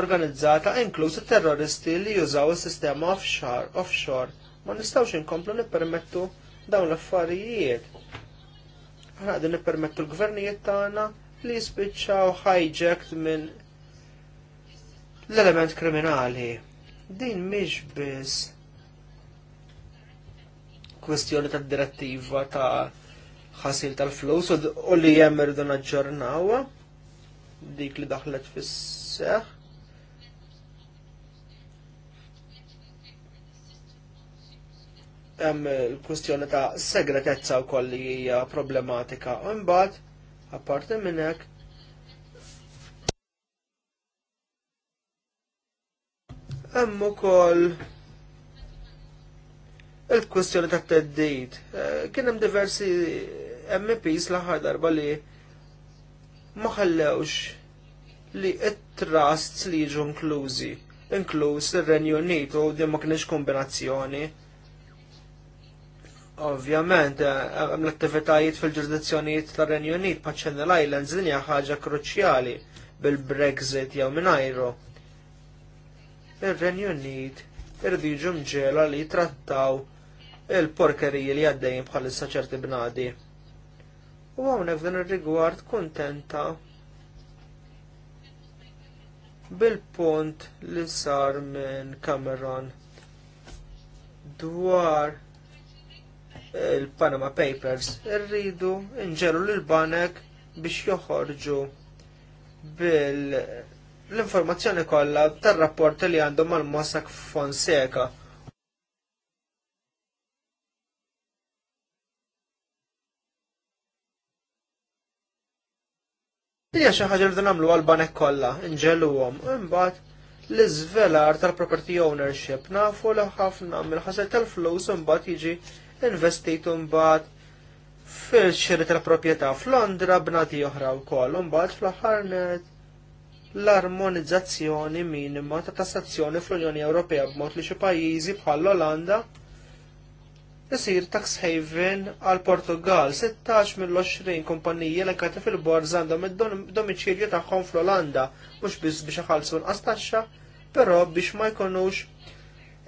organizzata, inkluż terroristi li jużaw il-sistema offshore, offshore. Ma nistawx inkomplu nippermettu dawn l-affarijiet. għadin nippermettu l-gvernijiet tagħna li jispiċċaw hijacked minn l-element kriminali. Din mhix biss kwestjoni ta' direttiva ta' ħasil tal-flus u li jemmer irdu naġġornawa dik li daħlet fis-seħ. Hemm il-kwestjoni ta' segretezza wkoll li hija problematika. U mbagħad, apparti minn hekk, hemm ukoll il-kwestjoni ta' teddid. Eh, kien hemm diversi MPs l-aħħar darba li ma ħallewx li it-trusts li jiġu inklużi, inkluż il renju Unitu u dimma ma kienx kombinazzjoni. Ovvjament, eh, hemm l-attivitajiet fil ġurdizzjonijiet tar-Renju Unit pa' Channel Islands din hija ħaġa kruċjali bil-Brexit jew minajru. Ir-Renju Unit irdi jiġu mġela li trattaw il porkeri li bħal issa ċerti bnadi u hawnhekk f'dan ir-rigward kuntenta bil-punt li sar minn Cameron dwar il-Panama Papers irridu nġelu lil banek biex joħorġu bil l-informazzjoni kollha tar-rapport li għandhom mal-Mossack Fonseca Hija xi ħaġa li nagħmlu għall-banek kollha, inġelluhom, imbagħad l-iżvelar tal-property ownership nafu li ħafna mill-ħasel tal-flus imbagħad jiġi investitu imbagħad fil-xiri tal-proprjetà f'Londra b'nati oħra wkoll, imbagħad fl-aħħar net l-armonizzazzjoni minima ta' tassazzjoni fl-Unjoni Ewropea b'mod li xi pajjiżi bħal Olanda isir tax haven għal Portugal. 16 mill-20 kumpaniji elenkati fil-borż għandhom id-domiċilju tagħhom fl-Olanda, mhux biss biex iħallsu nqas taxxa, però biex ma jkunux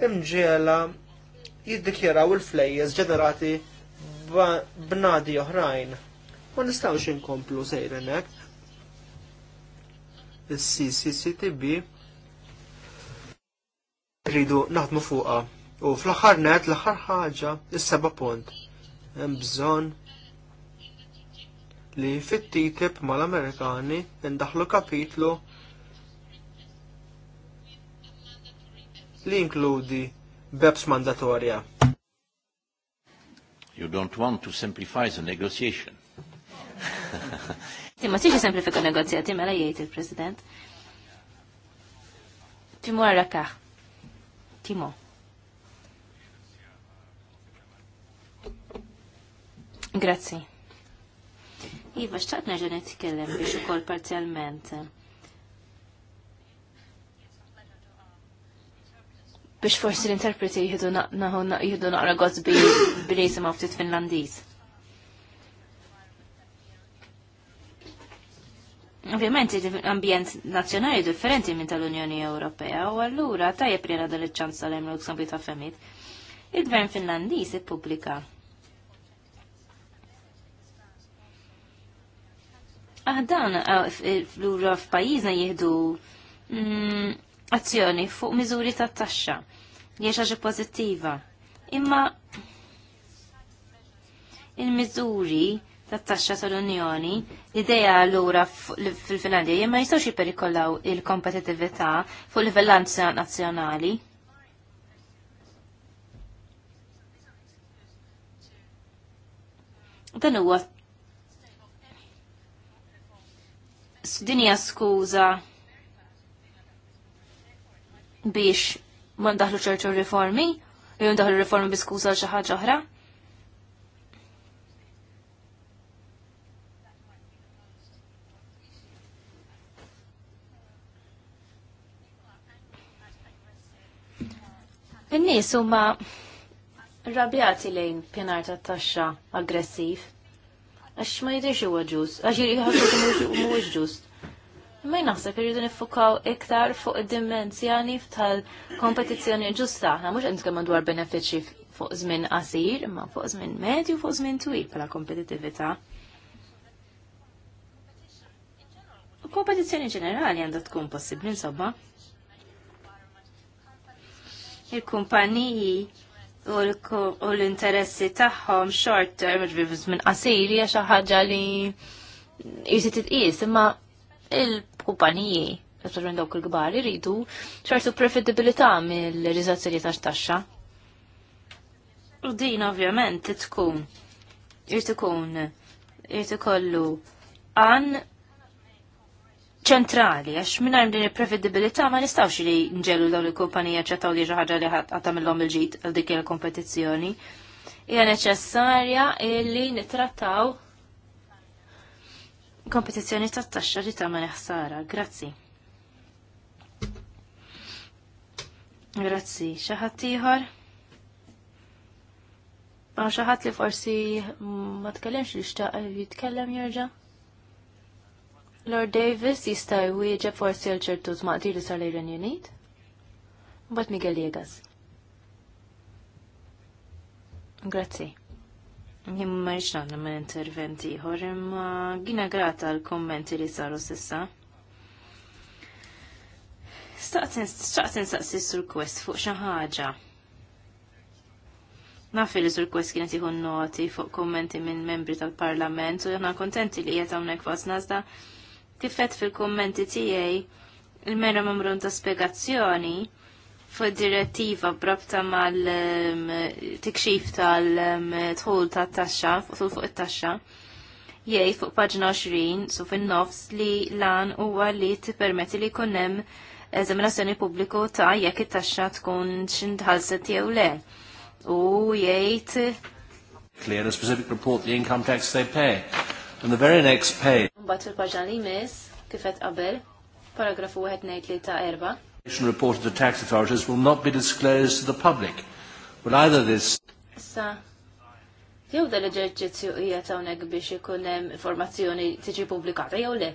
imġela jiddikjaraw il-flejjes ġenerati b'nadi oħrajn. Ma nistgħux inkomplu sejren hekk. Is-CCCTB rridu naħdmu fuqha U fl-aħħar net, l-aħħar ħaġa, is-seba' punt. Hemm bżonn li fit titib mal-Amerikani indaħlu kapitlu li inkludi BEPS mandatorja. You don't want to simplify the negotiation. ma tiġi semplifika negozjati mela jgħid il-President. Timur Rakah. Timo. Grazzi. Iva, xtaqt neġan nitkellem biex ukoll parzjalment. Biex forsi l-interpreti jihdu naqra gozbi bil-isem għaf ftit Finlandiż. Ovvjament, ambjent nazzjonali differenti minn tal-Unjoni Ewropea u allura tajjeb li dan iċ-ċans tal-hemm l-Luxemburg Femit. Il-Gvern Finlandiż ippubblika Dan eh, eh, l-ura f'pajjiżna jieħdu mm, azzjoni fuq miżuri ta' taxxa li hija xi pożittiva. Imma il-miżuri tat taxxa tal-Unjoni, l-idea allura fil-finali ma jistgħux jipperikollaw il-kompetitività fuq livell nazzjonali. Dan huwa dinja skuża biex ma ndaħlu ċertu riformi, jew ndaħlu riformi bi skuża xi ħaġa oħra. In-nies huma rabjati lejn pjanar ta' taxxa aggressiv għax ma jidirx huwa ġust, għax jiriħu mhuwiex ġust. Imma jnaħseb irridu nifukaw iktar fuq id-dimensjoni tal-kompetizzjoni ġusta. Aħna mhux qed nitkellmu dwar benefiċċji fuq żmien qasir, imma fuq żmien medju fuq żmien twil bħala kompetittività. U kompetizzjoni ġenerali għandha tkun possibbli insomma. Il-kumpaniji u l-interessi tagħhom short term reviews minn qasiri għax ħaġa li jisit titqis imma il-kumpaniji Għasar minn dawk il-kbar iridu xartu profitabilità mill rizazzjoni ta' taxxa. U din ovvjament tkun irtikun irtikollu għan ċentrali, għax minnajm din il-prevedibilità ma nistawx li nġelu dawn il-kumpanija ċataw li ġaħġa li għatamillom il-ġit għal dik il-kompetizzjoni. Ija neċessarja li nitrattaw kompetizzjoni ta' taxxa li tagħmel ħsara. Grazzi. Grazzi. Xi ħadd ieħor? Ma xi ħadd li forsi ma tkellimx li xtaq jitkellem jerġa'? Lord Davis jista' jwieġeb forsi għal ċertu tmaqdir li sar lejren Unit? Bat Miguel Jegas. Grazzi. Jien ma jxnanna minn interventi ieħor imma gina grata l kommenti li saru sissa. Staqsin saqsi sur kwest fuq xi ħaġa. li sur kwest kienet jieħu noti fuq kommenti minn membri tal-Parlament u jana kontenti li qiegħed hawnhekk fost nazda tifet fil-kommenti tiegħi il-mera mamrun ta' spiegazzjoni fuq direttiva brabta mal um, tikxif tal-tħol um, ta' taxxa fuq it-taxxa jgħid fuq paġna 20 su fin-nofs li lan huwa li tippermetti li jkun hemm eżaminazzjoni pubbliku ta' jekk it-taxxa tkun x'intħallset jew le. U jgħid Clear a specific report the income tax they pay. On the very next page. Mbagħad fil-paġna li jmiss kifet qabel, paragrafu 1 ngħid li ta' erba. Report of the tax authorities will not be disclosed to the public. But either this. Issa, jew dal-eġerġizzju hija tawnek biex ikun hemm informazzjoni tiġi pubblikata jew le.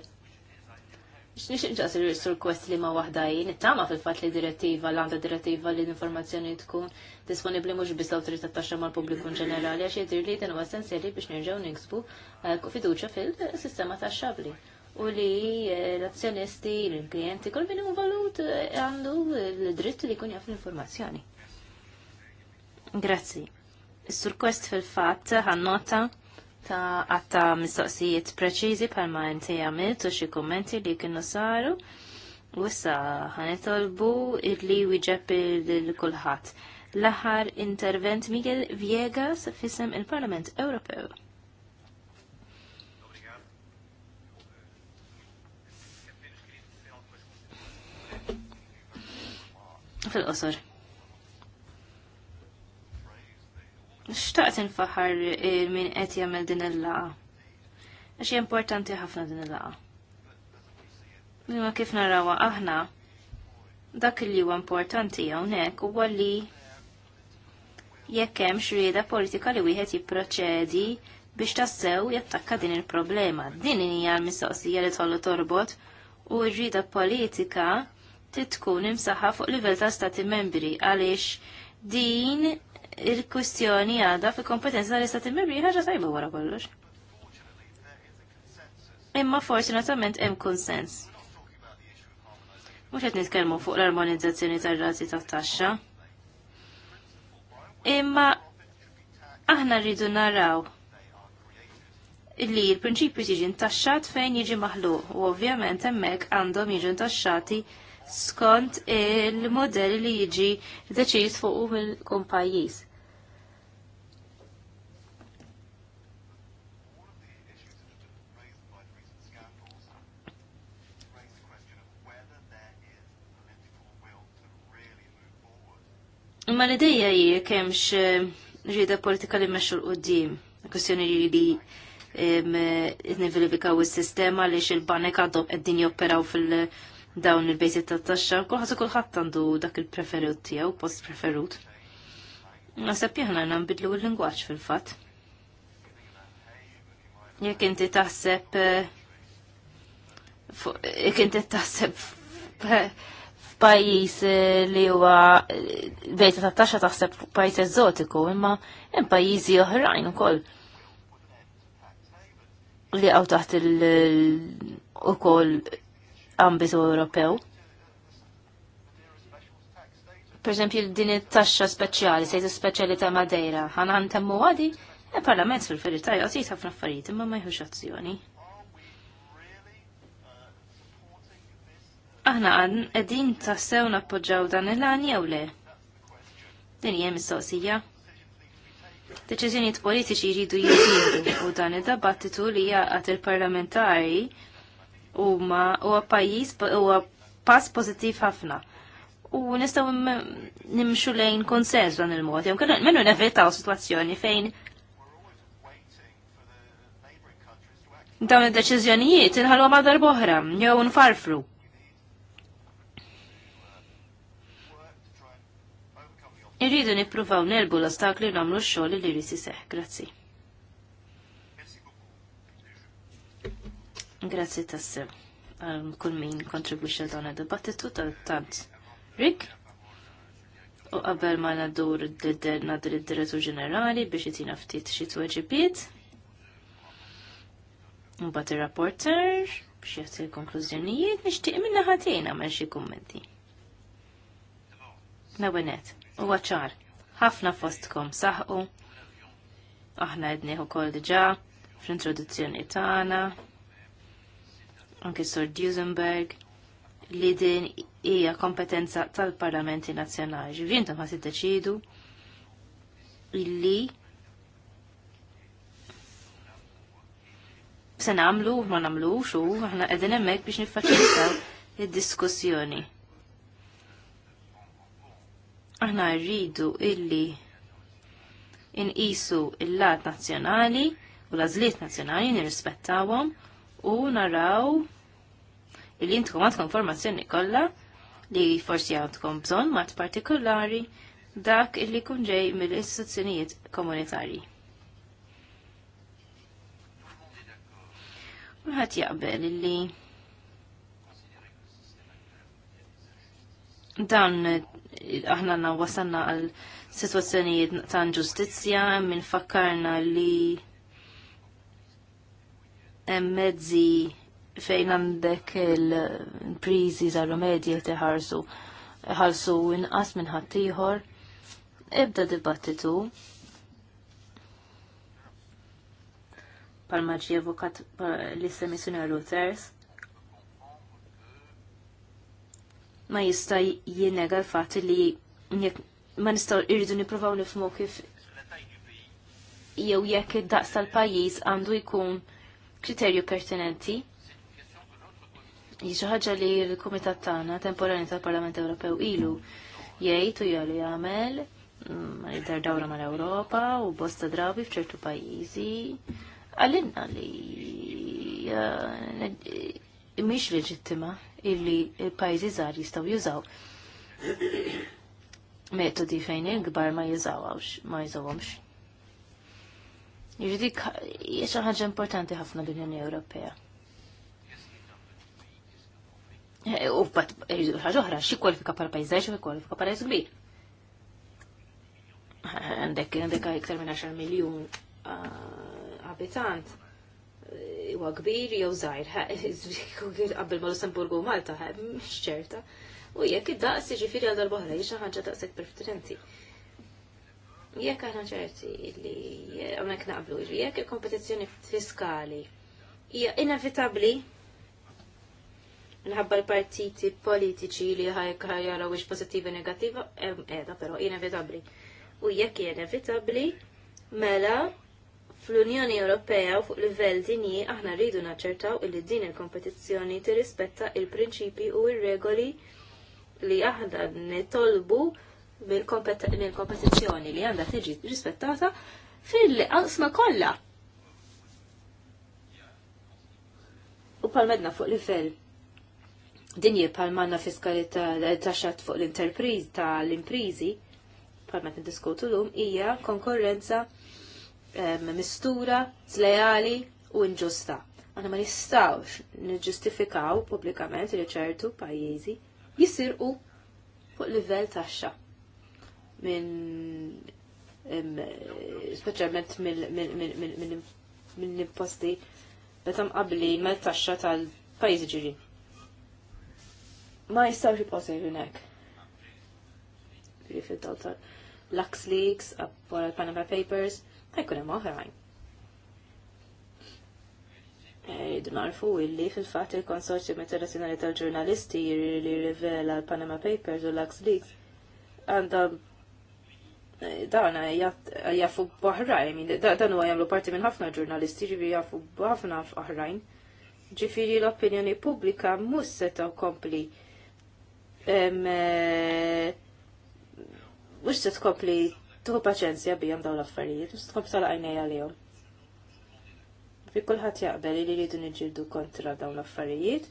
X'nix inġas il-sur kwest li ma waħda jien, it-tama fil-fatt li direttiva, l-għanda direttiva li l-informazzjoni tkun disponibli mhux biss l-awtorità taxxa mal-pubbliku ġenerali għax jidir li din huwa essenzjali biex nerġgħu niksbu eh, fiduċja fil-sistema taxxabli. U li eh, l-azzjonisti, l-klijenti, kull min valut eh, għandu l-dritt li jkun jaf l-informazzjoni. Grazzi. Is-sur fil-fatt ħannota ta' għatta mistoqsijiet preċiżi ma inti għamilt u xi kummenti li kienu saru. Wissa, issa ħanetolbu li wieġeb il kulħat Laħar intervent Miguel Viegas fisem il-Parlament Ewropew. fil-qosor. Xtaqt infaħar minn qed jagħmel din il-laqa. Għax importanti ħafna din il-laqa. Imma kif narawha aħna, dak li huwa importanti hawnhekk huwa li jekk hemm xrieda politika li wieħed jipproċedi biex tassew jattakka din il-problema. Din hija l-mistoqsija li tħollu torbot u r politika titkun imsaħħa fuq livell ta' stati membri għaliex din il-kwistjoni għada fi kompetenza tal-istati membri ħaġa tajba wara kollox. Imma notament hemm konsens. Mhux qed nitkellmu fuq l-armonizzazzjoni tar-razzi tat-taxxa. Imma aħna rridu naraw li l-prinċipju tiġi ntaxxat fejn jiġi maħluq u ovvjament hemmhekk għandhom jiġu ntaxxati skont il model li jiġi deċiż fuq il kum pajjiż. Imma l-ideja hi kemx ġieda eh, politika li mmexxu l-qudiem, kwestjoni li eh, nivilifikaw is-sistema li il-banek għadhom qegħdin joperaw fil- dawn il-bejtiet ta' taxxa, kulħadd kulħadd għandu dak il-preferut tiegħu, post preferut. Nasab jahna nambidlu il lingwaġġ fil-fat. Jek inti taħseb eh, jek inti taħseb f'pajjiż eh, li huwa eh, bejta ta' taxxa taħseb pajis eżotiku, imma hemm pajjiżi oħrajn ukoll li għaw taħt il ukoll ambitu Ewropew. Per esempio, din it-taxxa speċjali, sejtu speċjali ta' Madeira, ħana ntemmu għadi, il-Parlament e fil-verità jgħazit ħafna affarijiet imma ma jħux azzjoni. Aħna għan ta' sew nappoġġaw dan il-għani jew le? Din hija mistoqsija. Deċiżjonijiet politiċi jridu jiġu u dan id dabattitu li jaqgħet il-parlamentari huma huwa pajjiż huwa pass pożittiv ħafna. U nistgħu nimxu lejn konsens dan il-mod. Jew kellu minnu nevitaw sitwazzjoni fejn dawn id-deċiżjonijiet inħallu ma' darb'oħra jew nfarfru. Irridu nippruvaw nelbu l-ostakli nagħmlu x-xogħol li jrid iseħħ. Grazzi. Grazzi tasse għal kull min kontribwixxa dan id-dibattitu tal-tant. Rick? U qabel ma nadur nadur id-direttur ġenerali biex jitina ftit xi tweġibiet. Mbagħad ir-rapporter biex jgħati l-konklużjonijiet nixtieq minna ħatina għamel xi kummenti. Nawenet, huwa ċar, ħafna fostkom saħu, aħna edniħu kol diġa fl-introduzzjoni tagħna anke Sir Duesenberg, li din hija kompetenza tal-Parlamenti Nazzjonali. Ġifieri intom ħadd iddeċidu illi se nagħmlu ma nagħmlux u aħna qegħdin hemmhekk biex niffaċilitaw id-diskussjoni. Aħna rridu illi inqisu il-lat nazzjonali u l-għażliet nazzjonali nirrispettawhom u naraw li jintkom għandkom informazzjoni kollha li forsi għandkom bżonn mat partikolari dak illi kun ġej mill-istituzzjonijiet komunitarji. Kulħadd jaqbel illi dan aħna na wasanna għal situazzjonijiet ta' ġustizzja minn fakkarna li hemm mezzi fejn għandek il-prizi za' medji teħarsu ħalsu inqas minn ħaddieħor. Ebda dibattitu. Palmaġi avukat evokat li semmi Reuters. Ma jista' jinnega l-fatt li ma nistgħu irridu nippruvaw nifmu kif jew jekk id-daqs tal-pajjiż għandu jkun kriterju pertinenti xi ħaġa li l-Kumitat tagħna temporani tal-Parlament Ewropew ilu jgħid u jagħmel jagħmel mm, jidher dawra mal-Ewropa u bosta drabi f'ċertu pajjiżi għalinna li mhix leġittima illi pajjiżi żgħar jistgħu jużaw metodi fejn il-gbar ma jizawawx, ma jizawawx. Jġdik, jiex ħaġa importanti ħafna l-Unjoni Ewropea. U bat, ħagħuħra, xie kwalifika pal pajzaġ, xie kwalifika pal kbir. Għandek, għandek iktar minn 10 miljon ah, abitant, huwa kbir jew zaħir, qabbel ma Lussemburgu u Malta, xċerta. U jekk id-daqs ġifiri għal dal-bohra, jiex ħagġa daqsek preferenti. Jekk aħna ċerti li għonek naqblu, jekk il-kompetizzjoni fiskali hija inevitabli nħabba l-partiti politiċi li ħajkar jaraw wix pozittiva negativa, edha pero inevitabli. U jekk inevitabli, mela fl-Unjoni Ewropea u fuq livell dinji aħna rridu naċċertaw illi din il-kompetizzjoni tirrispetta il-prinċipi u r regoli li aħna nitolbu mill-kompetizzjoni li għandha tiġi rispettata fil-qasma kollha. U palmedna fuq livell dinji manna fiskalità eh, taxxat fuq l-interpriz tal-imprizi t diskutu l-lum hija konkurrenza ehm, mistura, zlejali u inġusta. Għana ma nistawx nġustifikaw publikament li ċertu pajjiżi jisirqu fuq livell taxxa minn speċjalment minn imposti meta qabli mal taxxa tal-pajjiżi ġirin ma jistawx jibqgħu hawnhekk. Ġifieri fid-daltar Lux Leaks, wara Panama Papers, ma jkun hemm oħrajn. Rridu eh, narfu illi fil-fatt il-Konsorzjum Internazzjonali tal-Ġurnalisti li rivela l-Panama Papers u Lux Leaks għandhom eh, dan jaffu b'oħrajn, dan huwa jagħmlu parti minn ħafna ġurnalisti ġifieri jafu b'ħafna oħrajn. Ġifieri l-opinjoni pubblika mhux se kompli kompli mux eh, se tkopli tuħu paċenzja bijom daw l-affarijiet, mux tkopli sala għajnej għalihom. Fi kullħat jaqbel li rridu nġildu kontra daw l-affarijiet.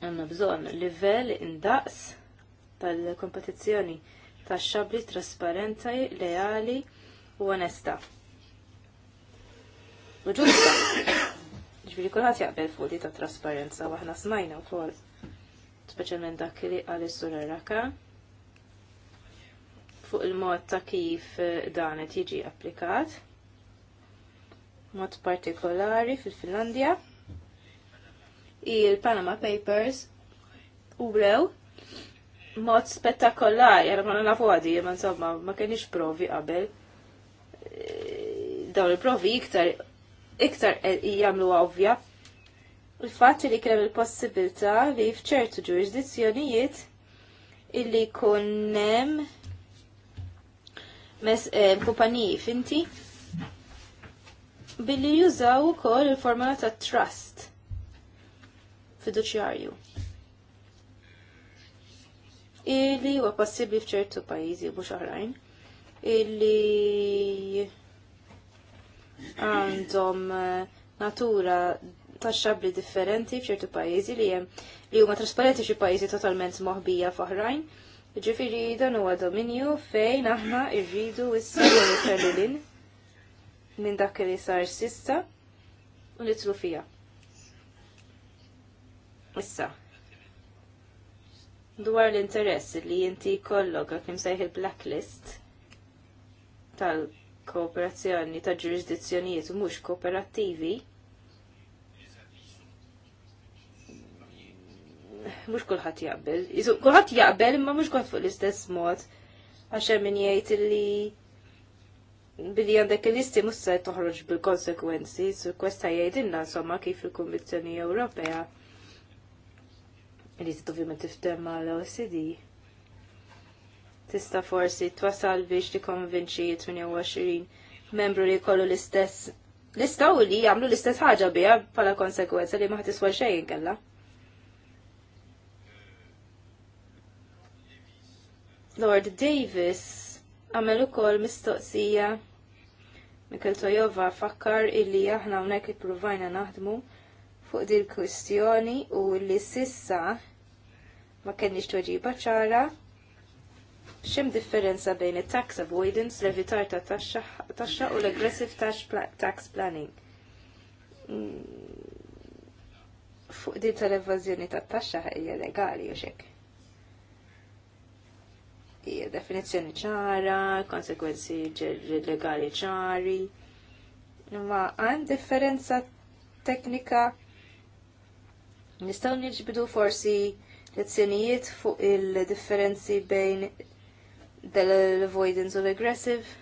Għanna bżon livell indaqs tal-kompetizzjoni tax xabli trasparenti, leali u onesta. U ġusta. Ġviri kullħat jaqbel fuq li ta' trasparenza u aħna smajna wkoll. Speċjalment dak li qal is Raka fuq il-mod ta' kif eh, dan qed jiġi applikat. Mod partikolari fil-Finlandja. Il-Panama Papers urew mod spettakolari, għara ma nafu għadi, ma insomma, ma kenix provi qabel. Eh, dawn il-provi iktar iktar e- jagħmlu ovvja. Il-fatt li kemm il-possibilità li fċertu ġurisdizzjonijiet illi kunnem mes e, kumpaniji finti billi jużaw ukoll il-formula ta' trust fiduċjarju illi huwa possibbli f'ċertu pajjiżi mhux oħrajn illi għandhom eh, natura ta' xabri differenti f'ċertu pajjiżi li hemm li huma trasparenti xi pajjiżi totalment moħbija f'oħrajn. Ġifiri dan huwa dominju fejn aħna rridu issa nifferru lin minn dak li sar sissa u nitlu fija. Issa, dwar l-interess li jinti kollok għakim sejħ il-blacklist tal kooperazzjoni ta' ġurisdizzjonijiet mhux kooperattivi mhux kulħadd jaqbel. Kulħadd jaqbel imma mhux kulħadd fuq l-istess mod għax hemm min jgħid li billi għandek il istim mhux se toħroġ bil-konsekwenzi, su kwesta jgħidilna insomma kif il-Kummissjoni Ewropea li ovvjament tiftem mal-OCD tista' forsi twasal biex tikkonvinċi 28 membru li jkollu l-istess l-istaw li jagħmlu l-istess ħaġa biha bħala konsekwenza li ma ħatiswa xejn kellha. Lord Davis għamel ukoll mistoqsija Mikel Tojova fakkar illi aħna hawnhekk ippruvajna naħdmu fuq din kwistjoni u li sissa ma kenniex toġiba ċara xem differenza bejn il-tax avoidance, l-evitar ta' taxxa u l-aggressive tax, planning. Mm. Fuq din tal-evazjoni ta' taxxa hija legali u xek. Hija definizzjoni ċara, konsekwenzi legali ċari. Ma għan differenza teknika nistaw nġbidu forsi lezzjonijiet fuq il-differenzi bejn dell-avoidance of aggressive? aggressive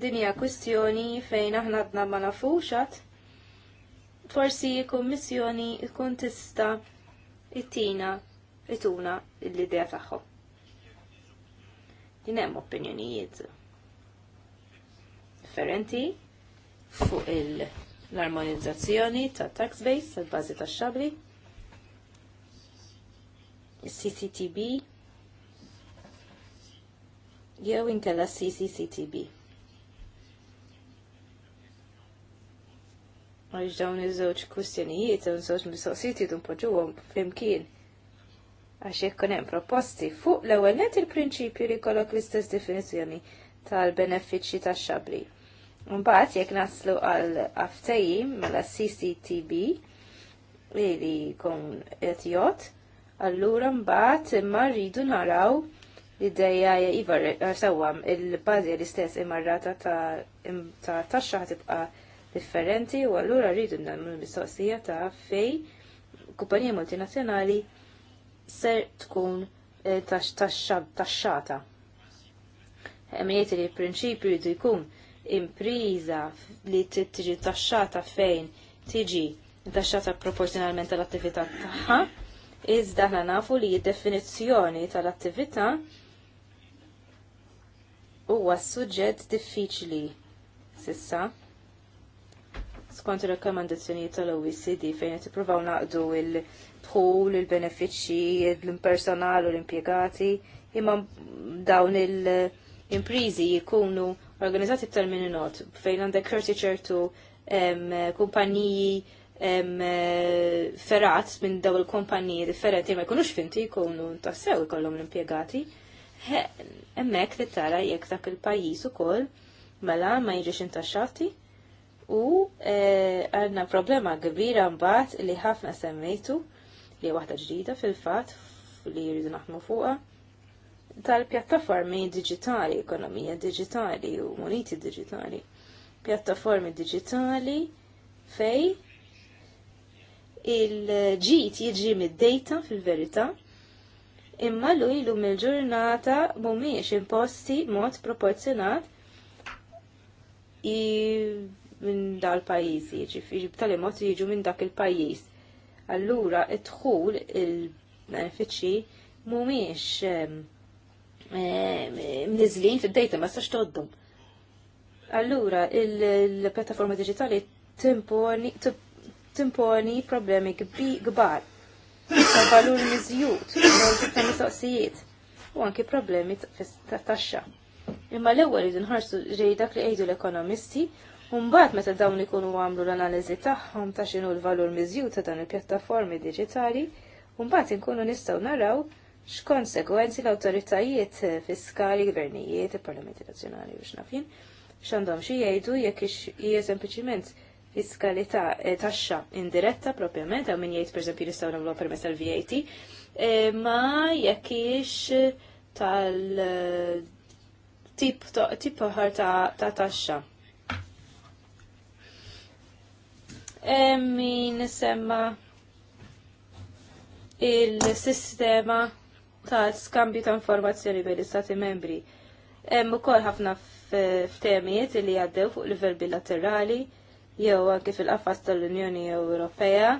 Dinja kwistjoni fejn aħna għadna ma nafuxat, Forsi kummissjoni ikun tista it-tina ituna l-idea tagħhom. Din hemm opinjonijiet differenti fuq l-armonizzazzjoni ta' tax base tal-bażi tax-xabri, is-CCTB, jew inkella CCCTB. Għax dawn iż-żewġ kwistjonijiet u żewġ mistoqsijiet jidu mpoġuhom flimkien. Għax jekk hemm proposti fuq l-ewwel net il-prinċipju li jkollok l-istess definizzjoni tal-benefiċċji tax xabri Mbagħad jekk naslu għal aftejjim mela CCTB li jkun qed jgħod, allura mbagħad imma rridu naraw L-ideja jivar eh, sawam il-bażi l-istess imarrata ta' taxxa tibqa' differenti u allura rridu nagħmlu mistoqsija ta' fej kumpanija multinazzjonali ser tkun eh, taxxata. Emijiet eh, li prinċipju jridu jkun impriża li tiġi taxxata fejn tiġi taxxata proporzjonalment tal-attività tagħha, iżda ħna nafu li d-definizzjoni tal-attività huwa suġġett diffiċli sissa. Skont ir tal-OECD fejn qed ippruvaw naqdu il-dħul, il-benefiċċji, l-impersonal u l-impjegati, imma dawn il-imprizi jikunu organizzati b'termini not fejn għandek ċerti ċertu kumpaniji ferat minn daw il-kumpaniji differenti ma jkunux finti jkunu tassew ikollhom l-impjegati hemmhekk li tara jekk dak il-pajjiż ukoll mela ma jiġix intaxxati u e, għandna problema kbira mbagħad li ħafna semmejtu li waħda ġdida fil-fatt li jridu naħmu fuqha tal-pjattaformi digitali, ekonomija digitali u moniti digitali. Pjattaformi digitali fej il-ġit jiġi mid-data fil-verità imma lu ilu il ġurnata mhumiex imposti mod proporzjonat minn dal-pajjiżi, ġifieri b'tali mod jiġu minn dak il-pajjiż. Allura idħul dħul il-benefiċċji mhumiex mniżlin fid-dejta ma stax toddum. Allura il-pjattaforma diġitali timponi problemi kbar ta' valur miżjud, ta' mistoqsijiet u anki problemi ta' taxxa. Imma l-ewwel idu nħarsu ġej dak li jgħidu l-ekonomisti u mbagħad meta dawn ikunu għamlu l-analiżi tagħhom ta' x'inhu l-valur miżjud ta' dan il-pjattaformi diġitali, u mbagħad inkunu nistgħu naraw x'konsegwenzi l-awtoritajiet fiskali, gvernijiet, il-parlamenti nazzjonali biex nafin, x'għandhom xi jgħidu jekk hija sempliċiment fiskalità eh, taxxa indiretta propjament, għaw min jgħid perżempju nistgħu nagħmlu permezz tal-VAT, eh, ma jekk tal tip eh, tip ta' taxxa. Min semma il-sistema ta' skambju ta' informazzjoni bejn l-Istati membri. Hemm ukoll ħafna ftemijiet li għaddew fuq livell bilaterali jew kif fil-qafas tal-Unjoni Ewropea,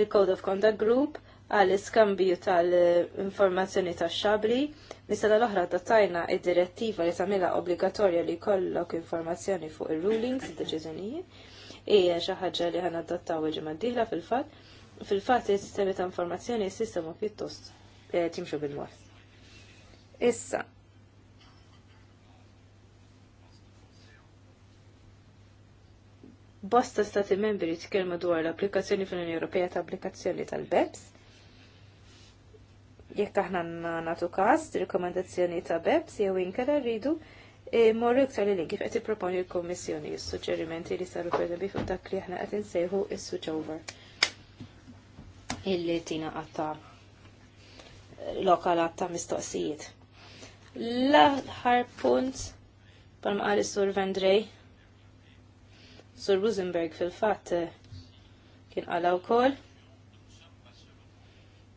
il-Code of Conduct Group għal iskambju tal-informazzjoni tax xabri, mis l-oħra tajna id-direttiva li tamila obbligatorja li jkollok informazzjoni fuq ir-rulings, id-deċiżjonijiet, hija xi ħaġa li ħana adattaw il-ġimgħa d-dieħla fil-fatt, fil-fatt is-sistemi ta' informazzjoni s-sistema pjuttost eh, timxu bil-mod. Issa, bosta stati membri tkellmu dwar l-applikazzjoni fl-Unjoni Ewropea ta' applikazzjoni tal-BEPS. Jekk aħna nagħtu każ rikomandazzjoni ta' BEPS jew inkara rridu e, morru iktar li kif qed tipproponi l-Kummissjoni s-suġġerimenti li saru pereżempju fuq dak li aħna qed insejħu is-switch over illi tina għatta lokal għatta mistoqsijiet. L-ħar punt, palma għal-sur Vendrej, Sur Rosenberg fil-fatt eh, kien qala wkoll.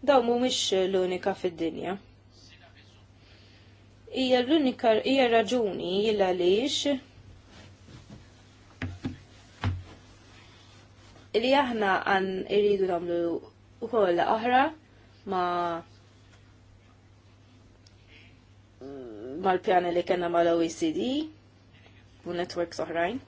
Daw mhumiex eh, l-unika fid-dinja. Hija l-unika hija raġuni jilla għaliex li aħna għan iridu namlu u koll oħra ma mm, l pjana li kena mal-OECD u networks oħrajn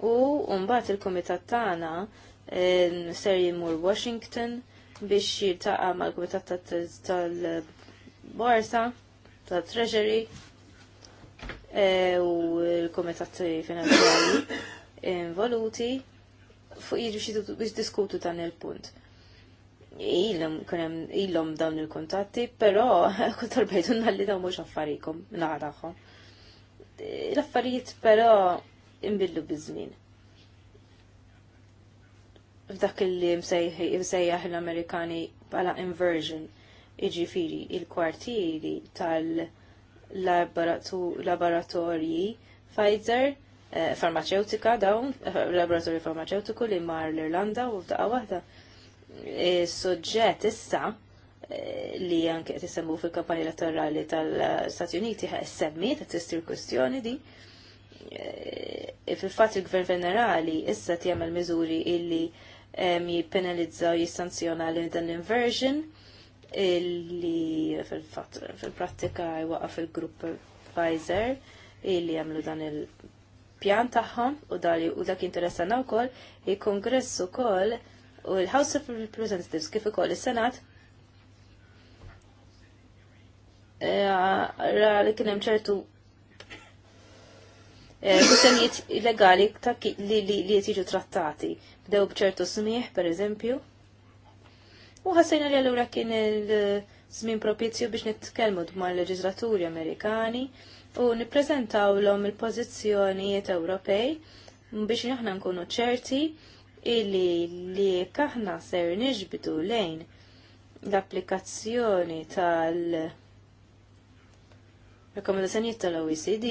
u mbagħad il-kumitat tagħna eh, ser jimur Washington biex jiltaqa' mal-kumitat tal-Borsa tal-Treasury eh, u l komitat Finanzjali involuti fuq jiġu biex diskutu dan il-punt. Illum dawn il-kontatti, però kont bejtu nalli dawn mhux affarikom naqraħħom. Eh, l-affarijiet però imbillu bizmin. F'dak li msejjaħ l-Amerikani bħala inversion, iġifiri il-kwartieri tal-laboratorji Pfizer, eh, farmaceutika dawn, eh, laboratorju farmaceutiku li mar l-Irlanda u f'daqqa waħda. Eh, Soġġet issa li anke tisemmu fil-kampanja elettorali tal-Stati Uniti ħa semmi ta' tistir kwestjoni di Eh, fil-fatt il-Gvern Venerali issa tjemel miżuri illi jippenalizza u jistanzjona li dan l-inversion illi fil-prattika jwaqaf fil grupp Pfizer illi jamlu dan il-pjan tagħhom u dali u dak interessana wkoll il kongressu kol u l-House of Representatives kif ukoll is-Senat eh, ra li kien hemm ċertu Eh, kustenijiet illegali li jtiġu trattati. Bdew bċertu smieħ, per eżempju. U ħassajna li għallura kien il-żmien eh, propizju biex nitkellmu mal leġislaturi Amerikani u niprezentaw l-om il-pozizjonijiet Ewropej biex aħna nkunu ċerti illi li kaħna ser nixbidu lejn l-applikazzjoni tal- rekomendazzjoni tal-OECD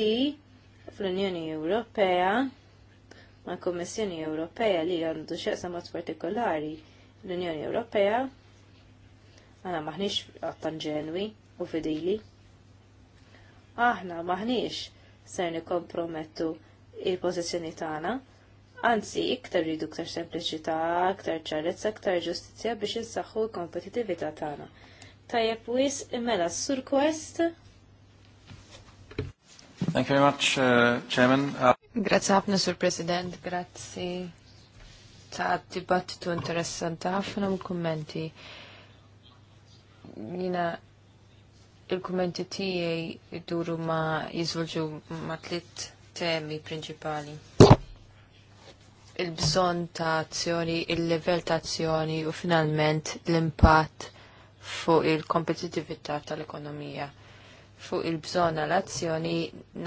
fl-Unjoni Ewropea ma' Komissjoni Ewropea li għandu xeqsa mod partikolari l-Unjoni Ewropea għana maħniex għattan ġenwi u fedili. Aħna maħniex ser nikompromettu il-pozizjoni tagħna, anzi iktar ridu iktar sempliċità, iktar ċarezza, iktar ġustizzja biex insaħħu l-kompetitività tagħna. Tajjeb wis imela sur quest Thank you very much, uh, Chairman. Uh... Grazie ħafna, Sur President. Grazie ta' dibattitu interessanti ħafna mill kummenti. Jina il-kummenti tiegħi iduru ma jiżvolġu ma tliet temi prinċipali. Il-bżonn ta' azzjoni, il-level ta' azzjoni u finalment l-impatt fuq il-kompetitività tal-ekonomija fuq il-bżon għal-azzjoni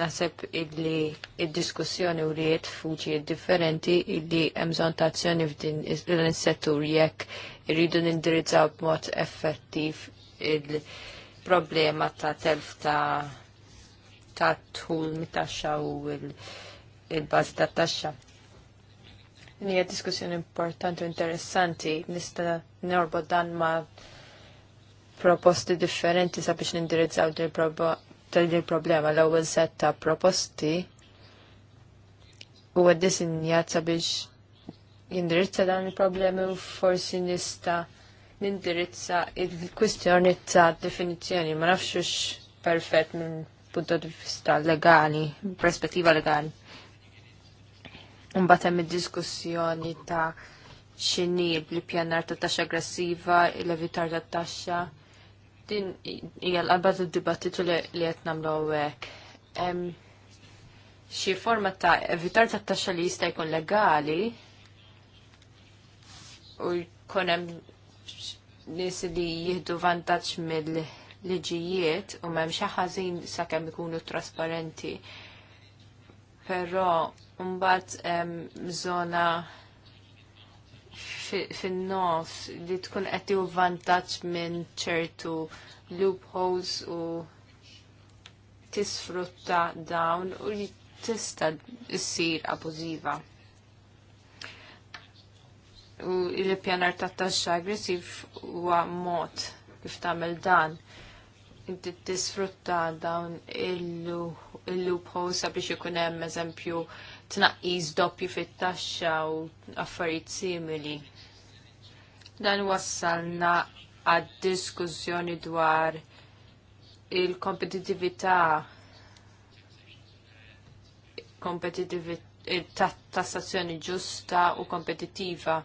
naseb illi il-diskussjoni u riet fuċi differenti illi emżon ta' azzjoni f'din l settur jekk irridu nindirizzaw b'mod effettiv il-problema ta' telf ta' ta' tħul mit-taxxa u il-bazi ta' taxxa. Nija diskussjoni importanti u interessanti nista' norbo dan ma' proposti differenti sabiex nindirizzaw dil-problema l-ewwel set ta' proposti huwa ddisinjat sabiex jindirizza dan il-problemi u forsi nista' nindirizza il-kwistjoni ta' definizzjoni ma nafx perfett minn punto di vista legali, perspettiva legali. Mbagħad hemm id-diskussjoni ta' xinib l-pjanar ta' taxxa aggressiva, l-evitar ta' taxxa Din hija l-qalba tad-dibattitu li qed nagħmlu hawnhekk. Xi forma ta' evitar ta' taxxa li jista' jkun legali u jkun hemm nies li jieħdu vantaġġ mill-liġijiet u m'hemm xi ħażin sakemm ikunu trasparenti. Però mbagħad hemm żona fin-nos li tkun qed vantaġġ minn ċertu loopholes u tisfrutta dawn u li tista' ssir abużiva. U l-pjanar ta' taxxa aggressiv huwa mod kif tagħmel dan inti tisfrutta dawn il-loopholes sabiex ikun hemm eżempju tnaqqis doppju fit-taxxa u affarijiet simili. Dan wassalna għad diskussjoni dwar il-kompetitività tassazzjoni ġusta u kompetitiva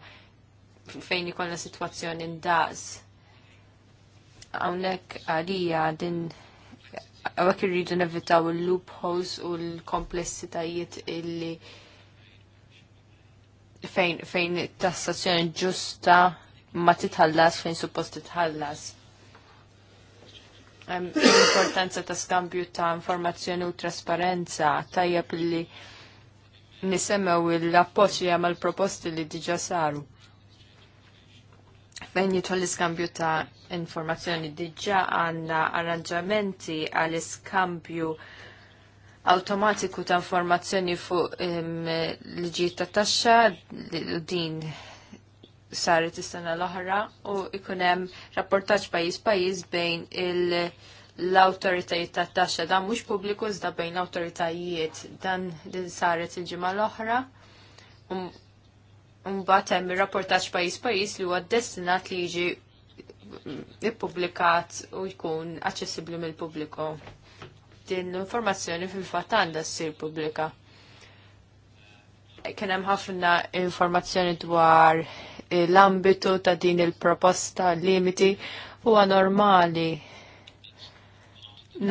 fejn ikollna sitwazzjoni ndaqs. Hawnhekk għalija din għawak irridu nevitaw il-loopholes u l-komplessitajiet illi fejn, fejn tassazzjoni ġusta ma titħallas fejn suppost titħallas. *clears throat* L-importanza ta' skambju ta' informazzjoni u trasparenza tajjeb li nisemmew l-appoċi għamal proposti li diġa saru. Venju tal-iskambju ta' informazzjoni diġa għanna arranġamenti għal-iskambju automatiku ta' informazzjoni fuq liġijiet ta' taxxa din saret is-sena l-oħra u ikunem rapportaġġ pajjiż pajjiż bejn l-awtoritajiet ta' taxxa dan mhux pubbliku iżda bejn l-awtoritajiet dan din saret il-ġimgħa l-oħra um, Mbagħad hemm ir-rapportaġġ pajjiż pajjiż li huwa destinat li jiġi ippubblikat u jkun aċċessibbli mill-pubbliku. Din l-informazzjoni fil-fatt għandha ssir pubblika. Kien hemm ħafna informazzjoni dwar l-ambitu ta' din il-proposta limiti huwa normali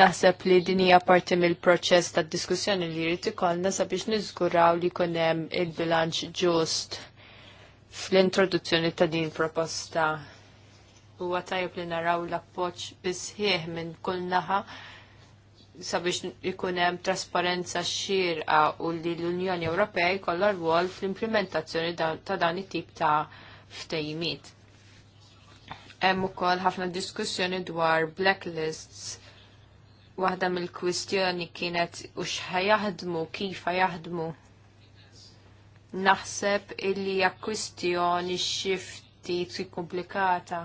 Naħseb li din hija parti mill-proċess tad diskussjoni li jrid ikollna sabiex niżguraw li jkun hemm il-bilanċ ġust fl-introduzzjoni ta' din proposta u għatajab li naraw l-appoċ bisħieħ minn kull naħa sabiex ikun hemm trasparenza xirqa u li l-Unjoni Ewropea jkollha rwol fl-implementazzjoni ta' dan it-tip ta' ftejmiet. Hemm ukoll ħafna diskussjoni dwar blacklists. Waħda mill-kwistjoni kienet u x'ħajaħdmu, kif ħajaħdmu naħseb illi jakkwistjoni xifti tri komplikata.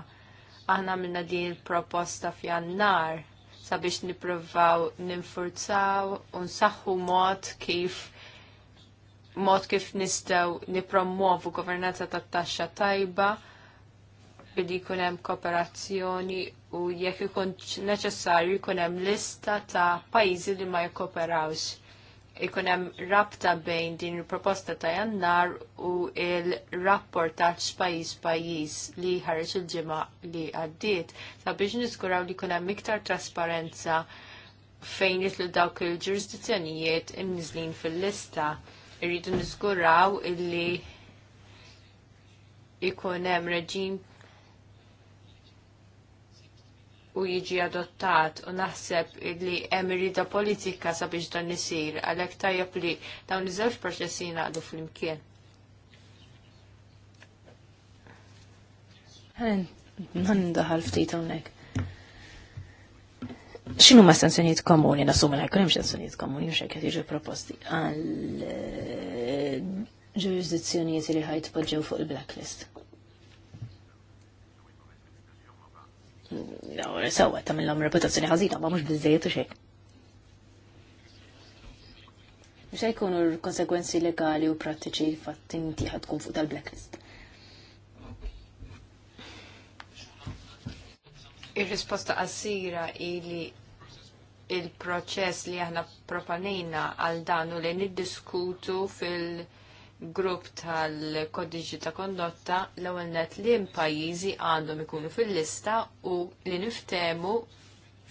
Aħna minna din proposta f'jannar sabiex niprovaw ninfurzaw saħħu mod kif mod kif nistaw nipromuovu governanza tat taxxa tajba billi jkun hemm kooperazzjoni u jekk ikun neċessarju jkun hemm lista ta' pajjiżi li ma jkooperawx ikun hemm rabta bejn din il-proposta ta' jannar u il-rapport ta' pajjiż pajjiż li ħareġ il-ġimgħa li għaddiet sabiex niskuraw li jkun hemm iktar trasparenza fejn jitlu dawk il-ġurisdizzjonijiet imniżlin fil-lista. Irridu niskuraw illi ikun hemm reġim u jiġi adottat u naħseb li hemm irrida politika sabiex dan isir għalhekk tajjeb li dawn iż-żewġ proċessi jingħaqdu flimkien. Nandaħal ftit hawnhekk. X'inhu ma sanzjonijiet komuni nasum li jkun hemm sanzjonijiet komuni u hekk jiġi proposti għal eh, ġurisdizzjonijiet li ħajtpoġġew fuq il-blacklist. sewa ta' mill minnhom reputazzjoni ħażina ma mux biżejjed u xejn. Mhux jkunu l konsekwenzi legali u pratiċi fatt inti ħad tkun fuq tal-blacklist. il risposta għassira ili il-proċess li aħna propanina għal danu li niddiskutu fil- grupp tal kodiċi ta' kondotta l ewwel net li pajjiżi għandhom ikunu fil-lista u li niftemu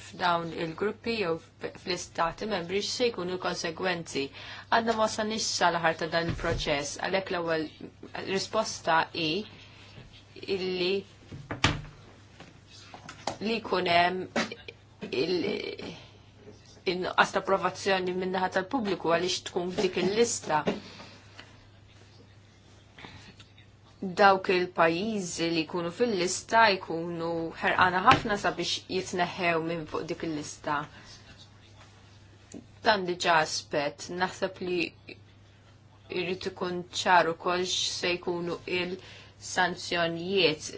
f'dawn il-gruppi jew fl-istati membri x'se jkunu l-konsegwenzi. Għadna ma sa nixxa l-ħar ta' dan il-proċess, għalhekk l-ewwel risposta hi illi li jkun hemm il-nuqqas ta' approvazzjoni minnaħa tal-pubbliku għaliex tkun dik il-lista dawk il-pajjiżi li jkunu fil-lista jkunu ħerqana ħafna sabiex jitneħew minn fuq dik il-lista. Dan diġà aspett naħseb li jrid ikun ċaru ukoll se jkunu il-sanzjonijiet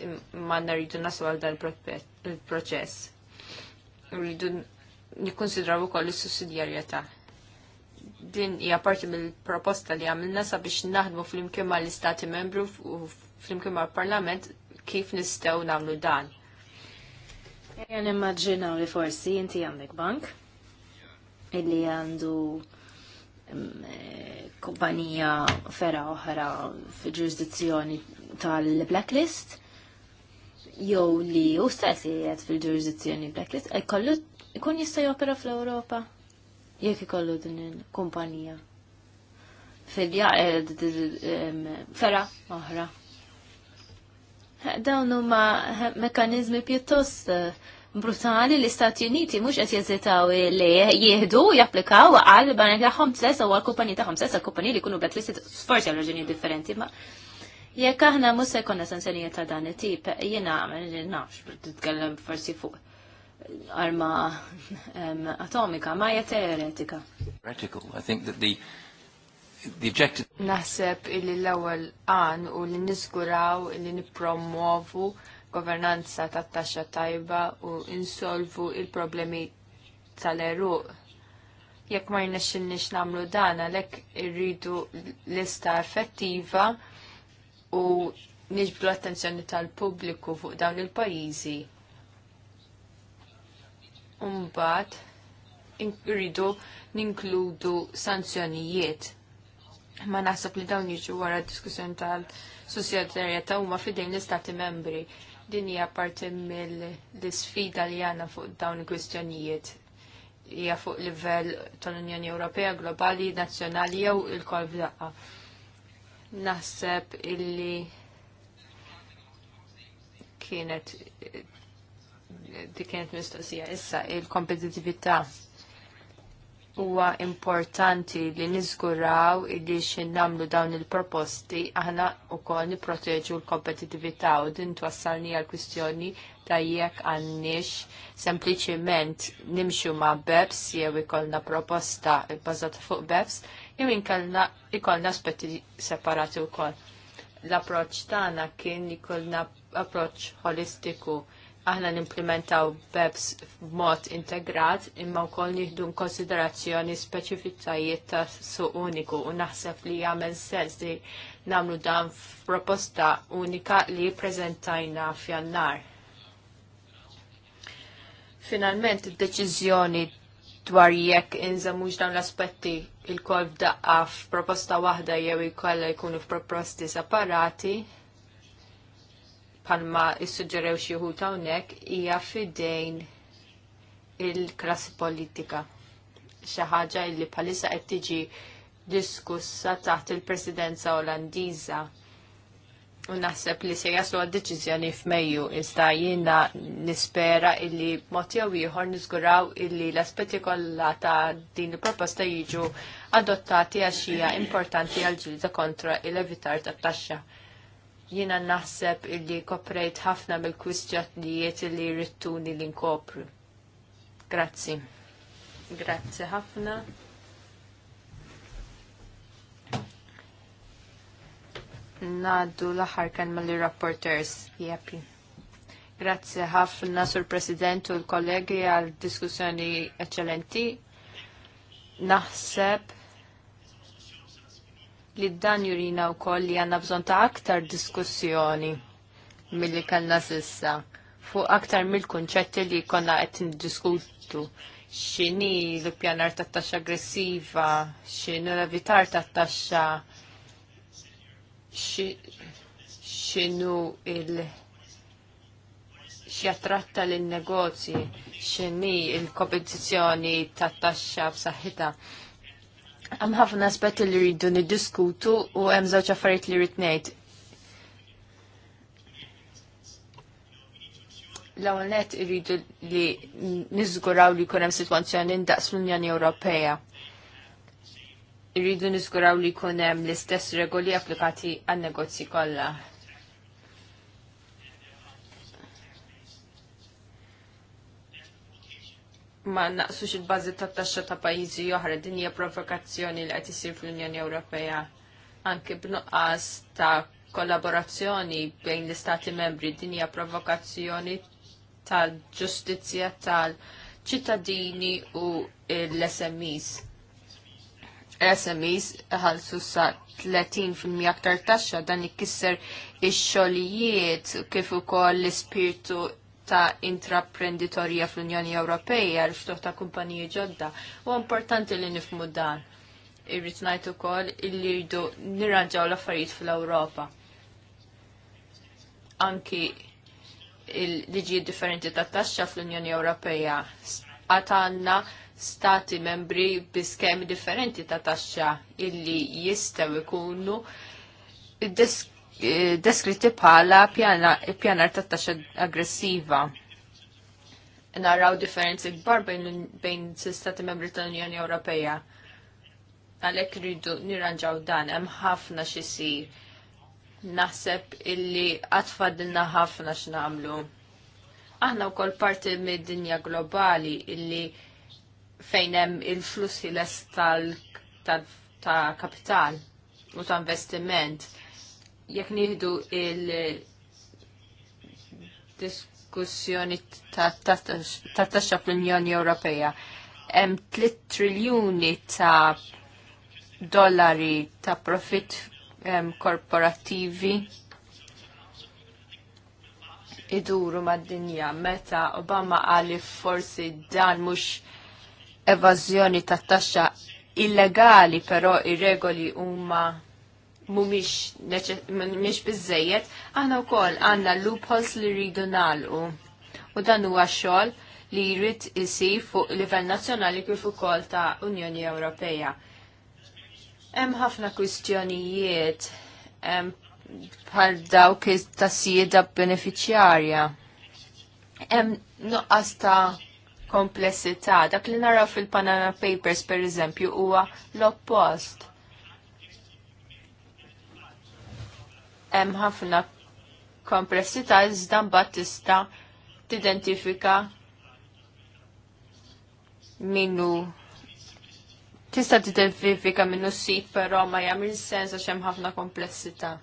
ma rridu naslu għal dan il-proċess. Rridu nikkonsidraw ukoll is-sussidjarjetà din hija parti mill-proposta li għamilna sabiex naħdmu fl-imkien mal-Istati membru u fl-imkien mal-Parlament kif nistgħu nagħmlu dan. Eja nimmaġinaw li forsi inti għandek bank illi għandu mm, eh, kumpanija fera oħra fi ġurisdizzjoni tal-blacklist jew li u stessi fil-ġurisdizzjoni blacklist, e kollu ikun jista' jopera fl-Ewropa? jekk ikollu din il-kumpanija fil eh, fera oħra. Dawn huma mekanizmi pjuttost eh, brutali li Stati Uniti mhux qed jeżitaw li jieħdu japplikaw għal banek tagħhom stess u għal kumpaniji tagħhom stess għal kumpaniji li jkunu blacklisted forsi għal raġunijiet differenti ma jekk aħna mhux se jkollna sanzjonijiet ta' dan it-tip jiena nafx titkellem forsi fuq arma um, atomika, ma hija teoretika. Theoretical, I think that the the objective Naħseb illi l-ewwel qan u li niżguraw li nippromovu governanza tat taxxa tajba u insolvu il-problemi tal-eruq. Jekk ma jnexxinniex nagħmlu dan għalhekk irridu lista effettiva u niġbru attenzjoni tal-pubbliku fuq dawn il-pajjiżi umbat rridu ninkludu sanzjonijiet. Ma naħseb li dawn jiġu wara diskussjoni tal ta' huma fidejn l-istati membri. Din hija parti mill l-isfida li għandna fuq dawn il-kwistjonijiet hija fuq livell tal-Unjoni Ewropea, globali, nazzjonali jew il-kol f'daqqa. Naħseb illi kienet dik kienet mistoqsija issa il-kompetitività huwa importanti li niżguraw li xin namlu dawn il-proposti aħna wkoll nipproteġu l-kompetitività u din twassalni għal kwistjoni ta' jekk għandniex sempliċement nimxu ma' BEPS jew ikollna proposta bbażata fuq BEPS jew inkalna ikollna aspetti separati wkoll. L-approċċ tagħna kien ikollna approċċ holistiku aħna nimplementaw BEPS b'mod integrat imma wkoll nieħdu konsiderazzjoni speċifiċajiet ta' suq uniku u naħseb li jagħmel sens li nagħmlu dan f'proposta unika li preżentajna f'jannar. Finalment id-deċiżjoni dwar jekk inżamux dawn l-aspetti il-kol f'daqqa f'proposta waħda jew ikolla jkunu f'proposti separati palma issuġġerew xi wħud hawnhekk hija fidejn il-klassi politika. Xi ħaġa li bħalissa qed tiġi diskussa taħt il-Presidenza Olandiża u naħseb li se jaslu għad deċiżjoni f'Mejju iżda jiena nispera illi mod jew ieħor niżguraw illi l-aspetti kollha ta' din il-proposta jiġu adottati għax hija importanti għal ġilda kontra il-evitar tat-taxxa. Jiena naħseb illi koprejt ħafna mill-kwistjonijiet li rittuni li nkopru. Grazzi. Grazzi ħafna. Naddu l-aħħar kan mal-rapporters. Jepi. Grazzi ħafna sur President u l-kollegi għal diskussjoni eccellenti. Naħseb li dan jurina u koll li għanna bżon ta' aktar diskussjoni mill-li kanna sissa fuq aktar mill-kunċetti li konna qed diskutu xini l-pjanar ta' taxxa aggressiva, xinu l-evitar ta' taxxa, xinu il- xjattratta l-negozji, xini il-kompetizjoni ta' taxxa b'saħħita. Għam ħafna aspetti li rridu niddiskutu u hemm żewġ affarijiet li rrid ngħid. L-ewwel nett irridu li niżguraw li jkun hemm sitwazzjoni ndaqs l-Unjoni Ewropea. Irridu niżguraw li jkun hemm l-istess regoli applikati għan-negozji kollha ma naqsux il-bażi tat-taxxa ta' pajjiżi oħra din hija provokazzjoni li qed isir fl-Unjoni Ewropea anke b'nuqqas ta' kollaborazzjoni bejn l-Istati membri din hija provokazzjoni tal-ġustizzja tal-ċittadini u l-SMEs. SMEs ħalsu sa 30% aktar taxxa dan ikisser ix-xogħlijiet kif ukoll l-ispirtu ta' intraprenditorija fl-Unjoni Ewropea għal ftuħ ta' kumpaniji ġodda. U importanti li nifmu dan. Irrid ngħid ukoll illi rridu nirranġaw l-affarijiet fl-Ewropa. Anki il-liġi differenti ta' taxxa fl-Unjoni Ewropea għatanna stati membri bi skemi differenti ta' taxxa illi jistgħu ikunu deskritti bħala pjanar ta' taxxa aggressiva. Naraw differenzi kbar bejn s-istati membri tal-Unjoni Ewropea. Għalhekk rridu nirranġaw dan, hemm ħafna xisir. Naħseb illi għatfadilna ħafna x'namlu. Aħna wkoll parti mid-dinja globali illi fejn hemm il-flussi l-estal ta' kapital u ta' investiment jekk nieħdu il-diskussjoni ta' taxxa fl-Unjoni Ewropea, hemm 3 triljuni ta' dollari ta' profit korporattivi iduru mad-dinja meta Obama għali forsi dan mhux evażjoni ta' taxxa illegali però ir-regoli huma mumiex bizzejiet, aħna u koll għanna loopholes li rridu nalqu. U dan huwa xogħol li jrid isir fuq livell nazzjonali kif ukoll ta' Unjoni Ewropea. Hemm ħafna kwistjonijiet bħal dawk ta' sieda beneficjarja. Hemm nuqqas ta' komplessità, dak li naraw fil-Panama Papers per eżempju huwa l-oppost hemm ħafna komplessità iżda mbagħad tista' tidentifika minnu tista' tidentifika minnu sit però ma jagħmel sens għax hemm ħafna komplessità.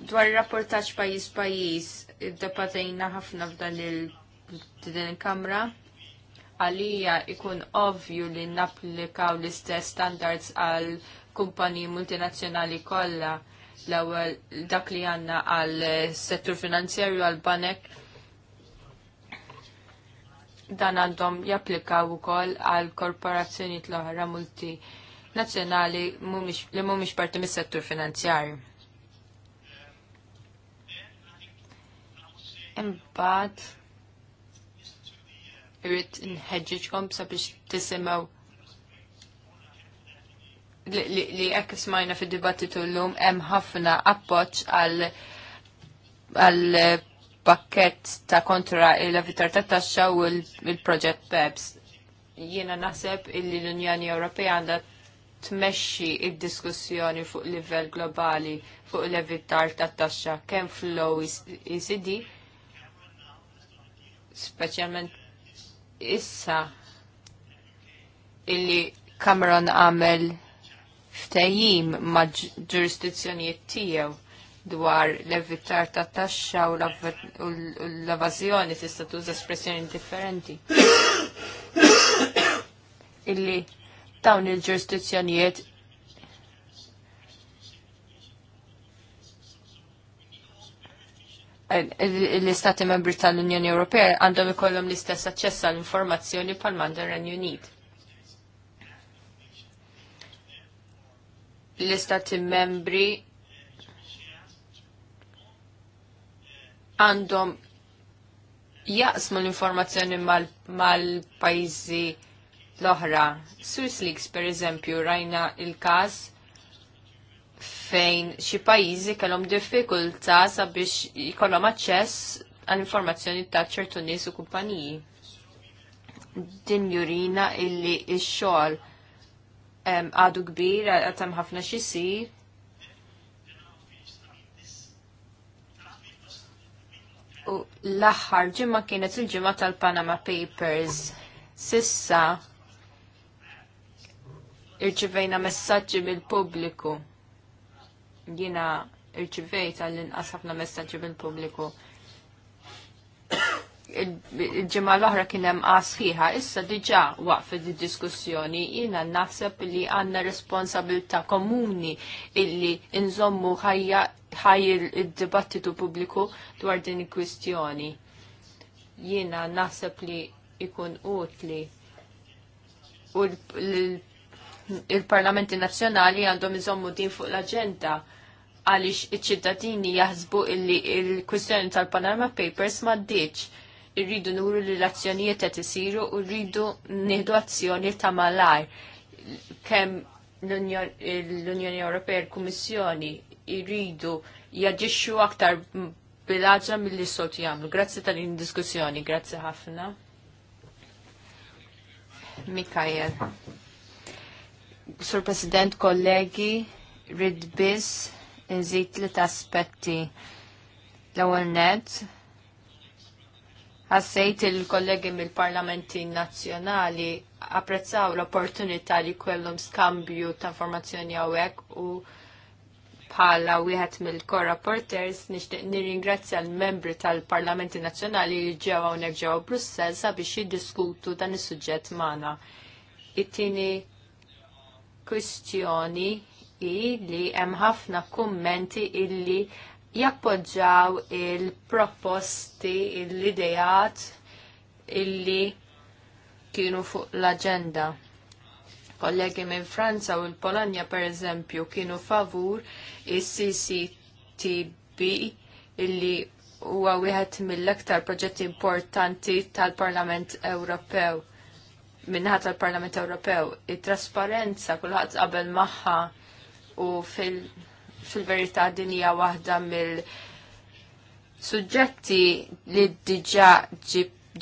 Dwar ir-rapportaġġ pajjiż pajjiż iddebatejna ħafna f'dan il-kamra għalija ikun ovvju li napplikaw l-istess standards għal kumpani multinazzjonali kollha l-ewwel dak li għandna għal settur finanzjarju għal banek dan għandhom japplikaw ukoll għal korporazzjoni l-oħra multinazzjonali li mhumiex parti mis-settur finanzjarju. Imbagħad irrit nħedġiġkom sabiex tisimaw li ekk smajna fid dibattitu l-lum hemm ħafna appoġġ għal pakket ta' kontra il-avitar ta' taxxa u il-proġett PEPS. Jiena naħseb illi l-Unjoni Ewropea għandha tmexxi id-diskussjoni fuq livell globali fuq l-evitar ta' taxxa kemm flow ECD speċjalment issa illi Cameron għamel ftajim ma' ġurisdizzjonijiet tiegħu dwar l-evitar ta' taxxa u l-evazjoni tista' tuża espressjoni differenti. *coughs* Illi dawn il-ġurisdizzjonijiet l-istati membri tal-Unjoni Ewropea għandhom ikollhom l-istess aċċess għall informazzjoni pal mandaran Unit. L-istati membri għandhom jaqsmu l-informazzjoni mal-pajzi mal pajzi l oħra Swiss Leaks, per eżempju, rajna il-kas fejn xi pajjiżi kellhom diffikultà sabiex jkollhom aċċess għall-informazzjoni ta' ċertu nies u kumpaniji. Din jurina illi x-xogħol għadu kbir għad hemm ħafna xisir u l-aħħar ġimma kienet il-ġimma tal-Panama Papers. Sissa irċivejna messaġġi mill-pubbliku Jiena irċivejt għall-inqas ħafna messaġġi bil-pubbliku. Il-ġimgħa l-oħra kien hemm qas issa diġà waqfet id-diskussjoni jiena naħseb li għandna responsabilità komuni illi nżommu ħajja ħajjir id-dibattitu pubbliku dwar din il-kwistjoni. Jiena naħseb li ikun utli u l-parlamenti nazzjonali għandhom iżommu din fuq l-agenda għaliex iċ-ċittadini jaħsbu illi il-kwistjoni tal-Panama Papers ma ddiċ. Irridu nuru li l-azzjonijiet qed isiru u rridu nieħdu azzjoni ta' malaj. kemm l-Unjoni Ewropea l-Kummissjoni irridu jaġixxu aktar bil bilaġa mill-li sot jagħmlu. Grazzi tal-indiskussjoni, grazzi ħafna. Mikael. Sur President, kollegi, rid biss nżid li aspetti l-ewwel net Għassejt il-kollegi mill-parlamenti nazzjonali apprezzaw l-opportunità li kellhom skambju ta' informazzjoni hawnhekk u bħala wieħed mill-co-rapporters nixtieq nirringrazzja l-membri tal-Parlamenti Nazzjonali li ġew hawnhekk ġew Brussell sabiex jiddiskutu dan is-suġġett magħna. It-tieni kwistjoni i li hemm ħafna kummenti illi jappoġġaw il-proposti, l-idejat illi kienu fuq l-agenda. Kollegi minn Franza u l-Polonja per eżempju kienu favur il-CCTB illi huwa wieħed mill-aktar proġetti importanti tal-Parlament Ewropew minħat tal-Parlament Ewropew. it trasparenza kulħadd qabel magħha u fil-verità fil din hija waħda mill suġġetti li diġa'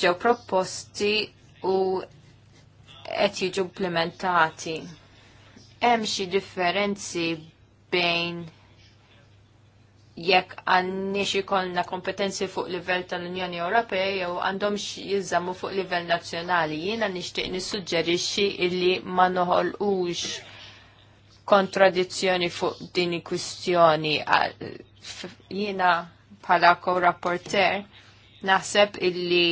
ġew proposti u qed jiġu implementati. Hemm xi differenzi bejn jekk għandniex ikollna kompetenzi fuq livell tal-Unjoni Ewropea jew għandhom jiżammu fuq livell nazzjonali. Jiena nixtieq nissuġġerixxi illi ma noħolqux kontradizzjoni fuq din il-kwistjoni jiena bħala kow rapporter naħseb illi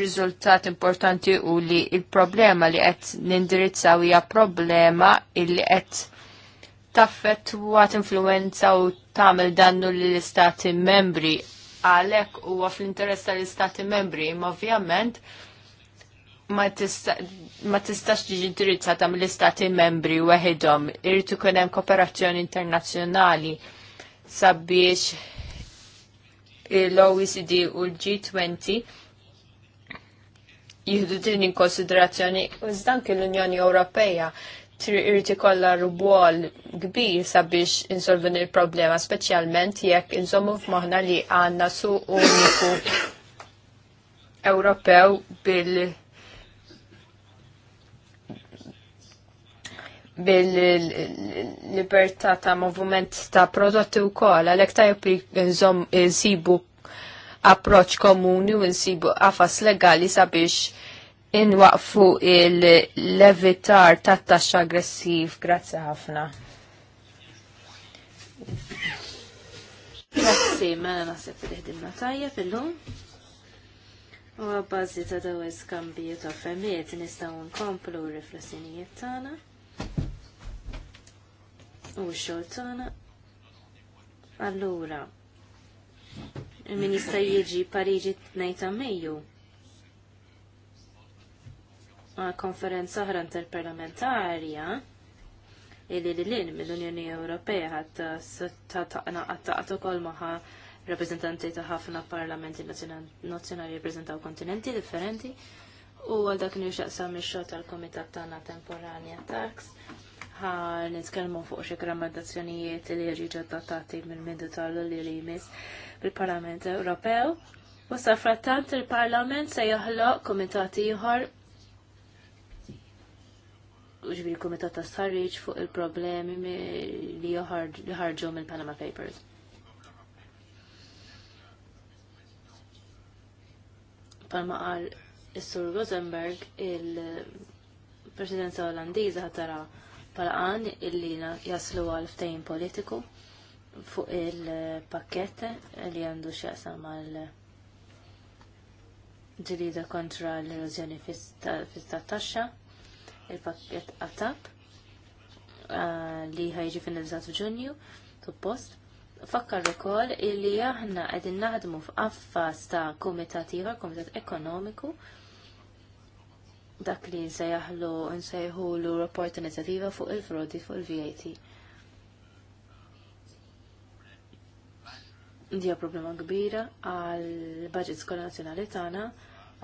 riżultat importanti u li il-problema li qed nindirizzaw hija problema illi qed taffettwa influenza u tagħmel dannu lill istati membri għalhekk huwa fl-interess tal-istati membri, imma ovvjament ma tistax tiġi indirizzata mill-istati membri u irid ikun hemm kooperazzjoni internazzjonali sabiex l-OECD u l-G20 jihdu din in konsiderazzjoni iżdan l-Unjoni Ewropea irrid ikollha rubuol kbir sabiex insolvu il-problema, speċjalment jekk insommu f'moħħna li għandna su uniku Ewropew bil- bil-libertà ta' movement ta' prodotti u kol, għalek ta' nżom nsibu approċ komuni u nsibu għafas legali sabiex inwaqfu il-levitar ta' taxxa aggressiv. Grazzi ħafna. Grazzi, mela naħseb li ħdimna tajja fil-lum. U għabbażi ta' daw skambiju ta' femiet nistaw nkomplu riflessinijiet tagħna. U xogħol tagħna. Allura, Il-ministra jiġi Pariġi tnejn ta' Mejju. Konferenza oħra interparlamentarja il li lin mill-Unjoni Ewropea ħatta taqnaqat ukoll maħa rappreżentanti ta' ħafna parlamenti nazzjonali rappreżentaw kontinenti differenti u għal dak li ix-xogħol tal-Kumitat tagħna temporanja tax. Ħa nitkellmu fuq xi gramadazzjonijiet li jiġu adattati minn mindu tal-li li jmiss fil-Parlament Ewropew. U sa frattant il-Parlament se joħloq kumitat ieħor ġviri kumitat ta' sarriċ fuq il-problemi li joħarġu mill-Panama Papers. Palma qal is-Sur Rosenberg il-Presidenza Olandiża ħatara palqan illi jaslu għal ftehim politiku fuq il-pakket li għandu x'jaqsam mal ġilida kontra l-erożjoni fista taxxa il-pakket ATAP li ħajġi finalizzat Ġunju, suppost. Fakkar ukoll illi aħna qegħdin naħdmu f'qaffa ta' kumitat ieħor, kumitat ekonomiku, dak li se jaħlu nsejħulu rapport inizjattiva fuq il-frodi fuq il-VAT. Dija problema kbira għal budget skola nazjonali tagħna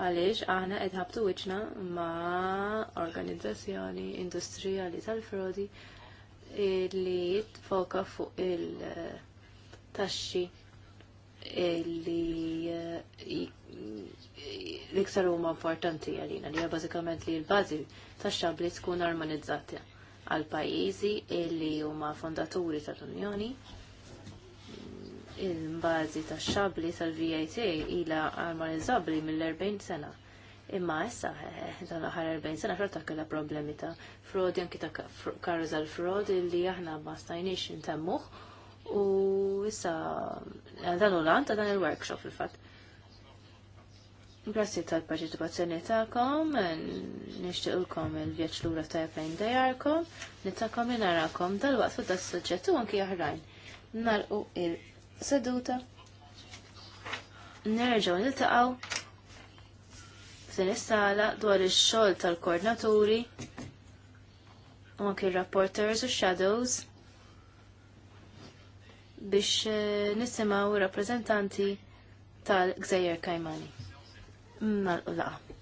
għaliex aħna qed ħabtu wiċċna ma' organizzazzjoni industrijali tal-frodi li jitfoka fuq il-taxxi li eh, l-iktar huma importanti għalina li bażikament li l-bażi tax-xab li tkun armonizzati għal pajjiżi li huma fondaturi tal-Unjoni il-bażi tax-xabli tal-VAT ila armonizzabbli mill-40 sena. Imma issa eh, dan aħħar 40 sena xorta kellha problemi ta' frodi anki ta' karrużal frodi li aħna ma stajniex intemmuh U issa dan u lan ta' dan il-workshop fil-fatt. Grazzi tal-parċipazzjoni ta'kom, nishtiqilkom il-vjaċ l-ura ta' jafajn dajarkom, nittakom narakom dal-waqt fuq das-suġġett u anki jahrajn. narqu il-seduta, nerġaw niltaqaw f'din is-sala dwar ix-xogħol tal-koordinaturi u il rapporters u shadows biex eh, nisimaw rappresentanti tal-Gżejjer Kajmani. Nal-laqa.